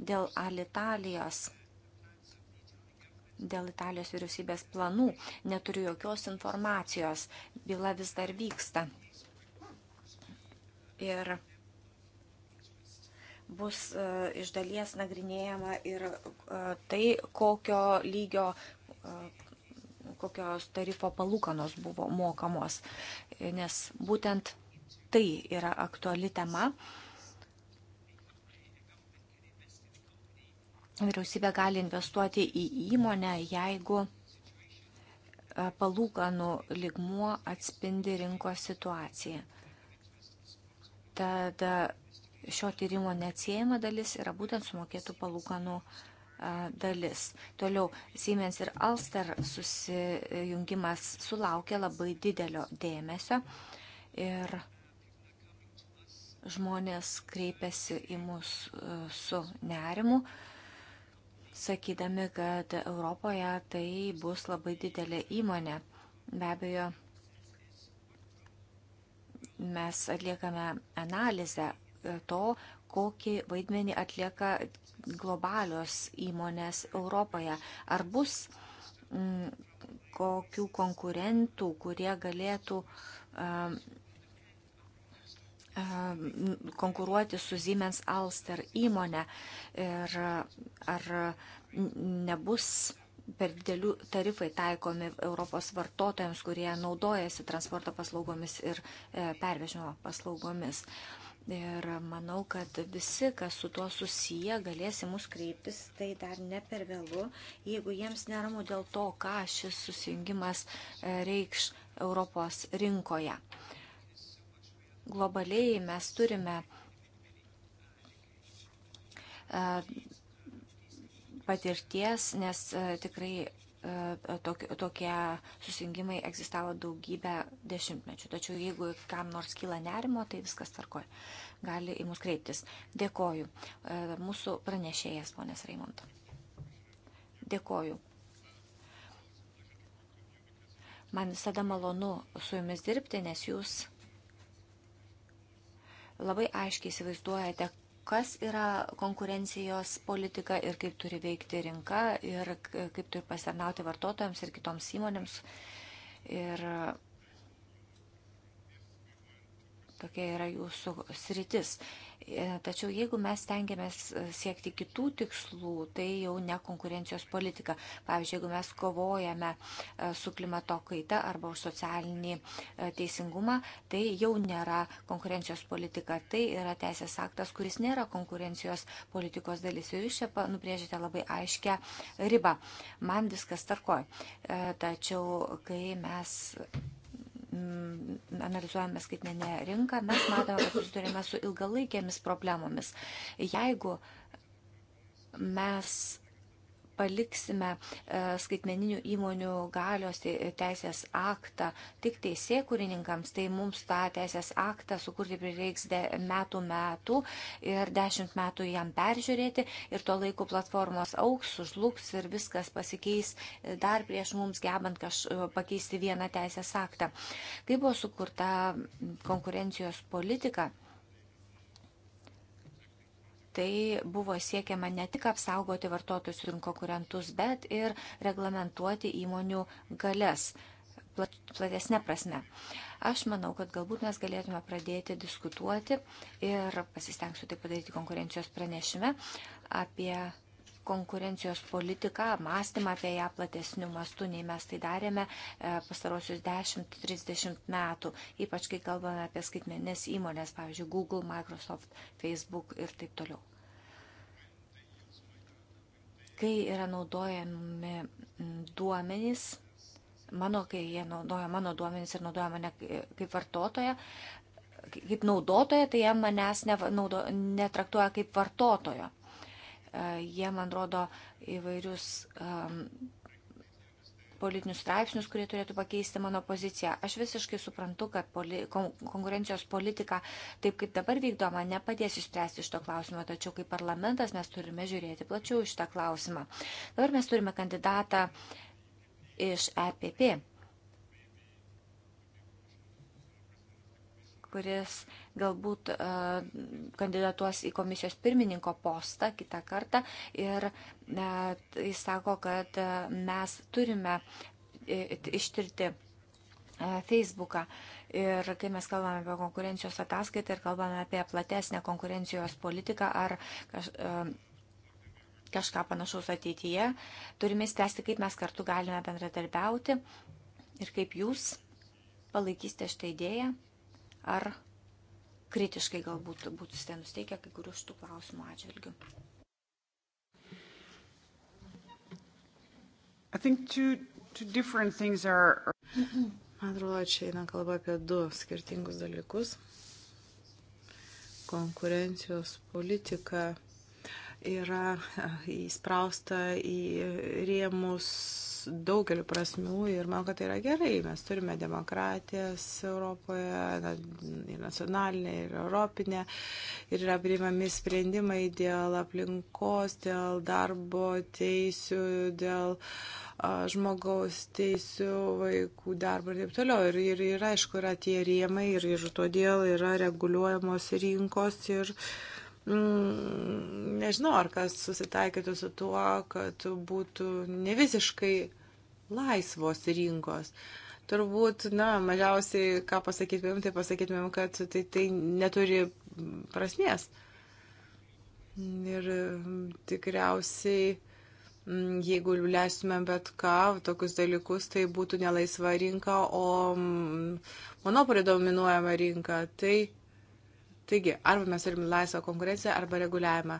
Dėl alitalijos dėl Italijos vyriausybės planų. Neturiu jokios informacijos. Byla vis dar vyksta. Ir bus e, iš dalies nagrinėjama ir e, tai, kokio lygio e, kokios tarifo palūkanos buvo mokamos, nes būtent tai yra aktuali tema vyriausybė gali investuoti į įmonę, jeigu e, palūkanų ligmuo atspindi rinkos situaciją. Tad e, šio tyrimo neatsiejama dalis yra būtent sumokėtų palūkanų e, dalis. Toliau Siemens ir Alster susijungimas sulaukė labai didelio dėmesio ir žmonės kreipiasi į mus su nerimu. Uh, sakydami, kad Europoje tai bus labai didelė įmonė. Be abejo, mes atliekame analizę to, kokį vaidmenį atlieka globalios įmonės Europoje. Ar bus m, mm, kokių konkurentų, kurie galėtų m, Ehm, konkuruoti su Siemens Alster įmonė ir ar nebus per didelių tarifai taikomi Europos vartotojams, kurie naudojasi transporto paslaugomis ir e, pervežimo paslaugomis. Ir manau, kad visi, kas su tuo susiję, galės į mus kreiptis, tai dar ne per vėlų, jeigu jiems neramu dėl to, ką šis susijungimas e, reikš Europos rinkoje. Uh, globaliai mes turime e, patirties, nes e, tikrai e, tokie susingimai egzistavo daugybę dešimtmečių. Tačiau jeigu kam nors kyla nerimo, tai viskas tarkoja. Gali į mus kreiptis. Dėkoju. Mūsų pranešėjas, ponės Raimonta. Dėkoju. Man visada malonu su jumis dirbti, nes jūs labai aiškiai įsivaizduojate, kas yra konkurencijos politika ir kaip turi veikti rinka ir kaip turi pasitarnauti vartotojams ir kitoms įmonėms. Ir tokia yra jūsų sritis. E, tačiau jeigu mes tengiamės e, siekti kitų tikslų, tai jau ne konkurencijos politika. Pavyzdžiui, jeigu mes kovojame e, su klimato kaita arba už socialinį teisingumą, tai jau nėra konkurencijos politika. Tai yra teisės aktas, kuris nėra konkurencijos politikos dalis. Ir jūs čia nubrėžite labai aiškę ribą. Man viskas tarkoja. Tačiau, kai mes analizuojame skaitmenę rinką, mes matome, kad susidurime su ilgalaikėmis problemomis. Jeigu mes paliksime e, skaitmeninių įmonių galios teisės aktą tik teisėkurininkams, tai mums tą teisės aktą sukurti prireiks metų metų ir dešimt metų jam peržiūrėti ir tuo laiku platformos auks, sužlugs ir viskas pasikeis e, dar prieš mums gebant kaž, e, pakeisti vieną teisės aktą. Kai buvo sukurta konkurencijos politika, tai buvo siekiama ne tik apsaugoti vartotojus ir konkurentus, bet ir reglamentuoti įmonių galės platesnė prasme. Aš manau, kad galbūt mes galėtume pradėti diskutuoti ir pasistengsiu tai padaryti konkurencijos pranešime apie konkurencijos politiką, mąstymą apie ją platesnių mastų, nei mes tai darėme e, pastarosius 10-30 metų, ypač kai kalbame apie skaitmenės įmonės, pavyzdžiui, Google, Microsoft, Facebook ir taip toliau. Kai yra naudojami duomenys, mano, kai jie naudoja mano duomenys ir naudoja mane kaip vartotoja, kaip naudotoja, tai jie manęs nenaudo, netraktuoja kaip vartotojo. E, jie, man rodo, įvairius politinius straipsnius, kurie turėtų pakeisti mano poziciją. Aš visiškai suprantu, kad poli, kon, konkurencijos politika, taip kaip dabar vykdoma, nepadės išspręsti šito klausimo, tačiau kaip parlamentas mes turime žiūrėti plačiau šitą klausimą. Dabar mes turime kandidatą iš EPP. kuris galbūt e, kandidatuos į komisijos pirmininko postą kitą kartą. Ir e, jis sako, kad e, mes turime ištirti Facebooką. Ir kai mes kalbame apie konkurencijos ataskaitą ir kalbame apie platesnę konkurencijos politiką ar kaž, kažką panašaus ateityje, turime spręsti, kaip mes kartu galime bendradarbiauti ir kaip jūs palaikysite šitą idėją ar kritiškai galbūt būsite nusteikę kai kurių šitų klausimų atžvilgių. Are... Man atrodo, čia eina kalba apie du skirtingus dalykus. Konkurencijos politika yra e, įsprausta į rėmus daugeliu prasmių ir manau, kad tai yra gerai. Mes turime demokratijas Europoje, ir nacionalinė, ir europinė, ir yra priimami sprendimai dėl aplinkos, dėl darbo teisių, dėl a, žmogaus teisių, vaikų darbo ir taip toliau. Ir, ir, ir aišku, yra tie rėmai ir, ir todėl yra reguliuojamos rinkos ir uh, mm, nežinau, ar kas susitaikytų su tuo, kad būtų ne visiškai laisvos rinkos. Turbūt, na, mažiausiai, ką pasakytumėm, tai pasakytumėm, kad tai, tai neturi prasmės. Ir mm, tikriausiai, mm, jeigu leistumėm bet ką, tokius dalykus, tai būtų nelaisva rinka, o mm, monopolį dominuojama rinka. Tai Taigi, arba mes turime laisvą konkurenciją, arba reguliavimą.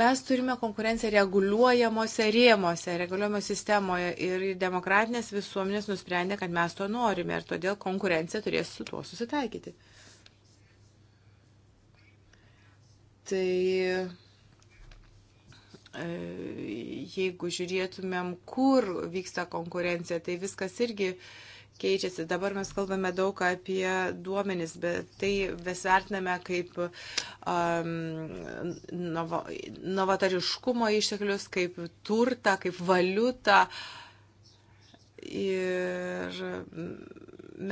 Mes turime konkurenciją reguliuojamosi rėmose, reguliuojamos sistemoje ir demokratinės visuomenės nusprendė, kad mes to norime ir todėl konkurencija turės su tuo susitaikyti. Tai e, jeigu žiūrėtumėm, kur vyksta konkurencija, tai viskas irgi uh, keičiasi. Dabar mes kalbame daug apie duomenis, bet tai besvertiname kaip um, novo, novatariškumo išteklius, kaip turtą, kaip valiutą. Ir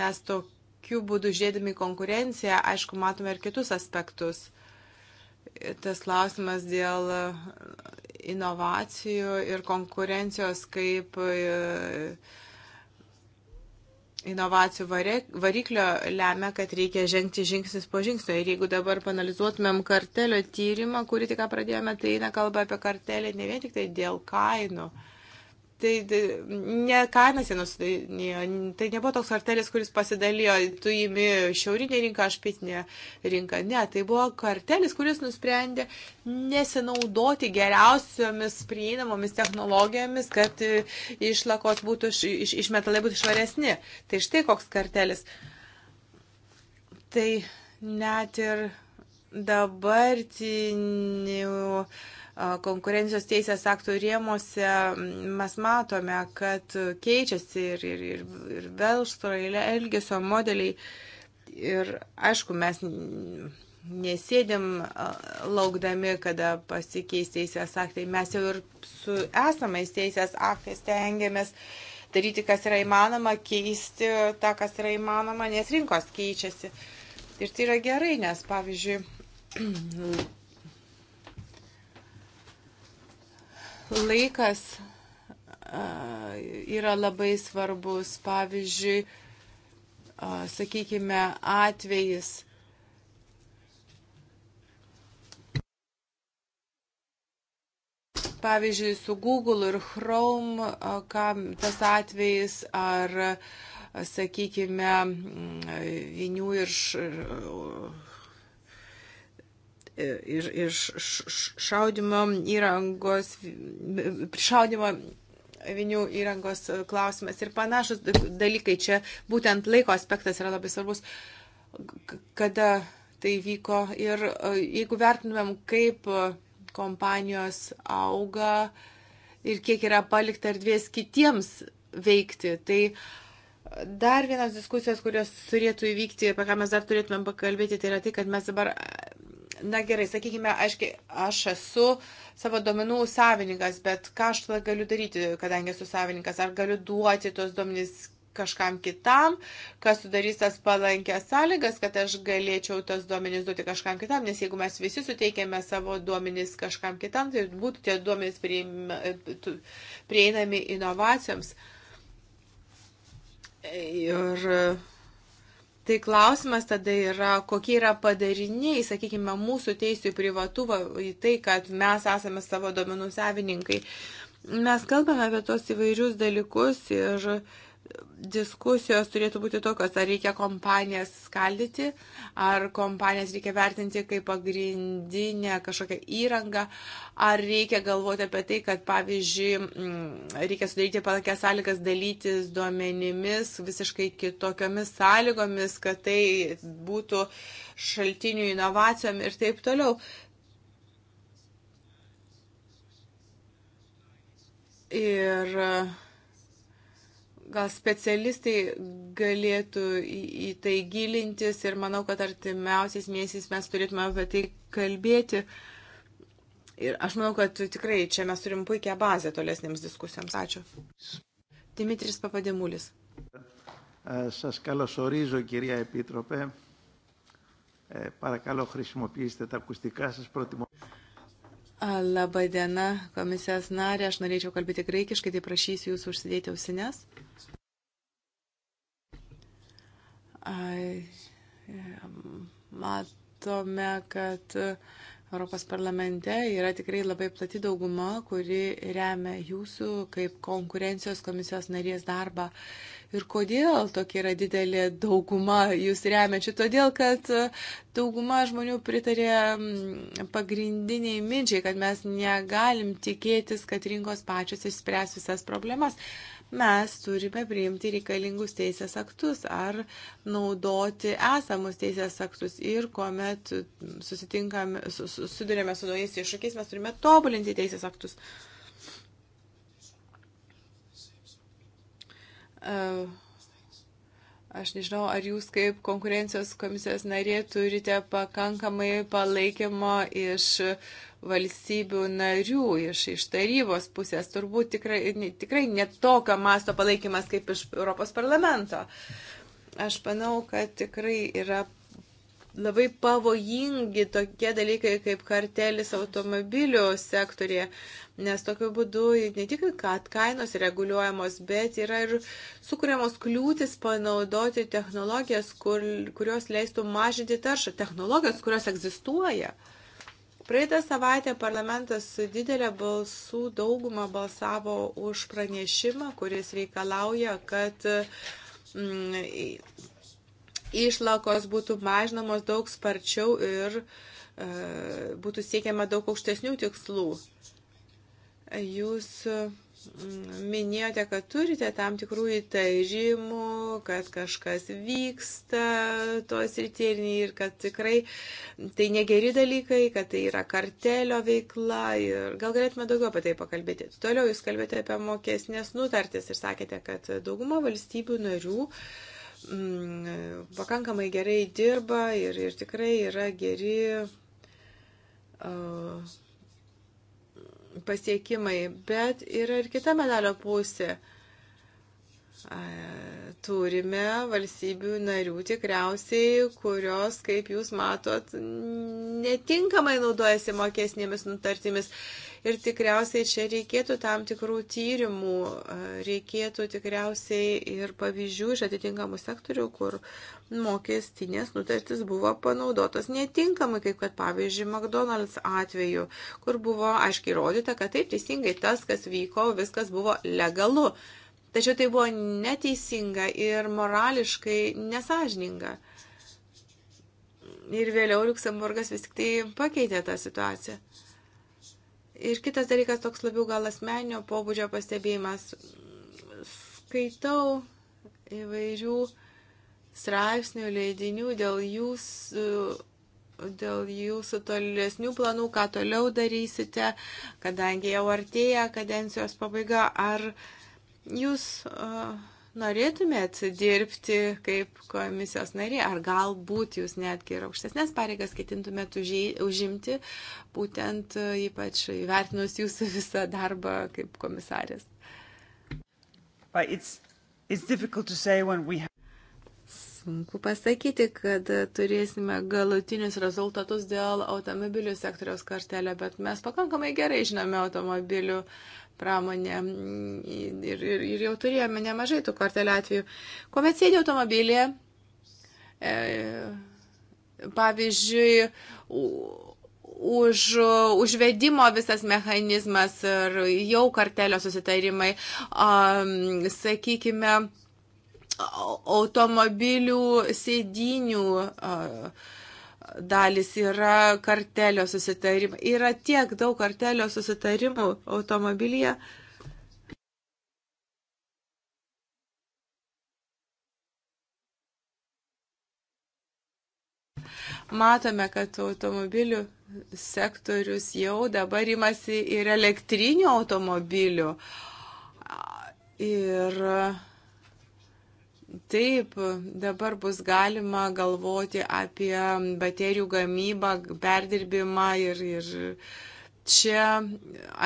mes tokiu būdu žiedami konkurenciją, aišku, matome ir kitus aspektus. Tas klausimas dėl inovacijų ir konkurencijos kaip uh, inovacijų variklio lemia, kad reikia žengti žingsnis po žingsnio. Ir jeigu dabar panalizuotumėm kartelio tyrimą, kurį tik pradėjome, tai eina kalba apie kartelį ne vien tik tai dėl kainų. Uh, tai ne kainas jie nustatinėjo, tai nebuvo toks kartelis, kuris pasidalijo, tu įimi šiaurinę rinką, aš pietinę rinką. Ne, tai buvo kartelis, kuris nusprendė nesinaudoti geriausiomis prieinamomis technologijomis, kad e, išlakos būtų, iš, iš metalai būtų švaresni. Tai štai koks kartelis. Tai net ir dabartinių konkurencijos teisės aktų rėmose mes matome, kad keičiasi ir, ir, ir, ir velštro elgesio modeliai. Ir aišku, mes nesėdim laukdami, kada pasikeis teisės aktai. Mes jau ir su esamais teisės aktais tengiamės daryti, kas yra įmanoma, keisti tą, kas yra įmanoma, nes rinkos keičiasi. Ir tai yra gerai, nes pavyzdžiui, laikas yra labai svarbus. Pavyzdžiui, sakykime, atvejis. Pavyzdžiui, su Google ir Chrome, kam tas atvejis, ar, sakykime, vinių ir iš, iš šaudimo įrangos, prišaudimo vinių įrangos klausimas ir panašus dalykai. Čia būtent laiko aspektas yra labai svarbus, kada tai vyko ir e, jeigu vertinumėm, kaip kompanijos auga ir kiek yra palikta erdvės kitiems veikti, tai uh, Dar vienas diskusijos, kurios turėtų įvykti, apie ką mes dar turėtumėm pakalbėti, tai yra tai, kad mes dabar na gerai, sakykime, aiškiai, aš esu savo duomenų savininkas, bet ką aš tada galiu daryti, kadangi esu savininkas, ar galiu duoti tos duomenys kažkam kitam, kas sudarys tas palankęs sąlygas, kad aš galėčiau tas duomenys duoti kažkam kitam, nes jeigu mes visi suteikėme savo duomenys kažkam kitam, tai būtų tie duomenys prieinami inovacijoms. Ir Tai klausimas tada yra, kokie yra padariniai, sakykime, mūsų teisų į privatuvą, į tai, kad mes esame savo domenų savininkai. Mes kalbame apie tos įvairius dalykus ir uh, diskusijos turėtų būti tokios, ar reikia kompanijas skaldyti, ar kompanijas reikia vertinti kaip pagrindinę kažkokią įrangą, ar reikia galvoti apie tai, kad pavyzdžiui, mm, reikia sudaryti palankias sąlygas dalytis duomenimis visiškai kitokiomis sąlygomis, kad tai būtų šaltinių inovacijom ir taip toliau. Ir uh gal specialistai galėtų į, į tai gilintis ir manau, kad artimiausiais mėnesiais mes turėtume apie tai kalbėti. Ir aš manau, kad tikrai čia mes turim puikią bazę tolesnėms diskusijoms. Ačiū. Dimitris Papadimulis. Eh, σας καλωσορίζω κυρία Επίτροπε. Ε, παρακαλώ χρησιμοποιήστε τα ακουστικά σας προτιμώ. Labą dieną, komisijos narė. Aš norėčiau kalbėti graikiškai, tai prašysiu jūsų užsidėti ausines. Matome, kad Europos parlamente yra tikrai labai plati dauguma, kuri remia jūsų kaip konkurencijos komisijos narės darbą ir kodėl tokia yra didelė dauguma jūs remiančių. Todėl, kad e, dauguma žmonių pritarė mm, pagrindiniai minčiai, kad mes negalim tikėtis, kad rinkos pačios išspręs visas problemas. Mes turime priimti reikalingus teisės aktus ar naudoti esamus teisės aktus ir kuomet susidurėme su naujais iššūkiais, mes turime tobulinti teisės aktus. Uh, Aš nežinau, ar jūs kaip konkurencijos komisijos narė turite pakankamai palaikymo iš valstybių narių, iš, iš tarybos pusės. Turbūt tikrai, tikrai net tokio masto palaikymas kaip iš Europos parlamento. Aš manau, kad tikrai yra labai pavojingi tokie dalykai kaip kartelis automobilių sektorėje, nes tokiu būdu ne tik, kad kainos reguliuojamos, bet yra ir sukūriamos kliūtis panaudoti technologijas, kur, kurios leistų mažinti taršą, technologijas, kurios egzistuoja. Praeitą savaitę parlamentas su didelė balsų dauguma balsavo už pranešimą, kuris reikalauja, kad mm, išlakos būtų mažinamos daug sparčiau ir e, būtų siekiama daug aukštesnių tikslų. Jūs e, minėjote, kad turite tam tikrų įtažymų, kad kažkas vyksta tos rytinį ir kad tikrai tai negeri dalykai, kad tai yra kartelio veikla ir gal galėtume daugiau apie tai pakalbėti. Toliau jūs kalbėjote apie mokesnės nutartis ir sakėte, kad dauguma valstybių narių uh, mm, pakankamai gerai dirba ir, ir tikrai yra geri uh, pasiekimai, bet yra ir kita medalio pusė. Turime valstybių narių tikriausiai, kurios, kaip jūs matot, netinkamai naudojasi mokesnėmis nutartimis ir tikriausiai čia reikėtų tam tikrų tyrimų, reikėtų tikriausiai ir pavyzdžių iš atitinkamų sektorių, kur mokestinės nutartis buvo panaudotos netinkamai, kaip kad pavyzdžiui McDonald's atveju, kur buvo aiškiai įrodyta, kad taip teisingai tas, kas vyko, viskas buvo legalu. Tačiau tai buvo neteisinga ir morališkai nesažininga. Ir vėliau Luksemburgas vis tik tai pakeitė tą situaciją. Ir kitas dalykas toks labiau gal asmenio pobūdžio pastebėjimas. Skaitau įvairių straipsnių, leidinių dėl jūsų, dėl jūsų tolesnių planų, ką toliau darysite, kadangi jau artėja kadencijos pabaiga. Ar jūs uh, norėtumėt dirbti kaip komisijos nariai, ar galbūt jūs netgi ir aukštesnės pareigas ketintumėt užimti, būtent e, ypač įvertinus jūsų visą darbą kaip komisarės? It's, it's have... Sunku pasakyti, kad turėsime galutinius rezultatus dėl automobilių sektoriaus kartelio, bet mes pakankamai gerai žinome automobilių uh, pramonė mm, ir, ir, ir jau turėjome nemažai tų kortelių atvejų. Kuomet sėdė automobilėje, e, pavyzdžiui, už, užvedimo visas mechanizmas ir jau kartelio susitarimai, um, sakykime, automobilių sėdinių. Uh, dalis, yra kartelio susitarimai. Yra tiek daug kartelio susitarimų automobilyje. Matome, kad automobilių sektorius jau dabar imasi ir elektrinių automobilių. Ir uh, Taip, dabar bus galima galvoti apie baterijų gamybą, perdirbimą ir, ir čia,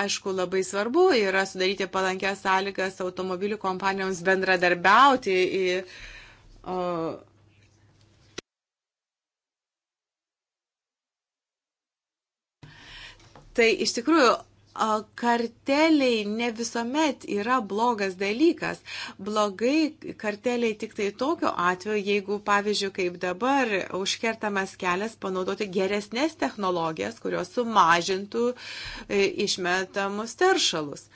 aišku, labai svarbu yra sudaryti palankias sąlygas automobilių kompanijoms bendradarbiauti. Į, o, Tai iš tikrųjų karteliai ne visuomet yra blogas dalykas. Blogai karteliai tik tai tokio atveju, jeigu, pavyzdžiui, kaip dabar užkertamas kelias panaudoti geresnės technologijas, kurios sumažintų e, išmetamus teršalus.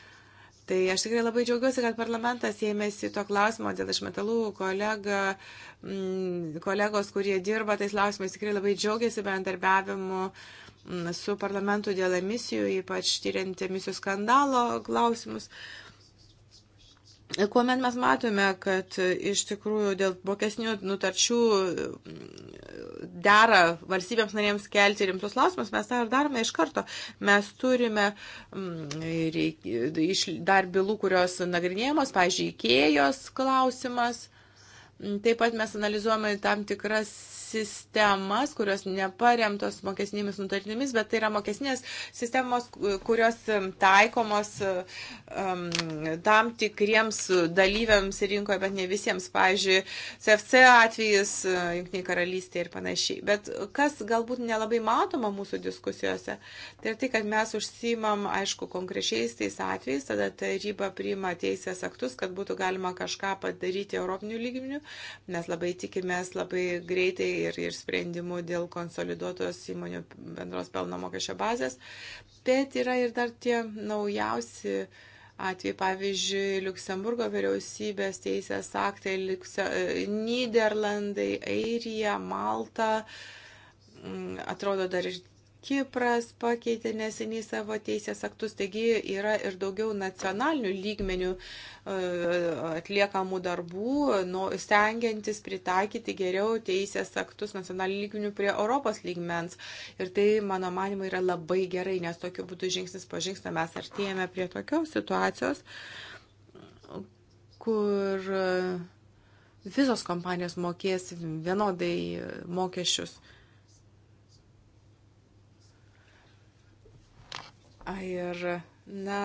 Tai aš tikrai labai džiaugiuosi, kad parlamentas ėmėsi to klausimo dėl išmetalų kolega, mm, kolegos, kurie dirba tais klausimais, tikrai labai džiaugiasi bendarbiavimu. Uh, su parlamentu dėl emisijų, ypač tyriant emisijų skandalo klausimus. Kuomet mes matome, kad iš tikrųjų dėl mokesnių nutarčių dera valstybėms narėms kelti rimtus klausimus, mes tą ir darome iš karto. Mes turime mm, dar bylų, kurios nagrinėjamos, pažiūrėjėjos klausimas. Taip pat mes analizuojame tam tikras sistemas, kurios neparemtos mokesnėmis nutartinėmis, bet tai yra mokesnės sistemos, kurios um, taikomos um, tam tikriems dalyviams rinkoje, bet ne visiems, pavyzdžiui, CFC atvejis, uh, Junktiniai karalystė ir panašiai. Bet kas galbūt nelabai matoma mūsų diskusijose, tai yra tai, kad mes užsimam, aišku, konkrečiais tais atvejais, tada taryba priima teisės aktus, kad būtų galima kažką padaryti Europinių lygminių. Mes labai tikimės labai greitai ir, ir sprendimų dėl konsoliduotos įmonių bendros pelno mokesčio bazės, bet yra ir dar tie naujausi atvejai, pavyzdžiui, Luksemburgo vyriausybės teisės aktai, Lukse, e, Niderlandai, Airija, Malta, mm, atrodo dar ir Kipras pakeitė neseniai savo teisės aktus, taigi yra ir daugiau nacionalinių lygmenių e, atliekamų darbų, nu, stengiantis pritaikyti geriau teisės aktus nacionalinių lygmenių prie Europos lygmens. Ir tai, mano manimo, yra labai gerai, nes tokiu būdu žingsnis po žingsnio mes artėjame prie tokios situacijos, kur e, visos kompanijos mokės vienodai mokesčius. Ir, na,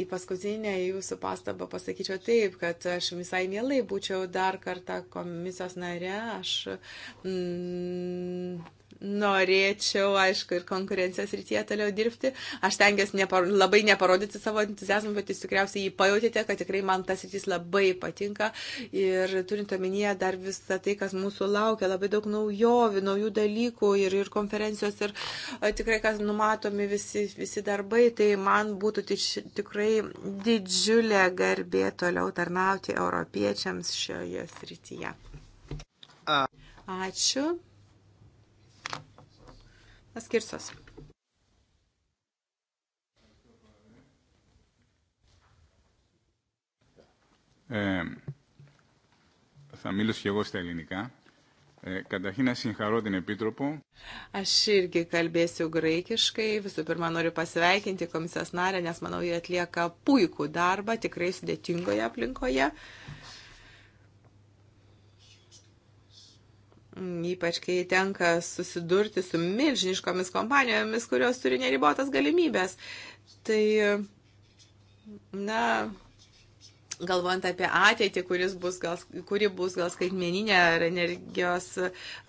į paskutinę jūsų pastabą pasakyčiau taip, kad aš visai mielai būčiau dar kartą komisijos nare. Aš mm, norėčiau, aišku, ir konkurencijos rytyje toliau dirbti. Aš tengiuosi nepar labai neparodyti savo entuzijazmą, bet jūs tikriausiai jį pajutėte, kad tikrai man tas rytis labai patinka. Ir turint omenyje dar visą tai, kas mūsų laukia, labai daug naujovių, naujų dalykų ir, ir konferencijos, ir e, tikrai, kas numatomi visi, visi darbai, tai man būtų tič, tikrai didžiulė garbė toliau tarnauti europiečiams šioje srityje. Ačiū paskirsos. Ε, θα μίλησω και εγώ στα ελληνικά. Καταρχήν να συγχαρώ την Επίτροπο. Aš irgi kalbėsiu graikiškai. Visų pirma, noriu pasveikinti komisijos narę, nes manau, jie atlieka puikų darbą tikrai sudėtingoje aplinkoje. Uh, Ypač, kai tenka susidurti su milžiniškomis kompanijomis, kurios turi neribotas galimybės. Tai, na, galvojant apie ateitį, bus gal, kuri bus gal skaitmeninė ar energijos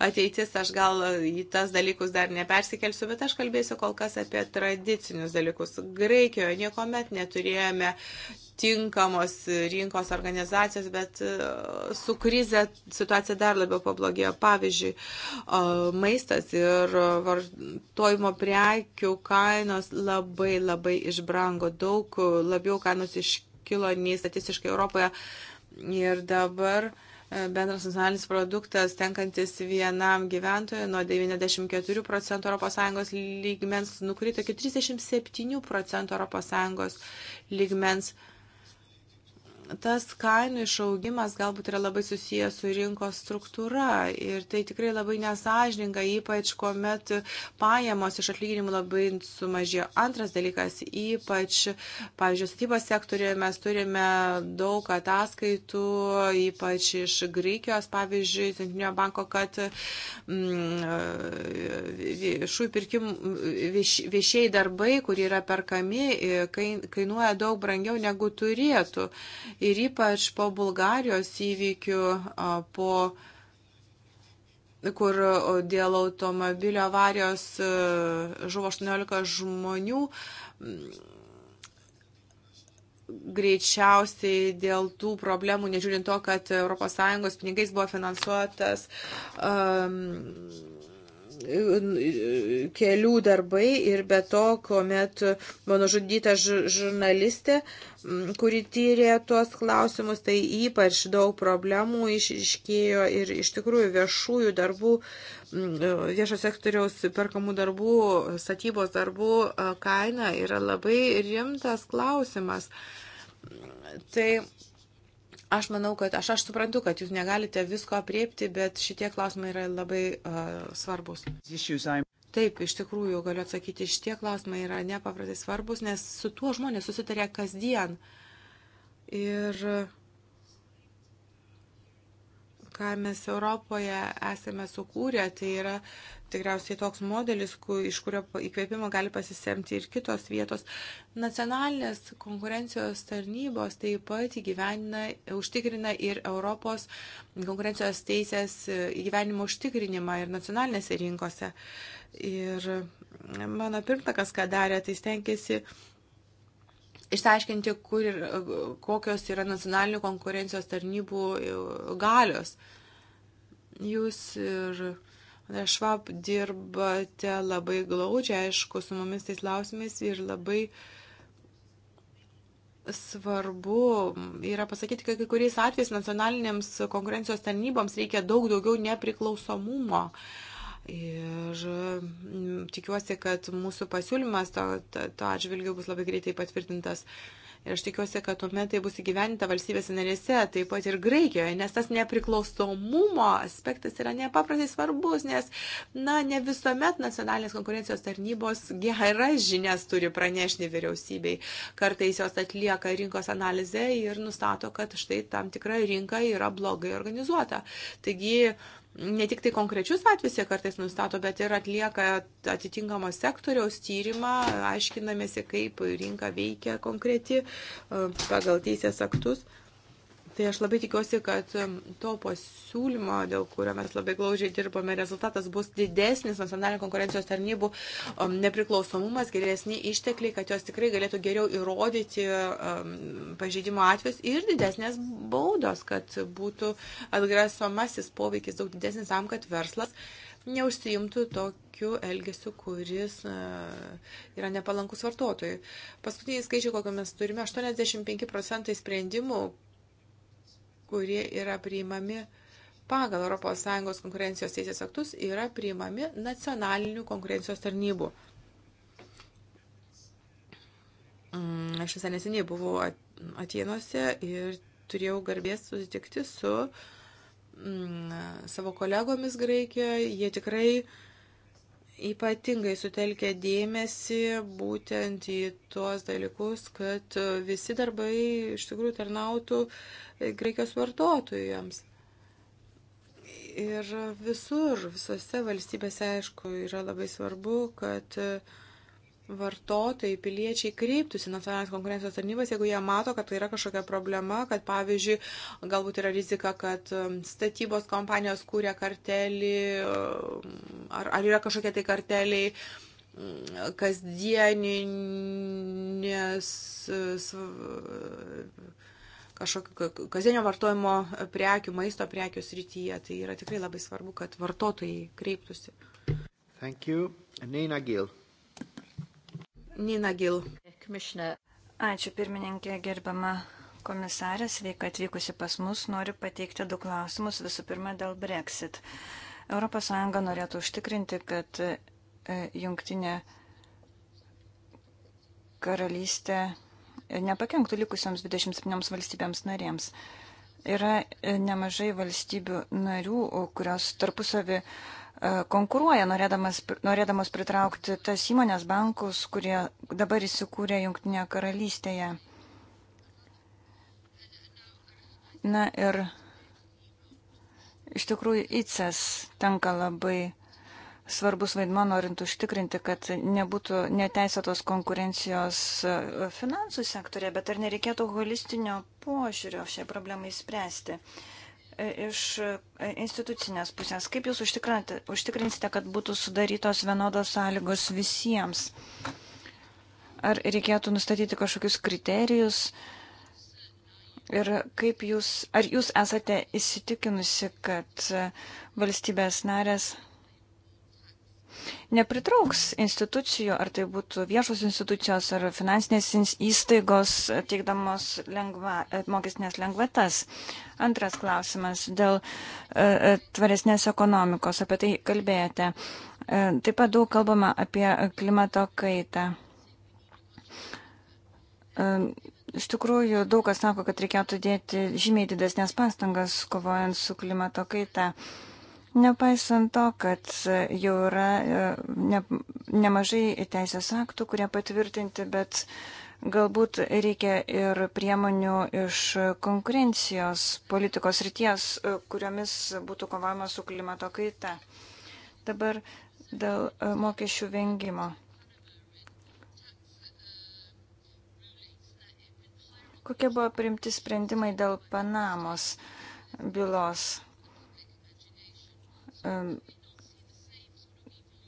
ateitis, aš gal į tas dalykus dar nepersikelsiu, bet aš kalbėsiu kol kas apie tradicinius dalykus. Graikijoje niekuomet neturėjome tinkamos rinkos organizacijos, bet e, su krize situacija dar labiau pablogėjo. Pavyzdžiui, e, maistas ir vartojimo prekių kainos labai labai išbrango, daug labiau kainos iškilo nei statistiškai Europoje. Ir dabar e, bendras nacionalinis produktas tenkantis vienam gyventojui nuo 94 procentų ES lygmens nukrito iki 37 procentų ES lygmens tas kainų išaugimas galbūt yra labai susijęs su rinkos struktūra ir tai tikrai labai nesažininga, ypač kuomet pajamos iš atlyginimų labai sumažėjo. Antras dalykas, ypač, pavyzdžiui, statybos sektorijoje mes turime daug ataskaitų, ypač iš Graikijos, pavyzdžiui, Centrinio banko, kad mm, pirkim, vieš, viešiai darbai, kurie yra perkami, kainuoja daug brangiau negu turėtų ir ypač po Bulgarijos įvykių, po kur dėl automobilio avarijos žuvo 18 žmonių, greičiausiai dėl tų problemų, nežiūrint to, kad ES pinigais buvo finansuotas um, kelių darbai ir be to, kuomet mano žudyta žurnalistė, kuri tyrė tuos klausimus, tai ypač daug problemų išiškėjo ir iš tikrųjų viešųjų darbų, viešo sektoriaus perkamų darbų, statybos darbų kaina yra labai rimtas klausimas. Tai Aš manau, kad aš, aš suprantu, kad jūs negalite visko apriepti, bet šitie klausimai yra labai uh, svarbus. Taip, iš tikrųjų galiu atsakyti, šitie klausimai yra nepaprastai svarbus, nes su tuo žmonės susitarė kasdien. Ir ką mes Europoje esame sukūrę, tai yra tikriausiai toks modelis, kur, iš kurio įkvėpimo gali pasisemti ir kitos vietos. Nacionalinės konkurencijos tarnybos taip pat įgyvenina, užtikrina ir Europos konkurencijos teisės įgyvenimo užtikrinimą ir nacionalinėse rinkose. Ir mano pirmtakas, ką darė, tai stengiasi išsiaiškinti, kur ir kokios yra nacionalinių konkurencijos tarnybų galios. Jūs ir Švab dirbate labai glaudžiai, aišku, su mumis tais klausimais ir labai svarbu yra pasakyti, kad kai kuriais atvejais nacionalinėms konkurencijos tarnyboms reikia daug daugiau nepriklausomumo. Ir tikiuosi, kad mūsų pasiūlymas to, to, to atžvilgiu bus labai greitai patvirtintas. Uh, Ir aš tikiuosi, kad tuomet tai bus įgyveninta valstybės narėse, taip pat ir Graikijoje, nes tas nepriklausomumo aspektas yra nepaprastai svarbus, nes, na, ne visuomet nacionalinės konkurencijos tarnybos geras žinias turi pranešti vyriausybei. Kartais jos atlieka rinkos analizę ir nustato, kad štai tam tikra rinka yra blogai organizuota. Taigi, ne tik tai konkrečius atvejus jie kartais nustato, bet ir atlieka atitinkamo sektoriaus tyrimą, aiškinamėsi, kaip rinka veikia konkreti e, pagal teisės aktus. Tai aš labai tikiuosi, kad um, to pasiūlymo, dėl kurio mes labai glaužiai dirbame, rezultatas bus didesnis nacionalinio konkurencijos tarnybų um, nepriklausomumas, geresni ištekliai, kad jos tikrai galėtų geriau įrodyti um, pažeidimo atvejus ir didesnės baudos, kad būtų atgrasomasis poveikis daug didesnis tam, kad verslas neužsiimtų tokiu elgesiu, kuris e, yra nepalankus vartotojui. Paskutiniai skaičiai, kokią mes turime, 85 procentai sprendimų kurie yra priimami pagal ES konkurencijos teisės aktus, yra priimami nacionalinių konkurencijos tarnybų. Mm, aš visai neseniai buvau Atienuose ir turėjau garbės susitikti su mm, savo kolegomis Graikijoje. Jie tikrai uh, ypatingai sutelkia dėmesį būtent į tuos dalykus, kad visi darbai iš tikrųjų tarnautų Graikijos vartotojams. Ir visur, visose valstybėse, aišku, yra labai svarbu, kad uh, vartotojai, piliečiai kreiptųsi nacionalinės konkurencijos tarnybas, jeigu jie mato, kad tai yra kažkokia problema, kad pavyzdžiui, galbūt yra rizika, kad um, statybos kompanijos kūrė kartelį, um, ar, ar yra kažkokie tai karteliai um, kasdieninės kažkokio kasdienio vartojimo prekių, maisto prekių srityje. Tai yra tikrai labai svarbu, kad vartotojai kreiptųsi. Thank you. Nina Gill. Nina Gil. Ačiū pirmininkė, gerbama komisarė, sveika atvykusi pas mus. Noriu pateikti du klausimus. Visų pirma, dėl Brexit. ES norėtų užtikrinti, kad e, jungtinė karalystė nepakenktų likusioms 27 valstybėms narėms. Yra e, nemažai valstybių narių, kurios tarpusavį uh, konkuruoja, norėdamas, norėdamos pritraukti tas įmonės bankus, kurie dabar įsikūrė Junktinėje karalystėje. Na ir iš tikrųjų ICES tenka labai svarbus vaidmo, norint užtikrinti, kad nebūtų neteisėtos konkurencijos e, finansų sektorė, bet ar nereikėtų holistinio požiūrio šiai problemai spręsti. Uh, iš e, institucinės pusės, kaip jūs užtikrinsite, kad būtų sudarytos vienodos sąlygos visiems? Ar reikėtų nustatyti kažkokius kriterijus? Ir kaip jūs, ar jūs esate įsitikinusi, kad valstybės narės nepritrauks institucijų, ar tai būtų viešos institucijos ar finansinės įstaigos teikdamos lengva, mokestinės lengvatas. Antras klausimas dėl e, e, tvaresnės ekonomikos, apie tai kalbėjote. E, taip pat daug kalbama apie klimato kaitą. Iš tikrųjų, daug kas sako, kad reikėtų dėti žymiai didesnės pastangas kovojant su klimato kaita. Uh, Nepaisant to, kad e, jau yra e, ne, nemažai teisės aktų, kurie patvirtinti, bet galbūt reikia ir priemonių iš konkurencijos politikos ryties, e, kuriomis būtų kovama su klimato kaita. Dabar dėl mokesčių vengimo. Kokie buvo primti sprendimai dėl Panamos bylos?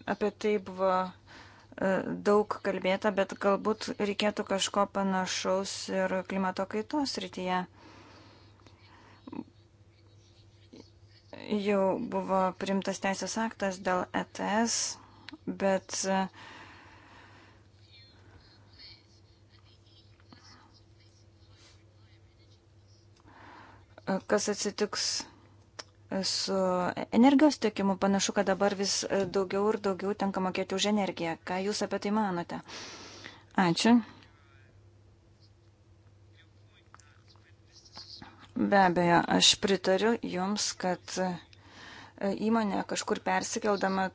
Apie tai buvo daug kalbėta, bet galbūt reikėtų kažko panašaus ir klimato kaitos rytyje. Jau buvo primtas teisės aktas dėl ETS, bet kas atsitiks su energijos tiekimu. Panašu, kad dabar vis e, daugiau ir daugiau tenka mokėti už energiją. Ką Jūs apie tai manote? Ačiū. Be abejo, aš pritariu Jums, kad e, įmonė kažkur persikeldama,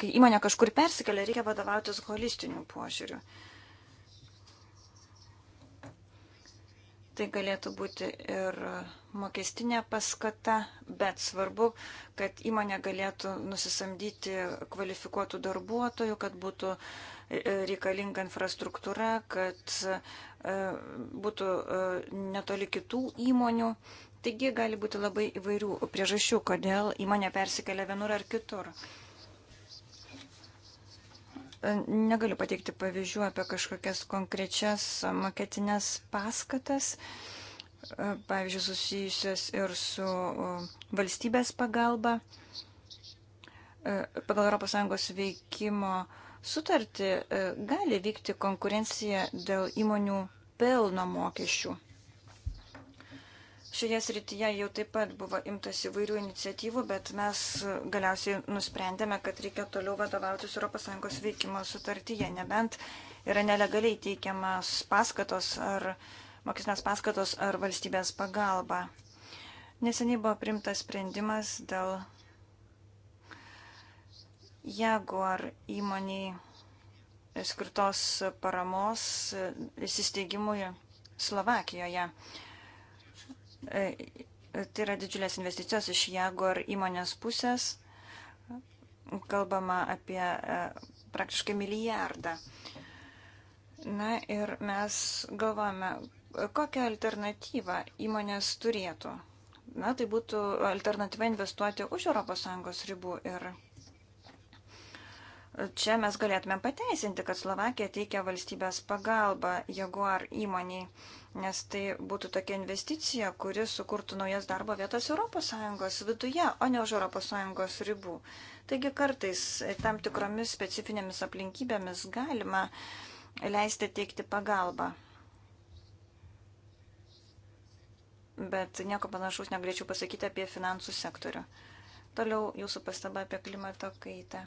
kai įmonė kažkur persikelia, reikia vadovautis holistiniu požiūriu. Tai galėtų būti ir mokestinė paskata, bet svarbu, kad įmonė galėtų nusisamdyti kvalifikuotų darbuotojų, kad būtų e, reikalinga infrastruktūra, kad e, būtų e, netoli kitų įmonių. Taigi gali būti labai įvairių priežasčių, kodėl įmonė persikelia vienur ar kitur. Negaliu pateikti pavyzdžių apie kažkokias konkrečias maketinės paskatas. Uh, pavyzdžiui, susijusias ir su valstybės pagalba. E, pagal ES veikimo sutartį e, gali vykti konkurencija dėl įmonių pelno mokesčių. Šioje srityje jau taip pat buvo imtas įvairių iniciatyvų, bet mes galiausiai nusprendėme, kad reikia toliau vadovautis ES veikimo sutartyje, nebent yra nelegaliai teikiamas paskatos ar uh, mokesnės paskatos ar valstybės pagalba. Neseniai buvo primtas sprendimas dėl Jaguar įmoniai skirtos paramos įsisteigimui Slovakijoje. E, tai yra didžiulės investicijos iš Jaguar įmonės pusės. Kalbama apie e, praktiškai milijardą. Na ir mes galvojame, kokią alternatyvą įmonės turėtų? Na, tai būtų alternatyva investuoti už ES ribų ir čia mes galėtume pateisinti, kad Slovakija teikia valstybės pagalbą Jaguar įmoniai, nes tai būtų tokia investicija, kuri sukurtų naujas darbo vietas ES viduje, o ne už ES ribų. Taigi kartais tam tikromis specifinėmis aplinkybėmis galima leisti teikti pagalbą. bet nieko panašaus negalėčiau pasakyti apie finansų sektorių. Toliau jūsų pastaba apie klimato kaitą.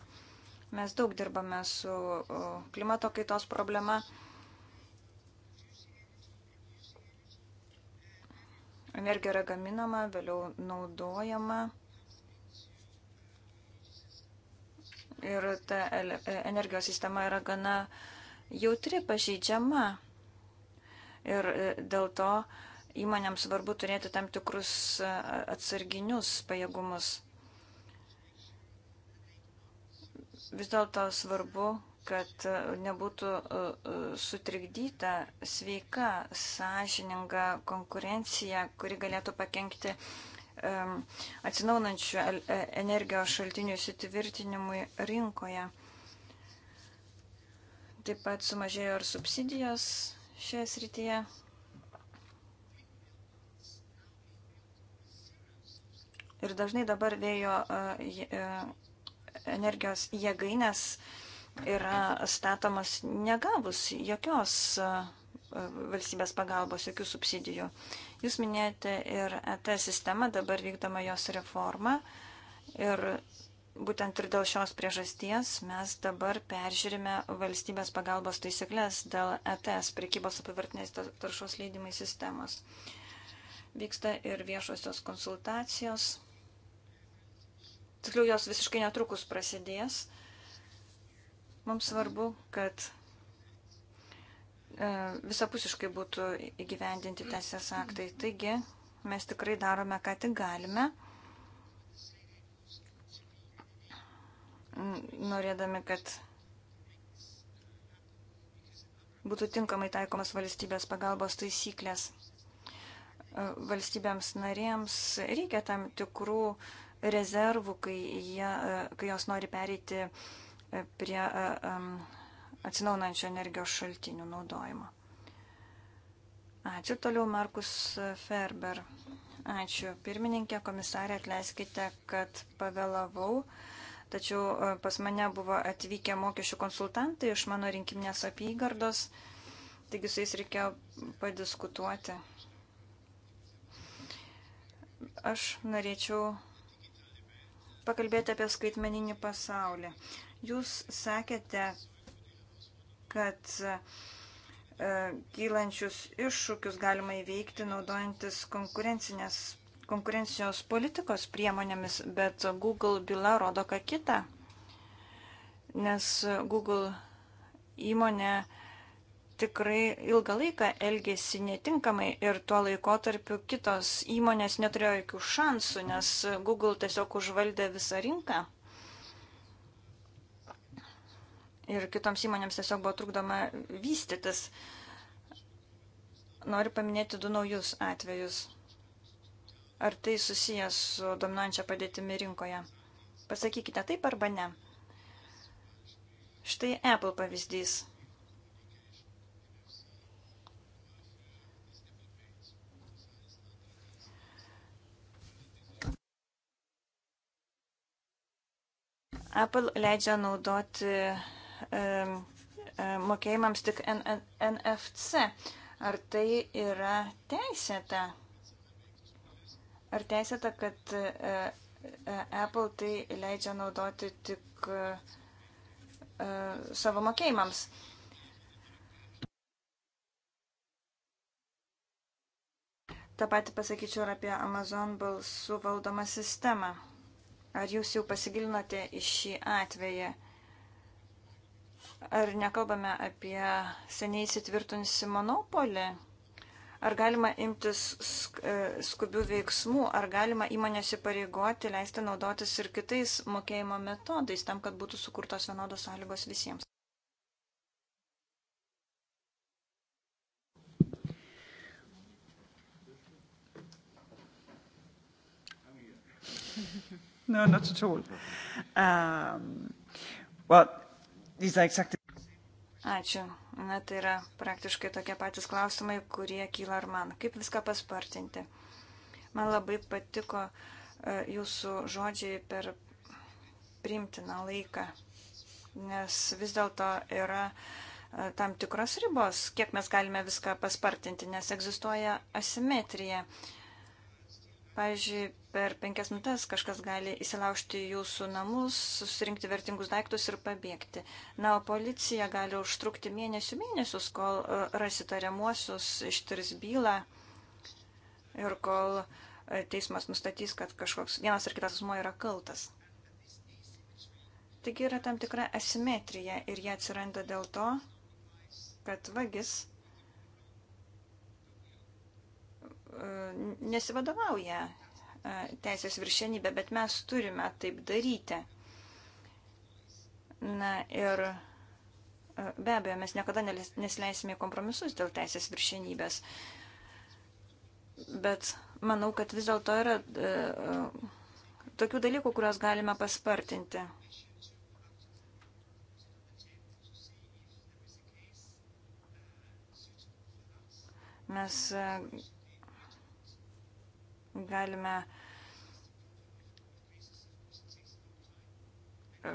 Mes daug dirbame su klimato kaitos problema. Energija yra gaminama, vėliau naudojama. Ir ta e, energijos sistema yra gana jautri, pažeidžiama. Ir e, dėl to uh, Įmonėms svarbu turėti tam tikrus e, atsarginius pajėgumus. Vis dėlto svarbu, kad e, nebūtų e, sutrikdyta sveika, sąžininga konkurencija, kuri galėtų pakengti atsinaunančių energijos šaltinių įsitvirtinimui rinkoje. Taip pat sumažėjo ir subsidijos šioje srityje. Ir dažnai dabar vėjo e, e, energijos jėgainės yra statomas negavus jokios e, valstybės pagalbos, jokių subsidijų. Jūs minėjote ir ET sistemą, dabar vykdoma jos reforma. Ir būtent ir dėl šios priežasties mes dabar peržiūrime valstybės pagalbos taisyklės dėl ETS, prekybos apivartinės taršos leidimai sistemos. Vyksta ir viešosios konsultacijos tiksliau jos visiškai netrukus prasidės. Mums svarbu, kad e, visapusiškai būtų įgyvendinti teisės aktai. Taigi, mes tikrai darome, ką tik galime, norėdami, kad būtų tinkamai taikomas valstybės pagalbos taisyklės. E, valstybėms narėms reikia tam tikrų uh, rezervų, kai, jie, e, kai jos nori pereiti e, prie e, atsinaunančio energijos šaltinių naudojimo. Ačiū toliau Markus Ferber. Ačiū pirmininkė, komisarė, atleiskite, kad pavėlavau, tačiau pas mane buvo atvykę mokesčių konsultantai iš mano rinkiminės apygardos, taigi su jais reikėjo padiskutuoti. Aš norėčiau pakalbėti apie skaitmeninį pasaulį. Jūs sakėte, kad e, kylančius iššūkius galima įveikti naudojantis konkurencinės konkurencijos politikos priemonėmis, bet Google byla rodo ką kitą, nes Google įmonė uh, tikrai ilgą laiką elgėsi netinkamai ir tuo laikotarpiu kitos įmonės neturėjo jokių šansų, nes Google tiesiog užvaldė visą rinką. Ir kitoms įmonėms tiesiog buvo trukdoma vystytis. Noriu paminėti du naujus atvejus. Ar tai susijęs su dominančia padėtimi rinkoje? Pasakykite taip arba ne. Štai Apple pavyzdys Apple leidžia naudoti mokėjimams tik NFC. Ar tai yra teisėta? Ar teisėta, kad e, e, Apple tai leidžia naudoti tik e, savo mokėjimams? Ta pati pasakyčiau ir apie Amazon balsų valdomą sistemą. Ar jūs jau pasigilinote į šį atvejį? Ar nekalbame apie seniai įsitvirtinusi monopolį? Ar galima imtis e, skubių veiksmų, ar galima įmonės įpareigoti, leisti naudotis ir kitais mokėjimo metodais, tam, kad būtų sukurtos vienodos sąlygos visiems? No, not at all. Um, well, these are exactly... Ačiū. Na, tai yra praktiškai tokie patys klausimai, kurie kyla ir man. Kaip viską paspartinti? Man labai patiko uh, jūsų žodžiai per primtiną laiką, nes vis dėlto yra uh, tam tikros ribos, kiek mes galime viską paspartinti, nes egzistuoja asimetrija. Uh, Pavyzdžiui, per penkias minutės kažkas gali įsilaužti jūsų namus, susirinkti vertingus daiktus ir pabėgti. Na, o policija gali užtrukti mėnesių mėnesius, kol e, rasitariamuosius ištirs bylą ir kol e, teismas nustatys, kad kažkoks vienas ar kitas asmo yra kaltas. Taigi yra tam tikra asimetrija ir jie atsiranda dėl to, kad vagis nesivadovauja e, teisės viršenybė, bet mes turime taip daryti. Na ir e, be abejo, mes niekada nesileisime kompromisus dėl teisės viršenybės. Bet manau, kad vis dėlto yra e, tokių dalykų, kuriuos galime paspartinti. Mes galime e,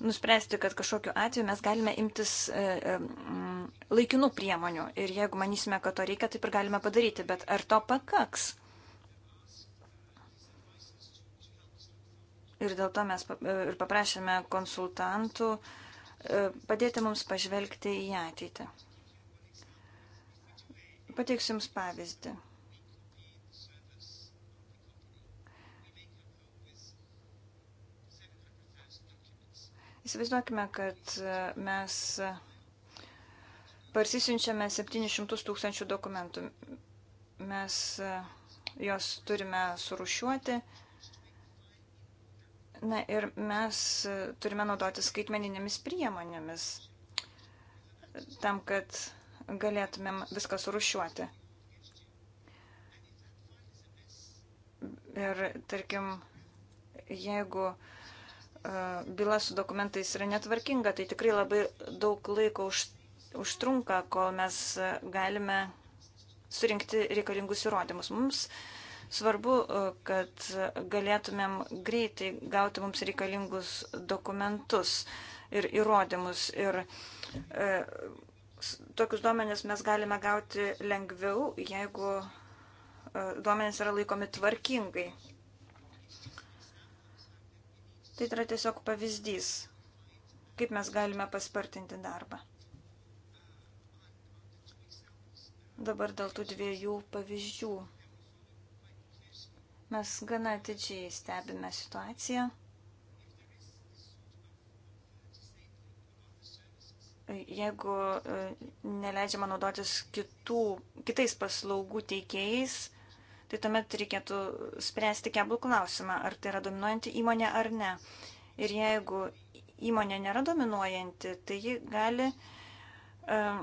nuspręsti, kad kažkokiu atveju mes galime imtis e, e, laikinų priemonių ir jeigu manysime, kad to reikia, taip ir galime padaryti, bet ar to pakaks? Ir dėl to mes ir paprašėme konsultantų padėti mums pažvelgti į ateitį. Pateiksiu Jums pavyzdį. Įsivaizduokime, kad mes parsisiunčiame 700 tūkstančių dokumentų. Mes juos turime surušiuoti. Na ir mes turime naudoti skaitmeninėmis priemonėmis tam, kad galėtumėm viską surušiuoti. Ir, tarkim, jeigu e, byla su dokumentais yra netvarkinga, tai tikrai labai daug laiko už, užtrunka, kol mes galime surinkti reikalingus įrodymus. Mums svarbu, e, kad galėtumėm greitai gauti mums reikalingus dokumentus ir įrodymus. Ir e, tokius duomenis mes galime gauti lengviau, jeigu e, duomenys yra laikomi tvarkingai. Tai yra tiesiog pavyzdys, kaip mes galime paspartinti darbą. Dabar dėl tų dviejų pavyzdžių. Mes gana atidžiai stebime situaciją. jeigu e, neleidžiama naudotis kitų, kitais paslaugų teikėjais, tai tuomet reikėtų spręsti keblų klausimą, ar tai yra dominuojanti įmonė ar ne. Ir jeigu įmonė nėra dominuojanti, tai ji gali uh,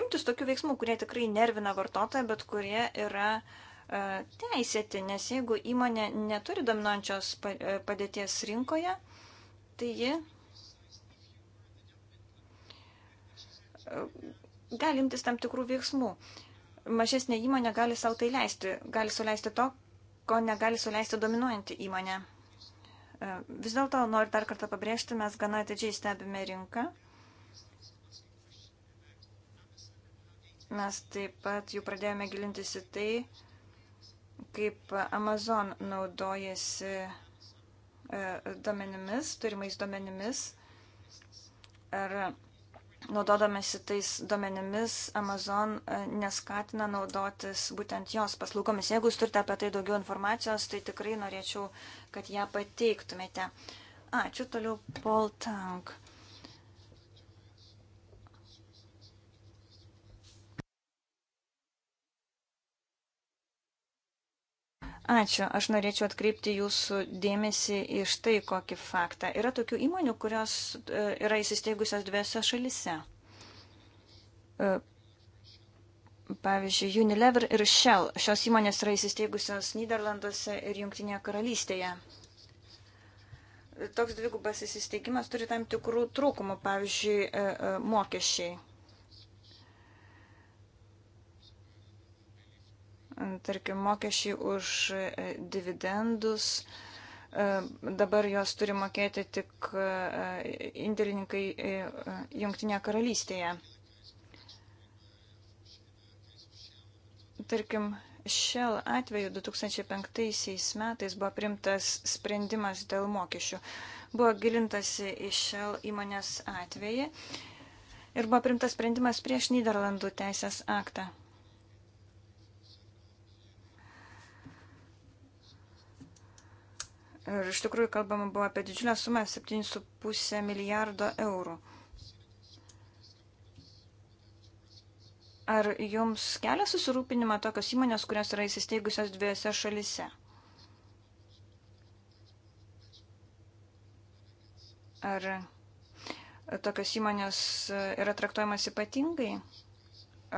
imtis tokių veiksmų, kurie tikrai nervina vartotoją, bet kurie yra uh, teisėti, nes jeigu įmonė neturi dominuojančios padėties rinkoje, tai ji gali imtis tam tikrų veiksmų. Mažesnė įmonė gali savo tai leisti, gali suleisti to, ko negali suleisti dominuojanti įmonė. E, vis dėlto noriu dar kartą pabrėžti, mes gana atidžiai stebime rinką. Mes taip pat jau pradėjome gilintis į tai, kaip Amazon naudojasi e, duomenimis, turimais duomenimis, ar naudodamėsi tais duomenimis, Amazon e, neskatina naudotis būtent jos paslaugomis. Jeigu jūs turite apie tai daugiau informacijos, tai tikrai norėčiau, kad ją pateiktumėte. Ačiū toliau, Paul Tank. Ačiū. Aš norėčiau atkreipti jūsų dėmesį iš tai, kokį faktą. Yra tokių įmonių, kurios e, yra įsisteigusios dviejose šalise. E, pavyzdžiui, Unilever ir Shell. Šios įmonės yra įsisteigusios Niderlanduose ir Junktinėje karalystėje. Toks dvigubas įsisteigimas turi tam tikrų trūkumų, pavyzdžiui, e, mokesčiai tarkim, mokesčiai už e, dividendus. E, dabar jos turi mokėti tik e, indėlininkai Junktinėje karalystėje. Tarkim, Shell atveju 2005 metais buvo primtas sprendimas dėl mokesčių. Buvo gilintasi į Shell įmonės atvejį ir buvo primtas sprendimas prieš Niderlandų teisės aktą. Ir iš tikrųjų kalbama buvo apie didžiulę sumą 7,5 milijardo eurų. Ar jums kelia susirūpinimą tokios įmonės, kurios yra įsisteigusios dviejose šalise? Ar tokios įmonės yra traktuojamas ypatingai?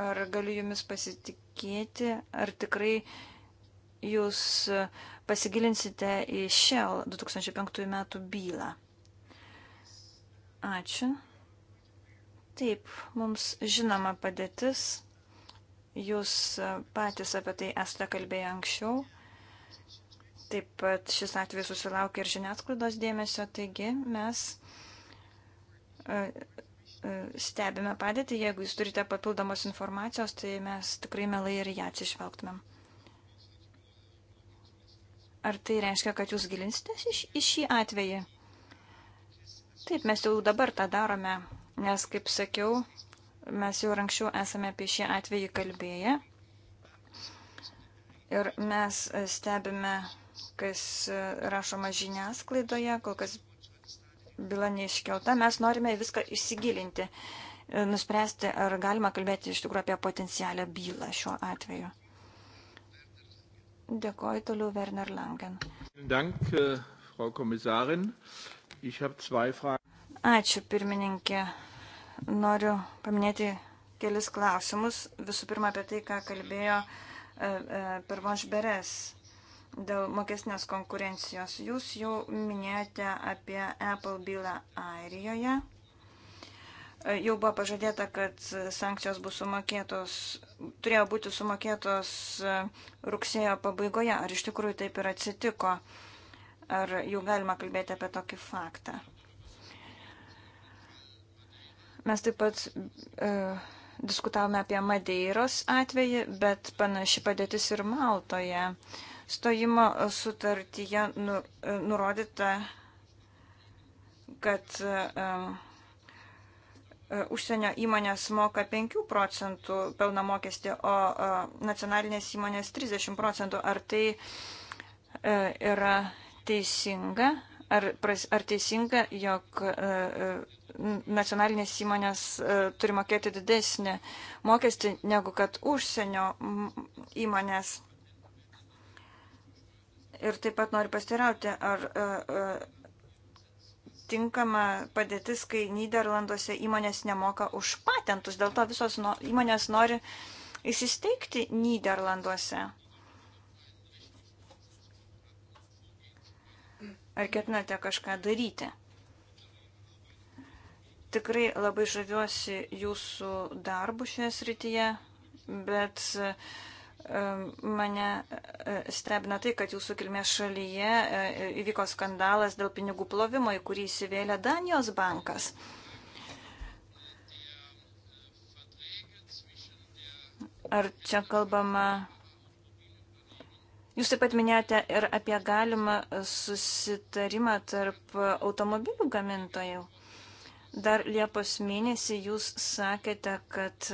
Ar galiu jumis pasitikėti? Ar tikrai jūs uh, pasigilinsite į Shell 2005 metų bylą. Ačiū. Taip, mums žinoma padėtis. Jūs e, patys apie tai esate kalbėję anksčiau. Taip pat šis atvejis susilaukė ir žiniasklaidos dėmesio, taigi mes e, e, stebime padėtį. Jeigu jūs turite papildomos informacijos, tai mes tikrai melai ir ją atsižvelgtumėm. Ar tai reiškia, kad jūs gilinsitės iš, iš šį atvejį? Taip, mes jau dabar tą darome, nes, kaip sakiau, mes jau anksčiau esame apie šį atvejį kalbėję. Ir mes stebime, kas rašoma žiniasklaidoje, kol kas byla neiškelta. Mes norime viską įsigilinti, nuspręsti, ar galima kalbėti iš tikrųjų apie potencialią bylą šiuo atveju. Dėkoju toliau Werner Langen. Dank, äh, Frau Kommissarin. Ich habe zwei Fragen. Ačiū, pirmininkė. Noriu paminėti kelis klausimus. Visų pirma, apie tai, ką kalbėjo e, e, Pirmoš Beres dėl mokesnės konkurencijos. Jūs jau minėjote apie Apple bylą Airijoje. E, jau buvo pažadėta, kad sankcijos bus sumokėtos, turėjo būti sumokėtos e, rugsėjo pabaigoje. Ar iš tikrųjų taip ir atsitiko? Ar jau galima kalbėti apie tokį faktą? Mes taip pat e, diskutavome apie Madeiros atvejį, bet panaši padėtis ir Maltoje. Stojimo sutartyje nu, e, nurodyta, kad e, Э, užsienio įmonės moka 5 procentų pelno mokestį, o e, nacionalinės įmonės 30 procentų. Ar tai e, yra teisinga? Ar, ar teisinga, jog e, nacionalinės įmonės turi mokėti didesnį mokestį negu kad užsienio įmonės? Ir taip pat noriu pastirauti, ar tinkama padėtis, kai Niderlanduose įmonės nemoka už patentus, dėl to visos no, įmonės nori įsisteigti Niderlanduose. Ar ketinate kažką daryti? Tikrai labai žaviuosi jūsų darbu šioje srityje, bet uh, Mane e, stebina tai, kad jūsų kilmės šalyje e, įvyko skandalas dėl pinigų plovimo, į kurį įsivėlė Danijos bankas. Ar čia kalbama. Jūs taip pat minėjote ir apie galimą susitarimą tarp automobilių gamintojų. Dar Liepos mėnesį jūs sakėte, kad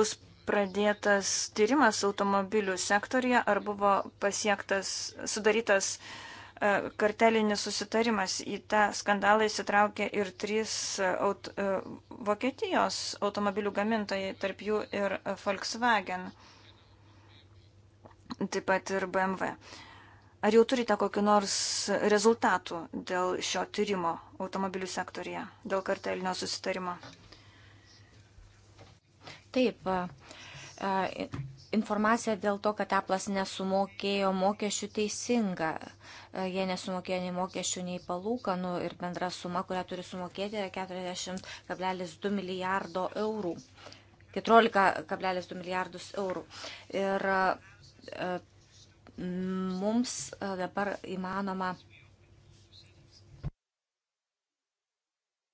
bus pradėtas tyrimas automobilių sektorija, ar buvo pasiektas, sudarytas e, kartelinis susitarimas. Į tą skandalą įsitraukė ir trys aut e, Vokietijos automobilių gamintojai, tarp jų ir Volkswagen, taip pat ir BMW. Ar jau turite kokiu nors rezultatų dėl šio tyrimo automobilių sektorija, dėl kartelinio susitarimo? Taip, informacija dėl to, kad Aplas nesumokėjo mokesčių teisinga. Jie nesumokėjo nei mokesčių, nei palūkanų ir bendra suma, kurią turi sumokėti, yra 40,2 milijardo eurų. 14,2 milijardus eurų. Ir mums dabar įmanoma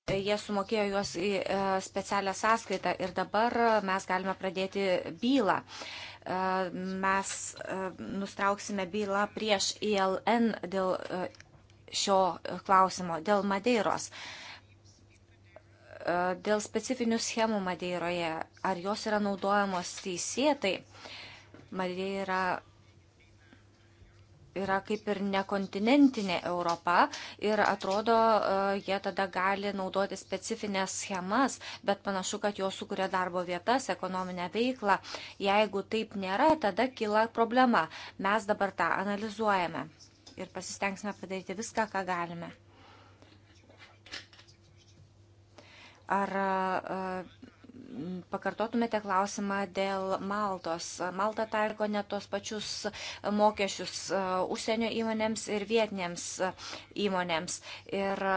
Jie sumokėjo juos į e, specialią sąskaitą ir dabar e, mes galime pradėti bylą. E, mes nustrauksime bylą prieš ILN dėl šio klausimo, dėl Madeiros dėl specifinių schemų Madeiroje, ar jos yra naudojamos teisėtai. Madeira yra kaip ir nekontinentinė Europa ir atrodo, e, jie tada gali naudoti specifines schemas, bet panašu, kad jos sukuria darbo vietas, ekonominę veiklą. Jeigu taip nėra, tada kyla problema. Mes dabar tą analizuojame ir pasistengsime padaryti viską, ką galime. Ar e, pakartotumėte klausimą dėl Maltos. Malta taiko net tos pačius mokesčius e, užsienio įmonėms ir vietinėms e, įmonėms. Ir e,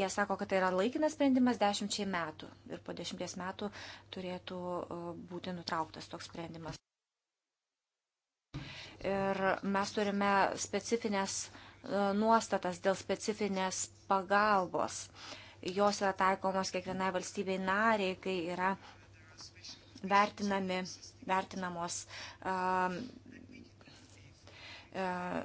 jie sako, kad tai yra laikinas sprendimas dešimčiai metų. Ir po dešimties metų turėtų būti nutrauktas toks sprendimas. Ir mes turime specifines nuostatas dėl specifinės pagalbos. Uh, jos yra taikomos kiekvienai valstybei nariai, kai yra vertinami, vertinamos, uh, uh,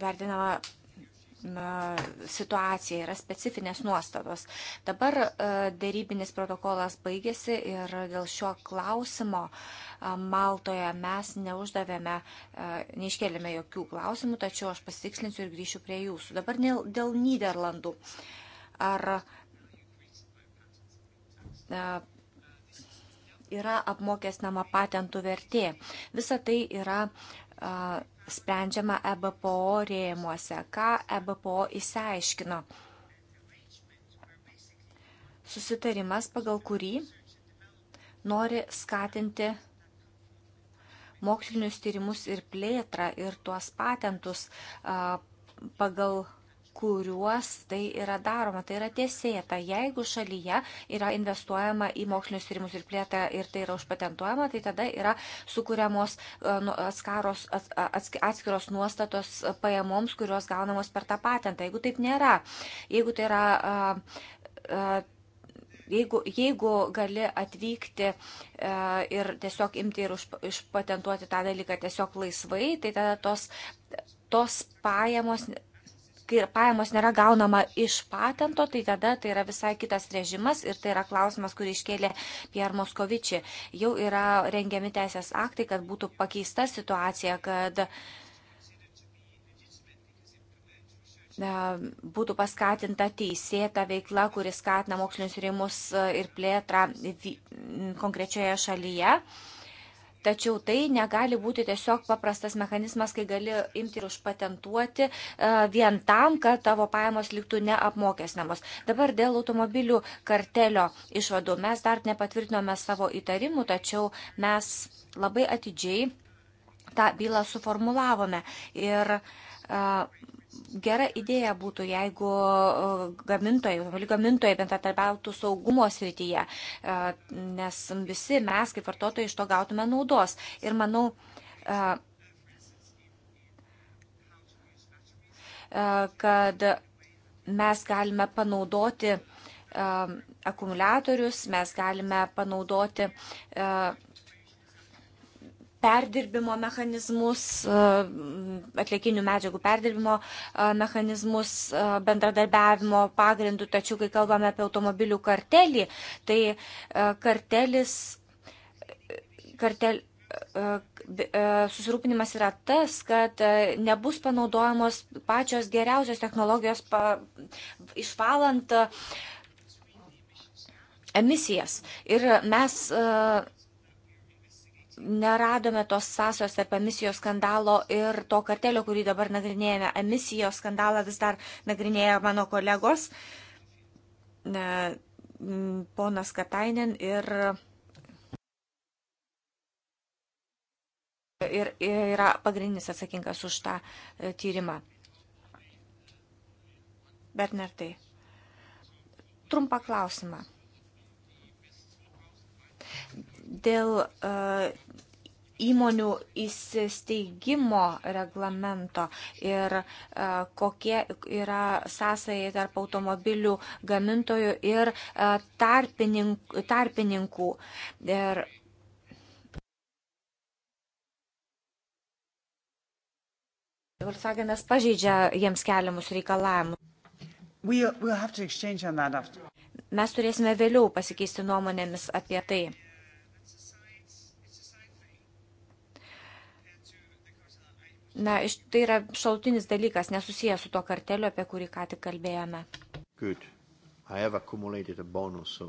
vertinama um, situacija, yra specifinės nuostatos. Dabar uh, dėrybinis protokolas baigėsi ir dėl šio klausimo uh, Maltoje mes neuždavėme, uh, neiškelėme jokių klausimų, tačiau aš pasitikslinsiu ir grįšiu prie jūsų. Dabar dėl Niderlandų. Ar uh, E, yra apmokestinama patentų vertė. Visa tai yra e, sprendžiama EBPO rėmuose, ką EBPO įsiaiškino. Susitarimas, pagal kurį nori skatinti mokslinius tyrimus ir plėtrą ir tuos patentus e, pagal kuriuos tai yra daroma. Tai yra tiesėta. Jeigu šalyje yra investuojama į mokslinius tyrimus ir plėtą ir tai yra užpatentuojama, tai tada yra sukūriamos e, nu, atskaros, atskiros nuostatos pajamoms, kurios gaunamos per tą patentą. Jeigu taip nėra, jeigu tai yra. Jeigu, jeigu gali atvykti e, ir tiesiog imti ir už, išpatentuoti tą dalyką tiesiog laisvai, tai tada tos, tos pajamos kai pajamos nėra gaunama iš patento, tai tada tai yra visai kitas režimas ir tai yra klausimas, kurį iškėlė Pierre Moskovičiai. Jau yra rengiami teisės aktai, kad būtų pakeista situacija, kad būtų paskatinta teisėta veikla, kuris skatina mokslinius rėmus e, ir plėtrą konkrečioje šalyje. Tačiau tai negali būti tiesiog paprastas mechanizmas, kai gali imti ir užpatentuoti e, vien tam, kad tavo pajamos liktų neapmokestinamos. Dabar dėl automobilių kartelio išvadų mes dar nepatvirtinome savo įtarimų, tačiau mes labai atidžiai tą bylą suformulavome. Ir, uh, gera idėja būtų, jeigu e, gamintojai, automobilių gamintojai bentratarbiautų saugumo srityje, e, nes visi mes kaip vartotojai iš to gautume naudos. Ir manau, e, kad mes galime panaudoti akumuliatorius, mes galime panaudoti uh, perdirbimo mechanizmus, e, atliekinių medžiagų perdirbimo e, mechanizmus e, bendradarbiavimo pagrindų, tačiau kai kalbame apie automobilių kartelį, tai kartelis, kartel, susirūpinimas yra tas, kad nebus panaudojamos pačios geriausios technologijos pa, išvalant emisijas. Ir mes uh, neradome tos sąsojos tarp emisijos skandalo ir to kartelio, kurį dabar nagrinėjame. Emisijos skandalą vis dar nagrinėja mano kolegos, ponas Katainen ir. Ir yra pagrindinis atsakingas už tą e, tyrimą. Bernardai, trumpą klausimą Dėl uh, įmonių įsisteigimo reglamento ir uh, kokie yra sąsajai tarp automobilių gamintojų ir uh, tarpinink, tarpininkų. Ir, Volkswagenas pažeidžia jiems keliamus reikalavimus. We'll, we'll Mes turėsime vėliau pasikeisti nuomonėmis apie tai. Na, iš, tai yra šalutinis dalykas, nesusijęs su to karteliu, apie kurį ką tik kalbėjome. Good. Bonus, so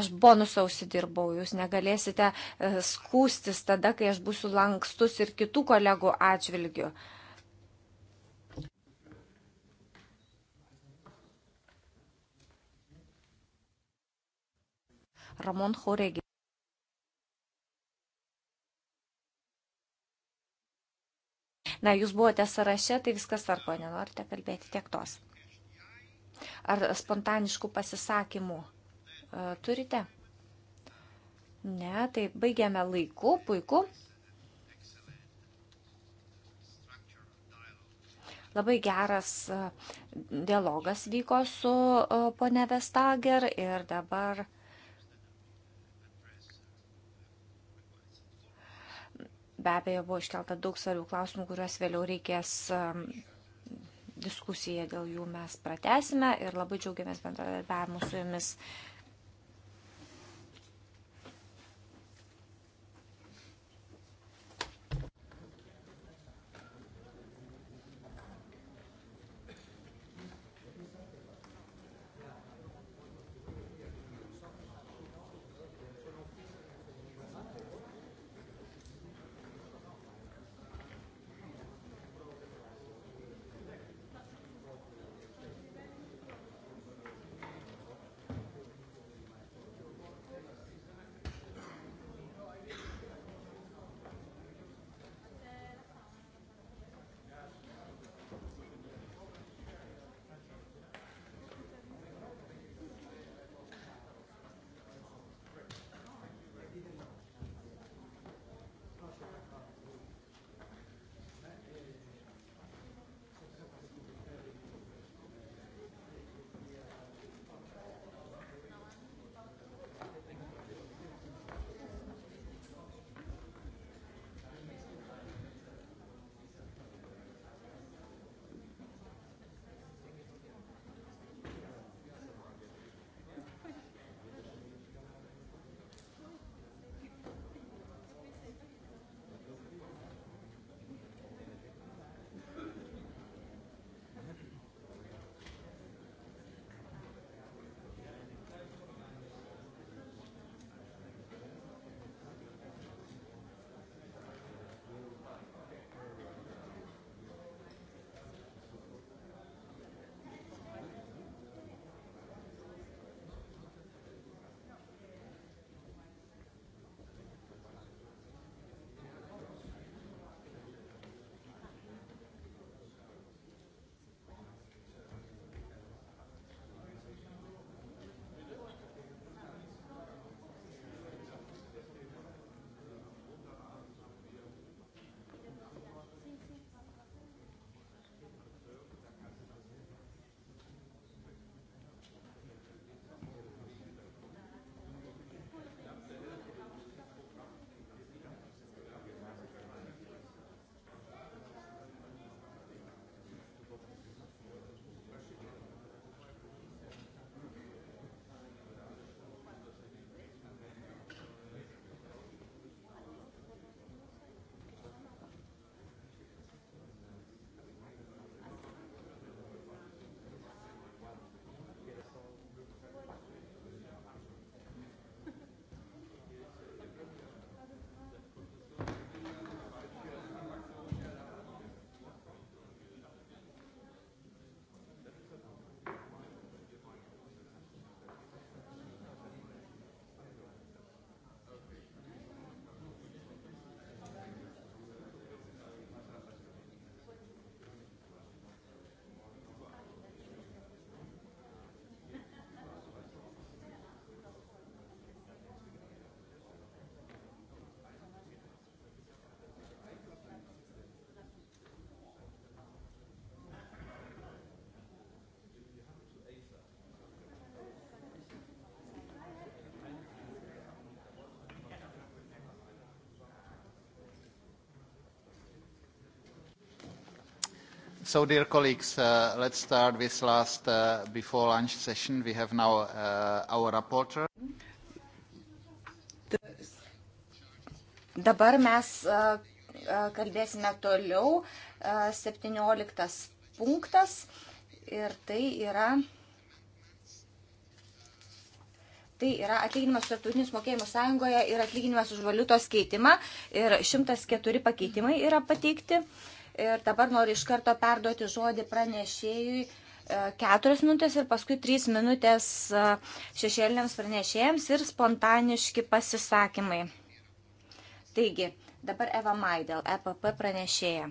aš bonusą užsidirbau, jūs negalėsite e, skūstis tada, kai aš būsiu lankstus ir kitų kolegų atžvilgių. Ramon Horegi. Na, jūs buvote sąraše, tai viskas tvarko, nenorite kalbėti tiek tos. Ar spontaniškų pasisakymų e, turite? Ne, tai baigiame laiku, puiku. labai geras e, dialogas vyko su e, ponė Vestager ir dabar Be abejo, buvo iškelta daug svarbių klausimų, kuriuos vėliau reikės um, diskusiją dėl jų mes pratesime ir labai džiaugiamės bendradarbiavimu su jumis. So, dear colleagues, uh, let's start this last uh, before lunch session. We have now uh, our rapporteur. Dabar mes uh, uh kalbėsime toliau. Uh, 17 punktas ir tai yra. Tai yra atlyginimas tarptautinis mokėjimų sąjungoje ir atlyginimas už valiutos keitimą. Ir 104 pakeitimai yra pateikti. Uh, Ir dabar noriu iš karto perduoti žodį pranešėjui e, keturias minutės ir paskui trys minutės e, šešėliniams pranešėjams ir spontaniški pasisakymai. Taigi, dabar Eva Maidel, EPP pranešėja.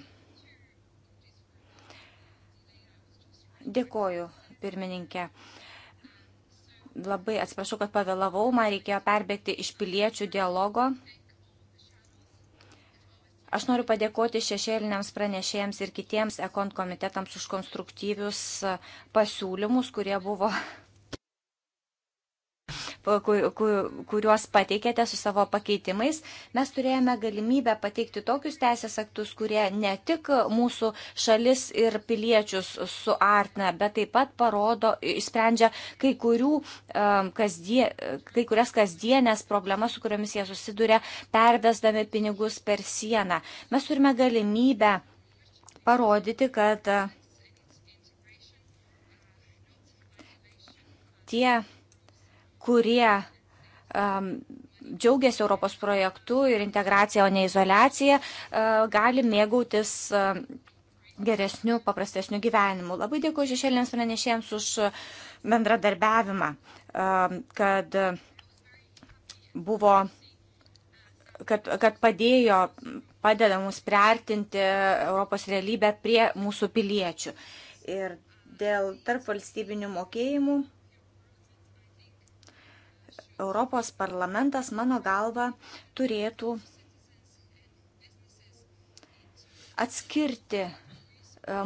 Dėkoju, pirmininkė. Labai atsiprašau, kad pavėlavau, man reikėjo perbėgti iš piliečių dialogo Aš noriu padėkoti šešėliniams pranešėjams ir kitiems ekon komitetams už konstruktyvius pasiūlymus, kurie buvo kur, kur, kuriuos pateikėte su savo pakeitimais, mes turėjome galimybę pateikti tokius teisės aktus, kurie ne tik mūsų šalis ir piliečius suartina, bet taip pat parodo, išsprendžia kai, kurių, um, kasdie, kai kurias kasdienės problemas, su kuriomis jie susiduria, pervesdami pinigus per sieną. Mes turime galimybę parodyti, kad uh, tie kurie um, džiaugiasi Europos projektu ir integracija, o ne izolacija, uh, gali mėgautis. Uh, um, geresnių, paprastesnių gyvenimų. Labai dėkuoju šešėlėms pranešėjams už bendradarbiavimą, uh, kad buvo, kad, kad padėjo, padeda mums priartinti Europos realybę prie mūsų piliečių. Ir dėl tarp valstybinių mokėjimų Europos parlamentas, mano galva, turėtų atskirti e,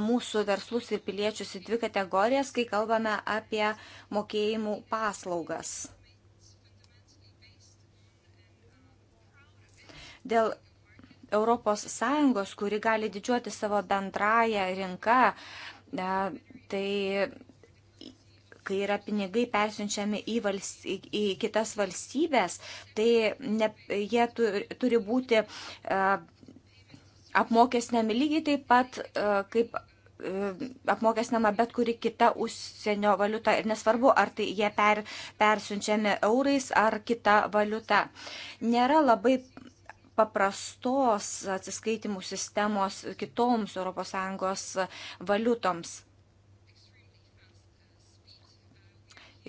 mūsų verslus ir piliečius į dvi kategorijas, kai kalbame apie mokėjimų paslaugas. Dėl ES, kuri gali didžiuoti savo bendrąją rinką, e, tai kai yra pinigai persiunčiami į, valst, į, į kitas valstybės, tai ne, jie turi, turi būti uh, apmokestinami lygiai taip pat uh, kaip e, apmokestinama bet kuri kita užsienio valiuta ir nesvarbu, ar tai jie per, persiunčiami eurais ar kita valiuta. Nėra labai paprastos atsiskaitimų sistemos kitoms ES valiutoms.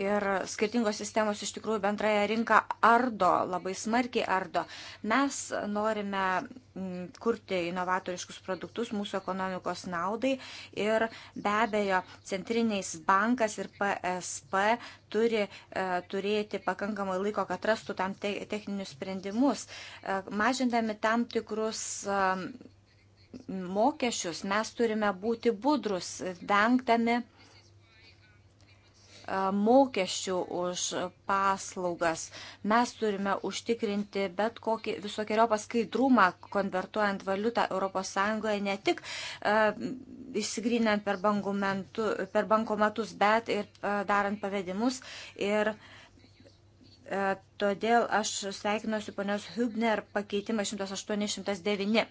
Ir skirtingos sistemos iš tikrųjų bendrąją rinką ardo, labai smarkiai ardo. Mes norime mm, kurti inovatoriškus produktus mūsų ekonomikos naudai ir be abejo centriniais bankas ir PSP turi e, turėti pakankamai laiko, kad rastų tam te techninius sprendimus, e, mažindami tam tikrus. E, mokesčius mes turime būti budrus, vengdami E, mokesčių už paslaugas. Mes turime užtikrinti bet kokį visokiojo paskaidrumą, konvertuojant valiutą ES, ne tik e, išsigrinant per, per bankomatus, bet ir e, darant pavedimus. Ir todėl aš sveikinuosi ponios Hübner pakeitimą 108-109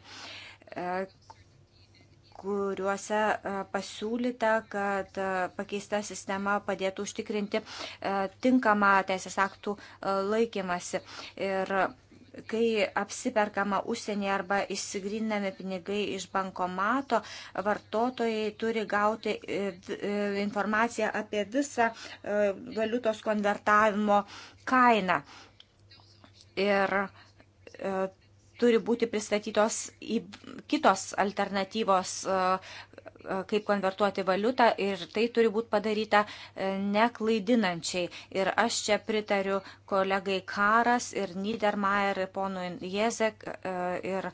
kuriuose e, pasiūlyta, kad e, pakeista sistema padėtų užtikrinti e, tinkamą teisės aktų laikymasi. Ir kai apsiperkama užsienį arba išsigrinami pinigai iš bankomato, vartotojai turi gauti informaciją apie visą valiutos konvertavimo kainą. Ir turi būti pristatytos į kitos alternatyvos, e, e, kaip konvertuoti valiutą ir tai turi būti padaryta e, neklaidinančiai. Ir aš čia pritariu kolegai Karas ir Niedermayer, ponui Jezek ir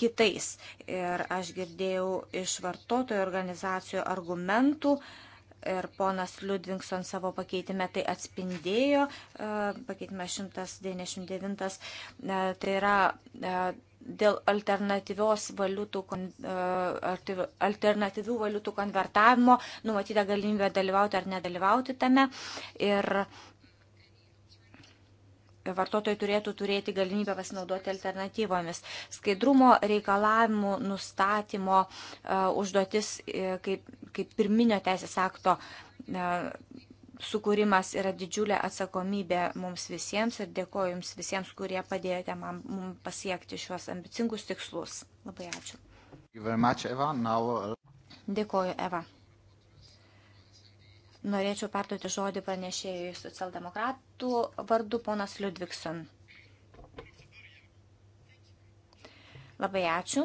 kitais. Ir aš girdėjau iš vartotojų organizacijų argumentų, uh, ir ponas Ludvingson savo pakeitime tai atspindėjo, e, pakeitime 199, e, tai yra e, dėl alternatyvios valiutų, alternatyvių valiutų konvertavimo numatyta galimybė dalyvauti ar nedalyvauti tame. Ir vartotojai turėtų turėti galimybę pasinaudoti alternatyvomis. Skaidrumo reikalavimų nustatymo e, užduotis e, kaip, kaip pirminio teisės akto e, sukūrimas yra didžiulė atsakomybė mums visiems ir dėkoju jums visiems, kurie padėjote man mums pasiekti šiuos ambicingus tikslus. Labai ačiū. Much, Eva. Now... Uh, dėkoju, Eva. Norėčiau perduoti žodį pranešėjui socialdemokratų vardu ponas Liudvikson. Labai ačiū.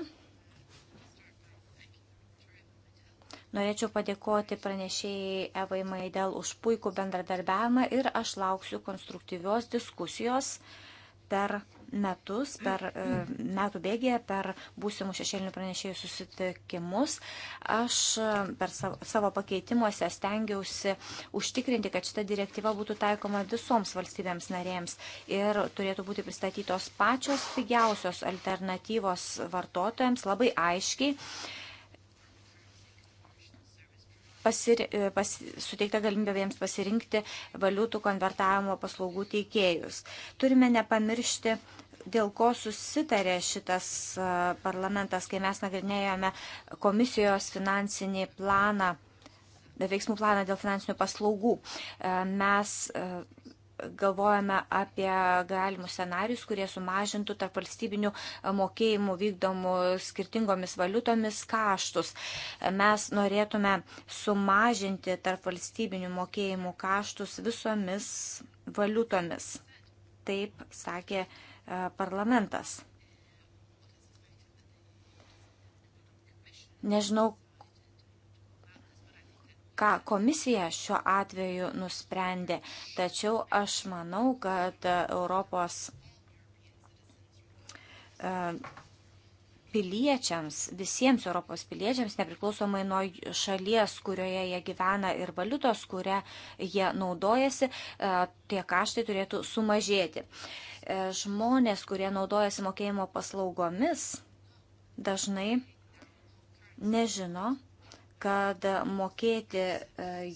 Norėčiau padėkoti pranešėjai Evai Maidel už puikų bendradarbiavimą ir aš lauksiu konstruktyvios diskusijos per metus, per e, metų bėgėje, per būsimų šešėlinių pranešėjų susitikimus, aš e, per savo pakeitimuose stengiausi užtikrinti, kad šita direktyva būtų taikoma visoms valstybėms narėms ir turėtų būti pristatytos pačios pigiausios alternatyvos vartotojams labai aiškiai pasir, e, pas, suteikta galimybė jiems pasirinkti valiutų konvertavimo paslaugų teikėjus. Turime nepamiršti dėl ko susitarė šitas e, parlamentas, kai mes nagrinėjome komisijos finansinį planą, veiksmų planą dėl finansinių paslaugų. E, mes galvojame apie galimus scenarius, kurie sumažintų tarp valstybinių mokėjimų vykdomų skirtingomis valiutomis kaštus. Mes norėtume sumažinti tarp valstybinių mokėjimų kaštus visomis valiutomis. Taip sakė e, parlamentas. Nežinau, ką komisija šiuo atveju nusprendė. Tačiau aš manau, kad Europos e, piliečiams, visiems Europos piliečiams, nepriklausomai nuo šalies, kurioje jie gyvena ir valiutos, kurią jie naudojasi, e, tie kaštai turėtų sumažėti. E, žmonės, kurie naudojasi mokėjimo paslaugomis, dažnai nežino, kad mokėti e,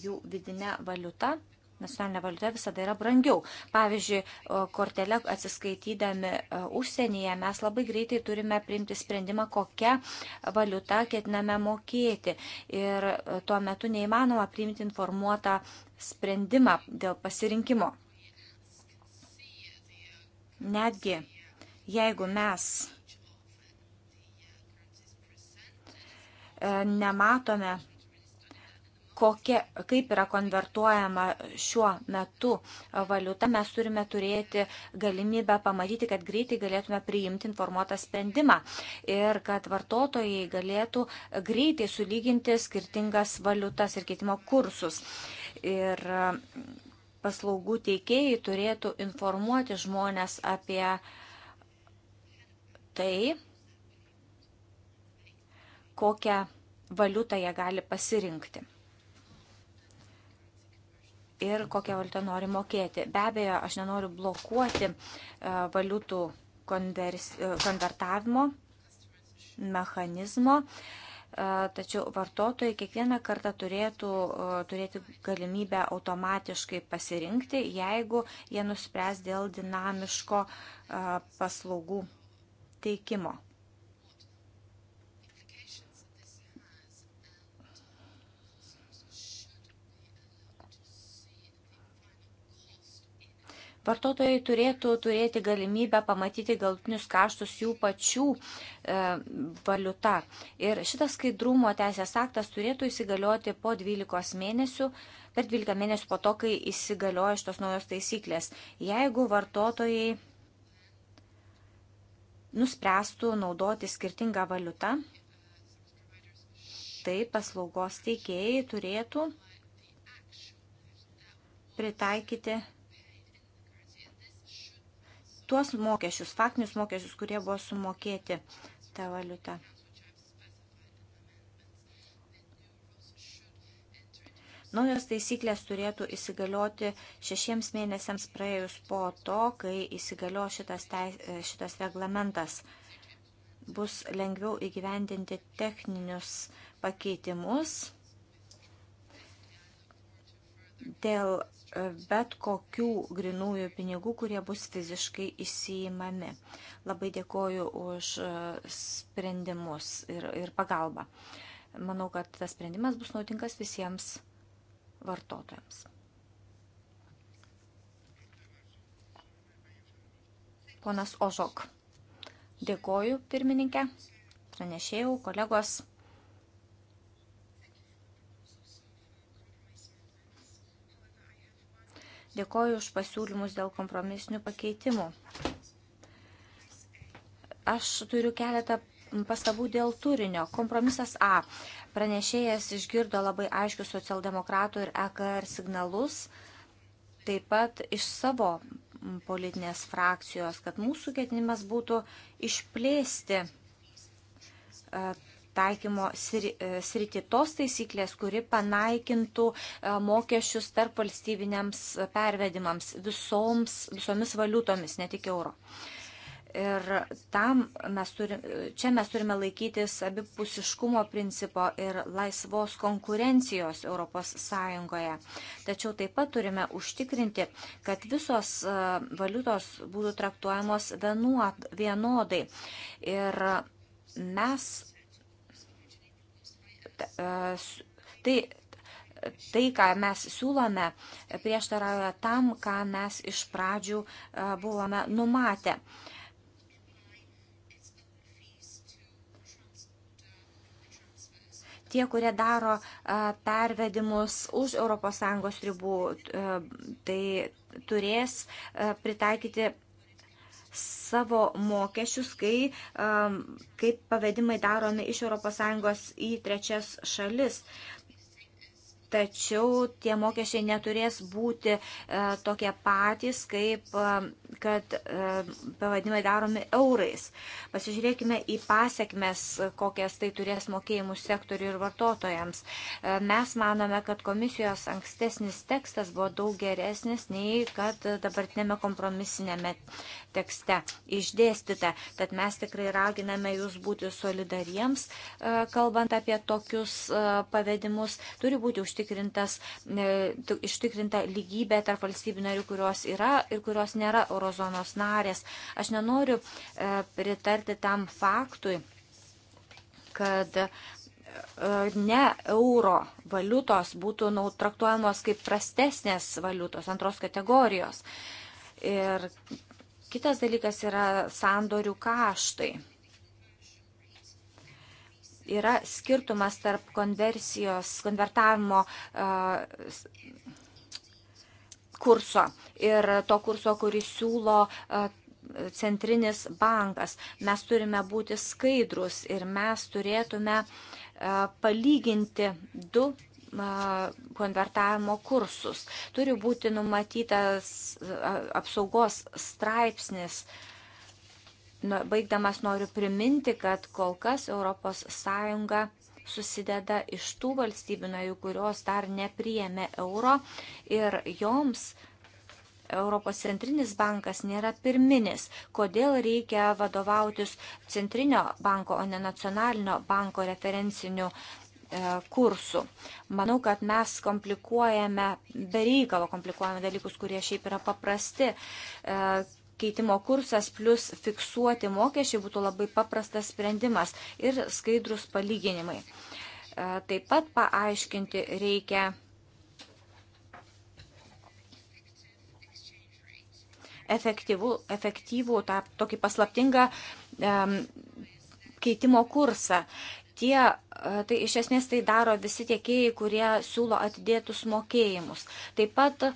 jų vidinę valiutą, nacionalinė valiuta visada yra brangiau. Pavyzdžiui, kortelę atsiskaitydami e, užsienyje mes labai greitai turime priimti sprendimą, kokią valiutą ketiname mokėti. Ir e, tuo metu neįmanoma priimti informuotą sprendimą dėl pasirinkimo. Netgi jeigu mes nematome, kokia, kaip yra konvertuojama šiuo metu valiuta, mes turime turėti galimybę pamatyti, kad greitai galėtume priimti informuotą sprendimą ir kad vartotojai galėtų greitai sulyginti skirtingas valiutas ir keitimo kursus. Ir paslaugų teikėjai turėtų informuoti žmonės apie tai, kokią valiutą jie gali pasirinkti ir kokią valiutą nori mokėti. Be abejo, aš nenoriu blokuoti e, valiutų konvers, e, konvertavimo mechanizmo, e, tačiau vartotojai kiekvieną kartą turėtų turėti galimybę automatiškai pasirinkti, jeigu jie nuspręs dėl dinamiško paslaugų teikimo. Vartotojai turėtų turėti galimybę pamatyti galutinius kaštus jų pačių e, valiuta. Ir šitas skaidrumo teisės aktas turėtų įsigalioti po 12 mėnesių, per 12 mėnesių po to, kai įsigalioja šitos naujos taisyklės. Jeigu vartotojai nuspręstų naudoti skirtingą valiutą, tai paslaugos teikėjai turėtų pritaikyti tuos mokesčius, faktinius mokesčius, kurie buvo sumokėti tą valiutą. Naujos taisyklės turėtų įsigalioti šešiems mėnesiams praėjus po to, kai įsigalio šitas, teis, šitas reglamentas. Bus lengviau įgyvendinti techninius pakeitimus dėl bet kokių grinųjų pinigų, kurie bus fiziškai įsijimami. Labai dėkoju už e, sprendimus ir, ir pagalbą. Manau, kad tas sprendimas bus naudingas visiems vartotojams. Ponas Ožok. Dėkoju, pirmininkė, pranešėjau, kolegos. Dėkoju už pasiūlymus dėl kompromisinių pakeitimų. Aš turiu keletą pastabų dėl turinio. Kompromisas A. Pranešėjas išgirdo labai aiškius socialdemokratų ir EKR signalus, taip pat iš savo politinės frakcijos, kad mūsų ketinimas būtų išplėsti e, taikymo e, sritį tos taisyklės, kuri panaikintų e, mokesčius tarp valstybiniams pervedimams visoms, visomis valiutomis, ne tik euro. Ir tam mes turime, čia mes turime laikytis abipusiškumo principo ir laisvos konkurencijos ES. Tačiau taip pat turime užtikrinti, kad visos e, valiutos būtų traktuojamos vienodai. Ir mes Uh, tai, tai, ką mes siūlome, prieštarauja tam, ką mes iš pradžių uh, buvome numatę. Tie, kurie daro uh, pervedimus už ES ribų, tai turės pritaikyti savo mokesčius, kai, um, kaip pavedimai daromi iš ES į trečias šalis. Tačiau tie mokesčiai neturės būti uh, tokie patys kaip uh, kad pavadimai daromi eurais. Pasižiūrėkime į pasiekmes, kokias tai turės mokėjimų sektoriui ir vartotojams. Mes manome, kad komisijos ankstesnis tekstas buvo daug geresnis nei kad dabartinėme kompromisinėme tekste išdėstyta. Tad mes tikrai raginame jūs būti solidariems, e, kalbant apie tokius e, pavedimus. Turi būti užtikrintas, e, ištikrinta lygybė tarp valstybių narių, kurios yra ir kurios nėra Europos eurozonos narės. Aš nenoriu e, pritarti tam faktui, kad e, ne euro valiutos būtų traktuojamos kaip prastesnės valiutos antros kategorijos. Ir kitas dalykas yra sandorių kaštai. Yra skirtumas tarp konversijos, konvertavimo uh, kurso ir to kurso, kurį siūlo e, centrinis bankas. Mes turime būti skaidrus ir mes turėtume e, palyginti du e, konvertavimo kursus. Turi būti numatytas apsaugos straipsnis. Baigdamas noriu priminti, kad kol kas ES susideda iš tų valstybių narių, kurios dar nepriėmė euro ir joms Europos centrinis bankas nėra pirminis. Kodėl reikia vadovautis centrinio banko, o ne nacionalinio banko referenciniu e, kursų. Manau, kad mes komplikuojame, be reikalo komplikuojame dalykus, kurie šiaip yra paprasti. E, keitimo kursas plus fiksuoti mokesčiai būtų labai paprastas sprendimas ir skaidrus palyginimai. E, taip pat paaiškinti reikia efektyvų, efektyvų tą tokį paslaptingą um, keitimo kursą. Tie, e, tai iš esmės tai daro visi tiekėjai, kurie siūlo atidėtus mokėjimus. Taip pat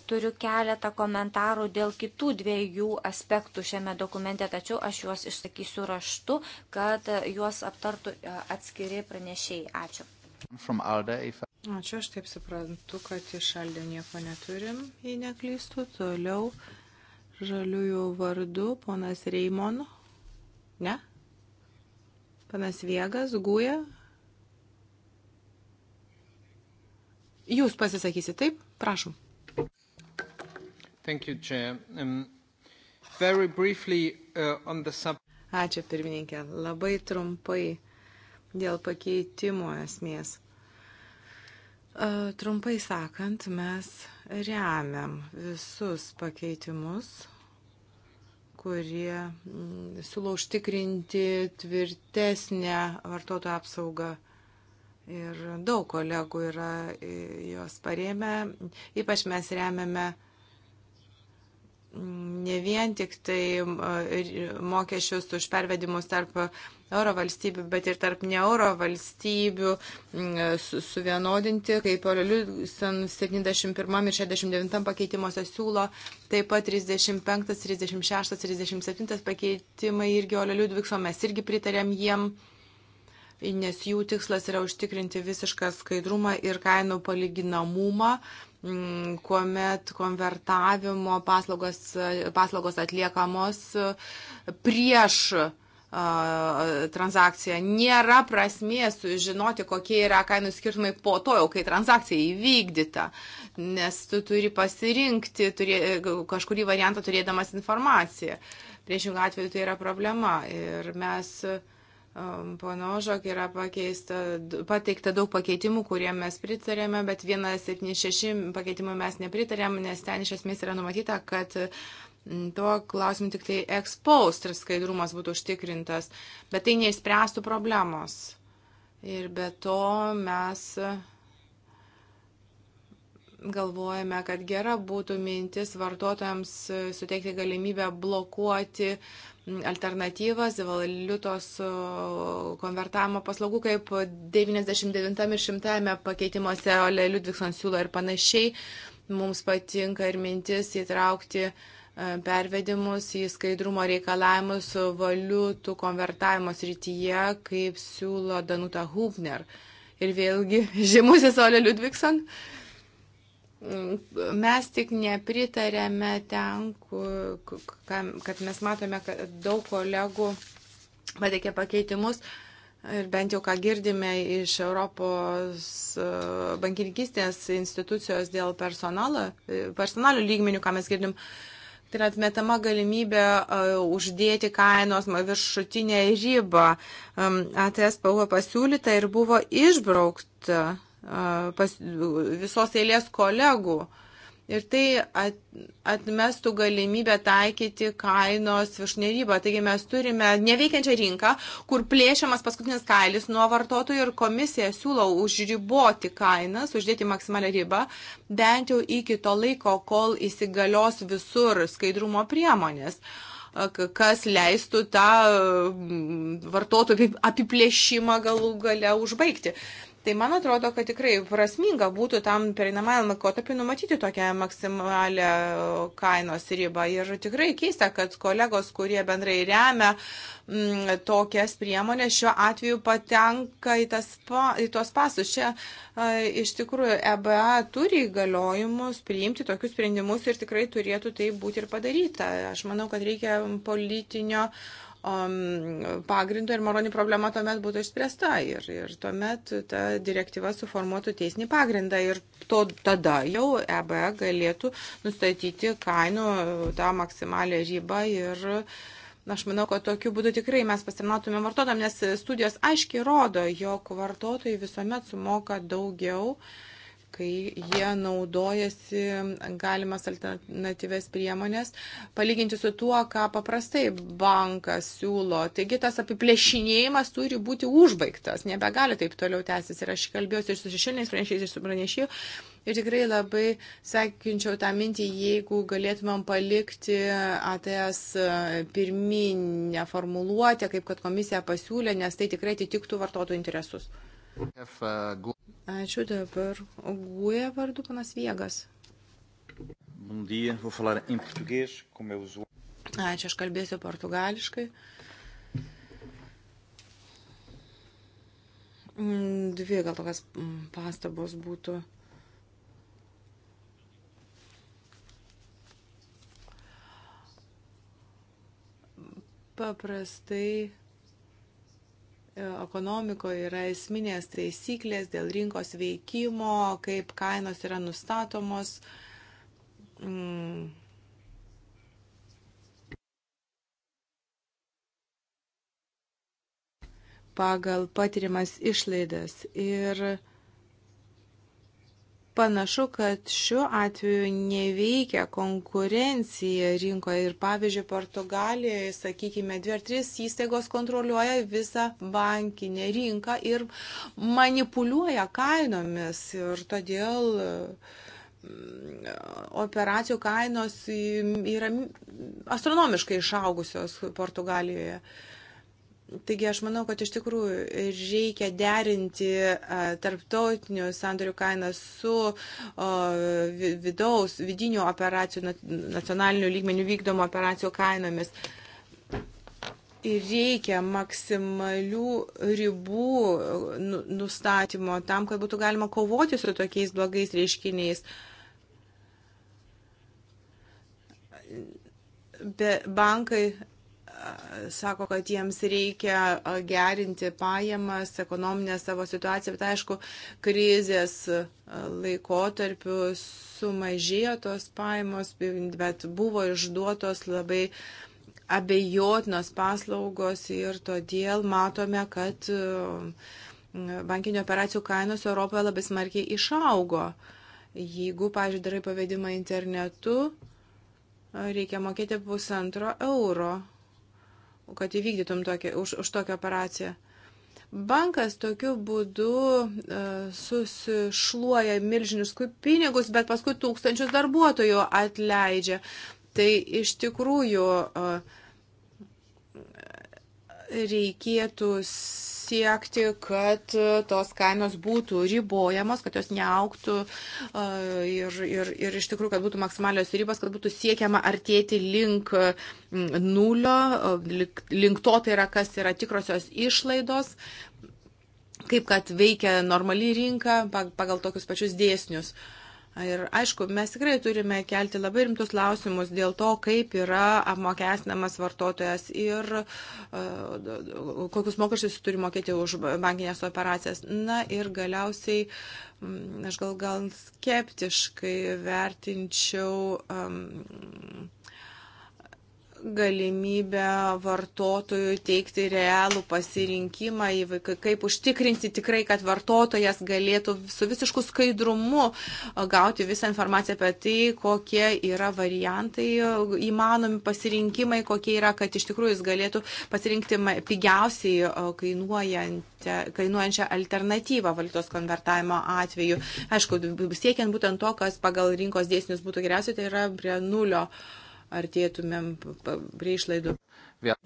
Turiu keletą komentarų dėl kitų dviejų aspektų šiame dokumente, tačiau aš juos išsakysiu raštu, kad juos aptartų e, atskiri pranešėjai. Ačiū. Ačiū, aš taip suprantu, kad iš Alde nieko neturim, jei neklystu. Toliau žaliųjų vardu ponas Reimon. Ne? Panas Viegas, Guja. Jūs pasisakysit, taip? Prašom. Thank you, Chair. Um, very briefly uh, on the sub. Ačiū pirmininkė. Labai trumpai dėl pakeitimo esmės. Uh, trumpai sakant, mes remiam visus pakeitimus, kurie mm, siūlo užtikrinti tvirtesnę vartotojų apsaugą. Ir daug kolegų yra e, juos parėmę. Ypač mes remiame uh, ne vien tik tai mokesčius už pervedimus tarp euro valstybių, bet ir tarp ne euro valstybių suvienodinti, kaip Liusen 71 ir 69 pakeitimuose siūlo, taip pat 35, 36, 37 pakeitimai irgi Olio Liudvikso, mes irgi pritarėm jiem nes jų tikslas yra užtikrinti visišką skaidrumą ir kainų palyginamumą mm, kuomet konvertavimo paslaugos, paslaugos atliekamos e, prieš transakciją. Nėra prasmės žinoti, kokie yra kainų skirtumai po to, jau kai transakcija įvykdyta, nes tu turi pasirinkti turė, kažkurį variantą turėdamas informaciją. Priešingų atveju tai yra problema ir mes uh, Panožok yra pakeista, pateikta daug pakeitimų, kuriem mes pritarėme, bet 176 pakeitimų mes nepritarėm, nes ten iš esmės yra numatyta, kad tuo klausimu tik tai ekspost ir skaidrumas būtų užtikrintas, bet tai neišspręstų problemos. Ir be to mes galvojame, kad gera būtų mintis vartotojams e, suteikti galimybę blokuoti alternatyvas valiutos konvertavimo paslaugų, kaip 99 ir 100 pakeitimuose Ole Ludvigson siūlo ir panašiai. Mums patinka ir mintis įtraukti e, pervedimus į skaidrumo reikalavimus valiutų konvertavimo srityje, kaip siūlo Danuta Hubner. Ir vėlgi žymusis Ole Ludvigson. Uh, mes tik nepritarėme ten, kad mes matome, kad daug kolegų pateikė pakeitimus. Ir bent jau ką girdime iš Europos e, bankininkystės institucijos dėl personalo, e, personalio lygmenių, ką mes girdim, tai yra atmetama galimybė e, uždėti kainos viršutinę ribą. ATS buvo pasiūlyta ir buvo išbraukta pas, visos eilės kolegų. Ir tai at, atmestų galimybę taikyti kainos viršnirybą. Taigi mes turime neveikiančią rinką, kur plėšiamas paskutinis kailis nuo vartotojų ir komisija siūlo užriboti kainas, uždėti maksimalią ribą, bent jau iki to laiko, kol įsigalios visur skaidrumo priemonės kas leistų tą vartotojų apiplėšimą galų gale užbaigti. Tai man atrodo, kad tikrai prasminga būtų tam pereinamajam laikotarpiu numatyti tokią maksimalę kainos ribą. Ir tikrai keista, kad kolegos, kurie bendrai remia m, mm, tokias priemonės, šiuo atveju patenka į, tas, pa, į tuos pasus. Čia a, iš tikrųjų EBA turi įgaliojimus priimti tokius sprendimus ir tikrai turėtų tai būti ir padaryta. Aš manau, kad reikia politinio um, pagrindu ir moroni problema tuomet būtų išspręsta ir, ir tuomet ta direktyva suformuotų teisinį pagrindą ir to tada jau EBE galėtų nustatyti kainų tą maksimalę žybą ir Aš manau, kad tokiu būdu tikrai mes pasirnautume vartotojams, nes studijos aiškiai rodo, jog vartotojai visuomet sumoka daugiau uh, kai jie naudojasi galimas alternatyves priemonės, palyginti su tuo, ką paprastai bankas siūlo. Taigi tas apiplešinėjimas turi būti užbaigtas, nebegali taip toliau tęsis. Ir aš kalbėjausi ir su šešėliniais pranešiais, ir su pranešėjų. Ir tikrai labai sakinčiau tą mintį, jeigu galėtumėm palikti ATS pirminę formuluotę, kaip kad komisija pasiūlė, nes tai tikrai atitiktų vartotojų interesus. Uh, Ačiū dabar. Guja vardu panas Viegas. Bom dia, vou falar em português, como eu uso. Ačiū, aš kalbėsiu portugališkai. Mm, dvi gal tokias mm, pastabos būtų. Paprastai E, ekonomikoje yra esminės taisyklės dėl rinkos veikimo, kaip kainos yra nustatomos. Mm. pagal patirimas išlaidas. Ir Panašu, kad šiuo atveju neveikia konkurencija rinkoje ir pavyzdžiui Portugalijoje, sakykime, dvi ar trys įstaigos kontroliuoja visą bankinę rinką ir manipuliuoja kainomis ir todėl mm, operacijų kainos mm, yra astronomiškai išaugusios Portugalijoje. Taigi aš manau, kad iš tikrųjų reikia derinti tarptautinių sandorių kainą su vidaus, vidinių operacijų, nacionalinių lygmenių vykdomų operacijų kainomis. Ir reikia maksimalių ribų nu, nustatymo tam, kad būtų galima kovoti su tokiais blogais reiškiniais be bankai sako, kad jiems reikia gerinti pajamas, ekonominę savo situaciją, bet aišku, krizės laikotarpiu sumažėjo tos pajamos, bet buvo išduotos labai abejotinos paslaugos ir todėl matome, kad bankinių operacijų kainos Europoje labai smarkiai išaugo. Jeigu, pažiūrėjau, darai pavedimą internetu, reikia mokėti pusantro euro kad įvykdytum tokį, už, už tokią operaciją. Bankas tokiu būdu uh, susišluoja milžiniškus pinigus, bet paskui tūkstančius darbuotojų atleidžia. Tai iš tikrųjų uh, reikėtų siekti, kad e, tos kainos būtų ribojamos, kad jos neauktų e, ir, ir, ir iš tikrųjų, kad būtų maksimalios ribos, kad būtų siekiama artėti link nulio, link to tai yra, kas yra tikrosios išlaidos, kaip kad veikia normali rinka pagal tokius pačius dėsnius. Uh, Ir aišku, mes tikrai turime kelti labai rimtus klausimus dėl to, kaip yra apmokestinamas vartotojas ir uh, kokius mokesčius turi mokėti už bankinės operacijas. Na ir galiausiai, m, mm, aš gal gal skeptiškai vertinčiau. Um, galimybę vartotojui teikti realų pasirinkimą, kaip užtikrinti tikrai, kad vartotojas galėtų su visišku skaidrumu gauti visą informaciją apie tai, kokie yra variantai įmanomi pasirinkimai, kokie yra, kad iš tikrųjų jis galėtų pasirinkti pigiausiai kainuojančią alternatyvą valiutos konvertavimo atveju. Aišku, siekiant būtent to, kas pagal rinkos dėsnius būtų geriausia, tai yra prie nulio uh, artėtumėm prie išlaidų.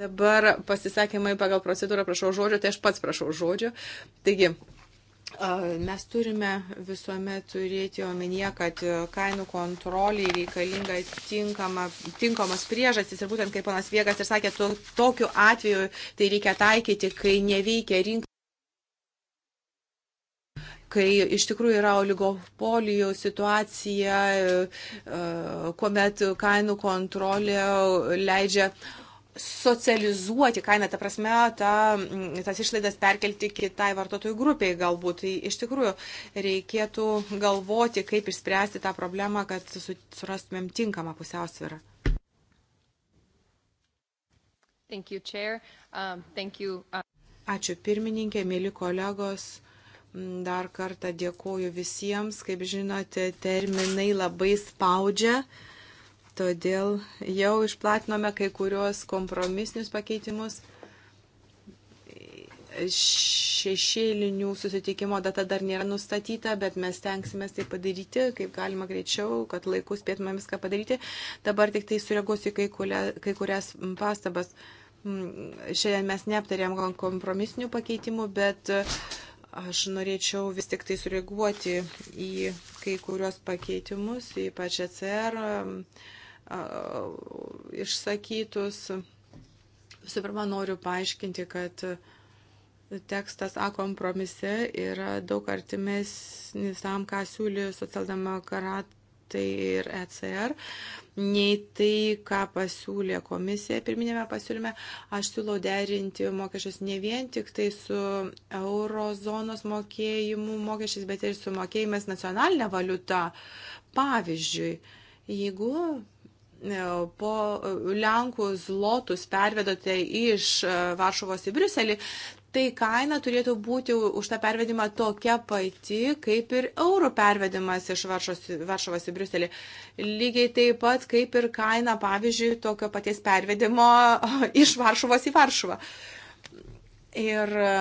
Dabar pasisakymai pagal procedūrą, prašau žodžio, tai aš pats prašau žodžio. Taigi, Mes turime visuomet turėti omenyje, kad kainų kontroliai reikalinga tinkama, tinkamas priežastis ir būtent kaip panas Viegas ir sakė, to, tokiu atveju tai reikia taikyti, kai neveikia rinka kai iš tikrųjų yra oligopolijų situacija, e, kuomet kainų kontrolė leidžia socializuoti kainą, ta prasme, ta, tas išlaidas perkelti kitai vartotojų grupiai galbūt. Tai iš tikrųjų reikėtų galvoti, kaip išspręsti tą problemą, kad surastumėm tinkamą pusiausvyrą. Thank you, Chair. Um, thank you. Uh... Ačiū pirmininkė, mėly kolegos. Dar kartą dėkoju visiems. Kaip žinote, terminai labai spaudžia. Todėl jau išplatinome kai kuriuos kompromisinius pakeitimus. Šešėlinių susitikimo data dar nėra nustatyta, bet mes tenksime tai padaryti, kaip galima greičiau, kad laikus spėtume viską padaryti. Dabar tik tai sureaguosiu kai, kulia, kai kurias pastabas. Mm, šiandien mes neaptarėm kompromisinių pakeitimų, bet uh, Aš norėčiau vis tik tai sureaguoti į kai kurios pakeitimus, ypač ECR išsakytus. Visų pirma, noriu paaiškinti, kad tekstas A kompromise yra daug artimesnis tam, ką siūlė socialdemokrat, tai ir ECR, nei tai, ką pasiūlė komisija pirminėme pasiūlyme. Aš siūlau derinti mokesčius ne vien tik tai su eurozonos mokėjimu mokesčiais, bet ir su mokėjimais nacionalinė valiuta. Pavyzdžiui, jeigu e, po e, Lenkų zlotus pervedote iš e, Varšuvos į Briuselį, tai kaina turėtų būti už tą pervedimą tokia pati, kaip ir eurų pervedimas iš Varšovos į Briuselį. Lygiai taip pat, kaip ir kaina, pavyzdžiui, tokio paties pervedimo iš Varšovos į Varšovą. Ir e,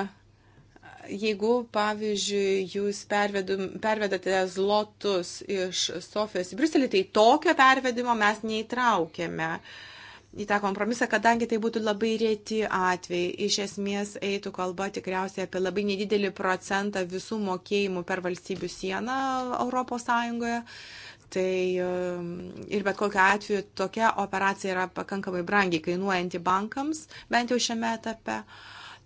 jeigu, pavyzdžiui, jūs pervedate zlotus iš Sofijos į Briuselį, tai tokio pervedimo mes neįtraukėme. Uh, į tą kompromisą, kadangi tai būtų labai rėti atvejai. Iš esmės eitų kalba tikriausiai apie labai nedidelį procentą visų mokėjimų per valstybių sieną ES. Tai um, ir bet kokiu atveju tokia operacija yra pakankamai brangiai kainuojanti bankams, bent jau šiame etape.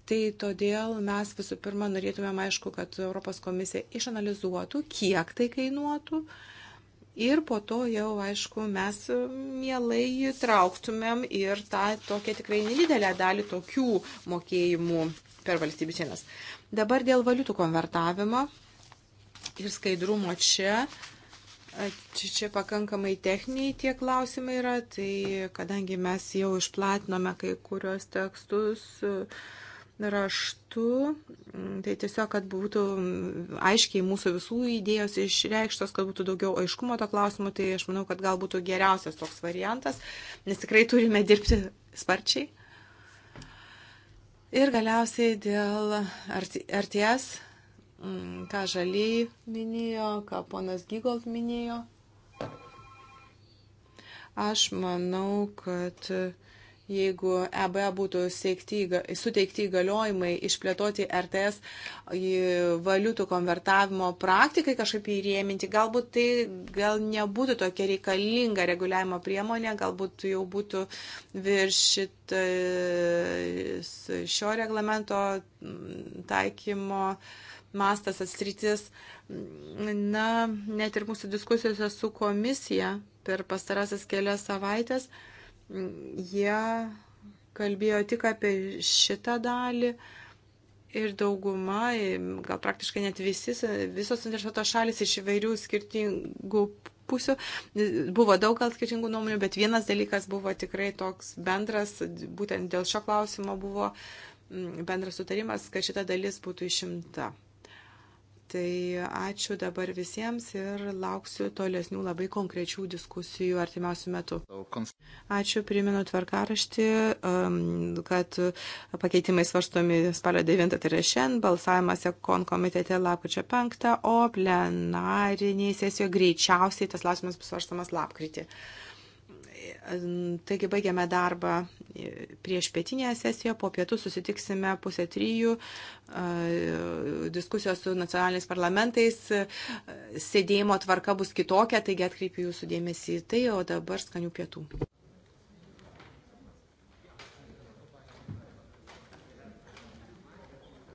Tai todėl mes visų pirma norėtumėm aišku, kad Europos komisija išanalizuotų, kiek tai kainuotų. Uh, ir po to jau, aišku, mes um, mielai trauktumėm ir tą tokią tikrai nedidelę dalį tokių mokėjimų per valstybių sienas. Dabar dėl valiutų konvertavimo ir skaidrumo čia. Čia, čia pakankamai techniniai tie klausimai yra, tai kadangi mes jau išplatinome kai kurios tekstus, uh, raštu, mm, tai tiesiog, kad būtų mm, aiškiai mūsų visų idėjos išreikštos, kad būtų daugiau aiškumo to klausimu, tai aš manau, kad gal būtų geriausias toks variantas, nes tikrai turime dirbti sparčiai. Ir galiausiai dėl arties, mm, ką žaliai minėjo, ką ponas Gygold minėjo. Aš manau, kad uh, jeigu EBA būtų siekti, suteikti įgaliojimai išplėtoti RTS valiutų konvertavimo praktikai kažkaip įrėminti, galbūt tai gal nebūtų tokia reikalinga reguliavimo priemonė, galbūt jau būtų viršytas šio reglamento taikymo mastas atsritis. Na, net ir mūsų diskusijose su komisija per pastarasias kelias savaitės Jie kalbėjo tik apie šitą dalį ir dauguma, gal praktiškai net visi, visos interesuotos šalis iš įvairių skirtingų pusių. Buvo daug gal skirtingų nuomonių, bet vienas dalykas buvo tikrai toks bendras, būtent dėl šio klausimo buvo mm, bendras sutarimas, kad šita dalis būtų išimta. Tai ačiū dabar visiems ir lauksiu tolesnių labai konkrečių diskusijų artimiausių metų. Ačiū, primenu tvarkaraštį, um, kad pakeitimai svarstomi spalio 9, tai yra šiandien, balsavimas Ekon komitete lapkričio 5, o plenariniai sesijoje greičiausiai tas klausimas bus svarstamas lapkritį. Taigi baigiame darbą prieš pietinėje sesijoje, po pietų susitiksime pusę trijų diskusijos su nacionaliniais parlamentais. Sėdėjimo tvarka bus kitokia, taigi atkreipiu jūsų dėmesį į tai, o dabar skanių pietų.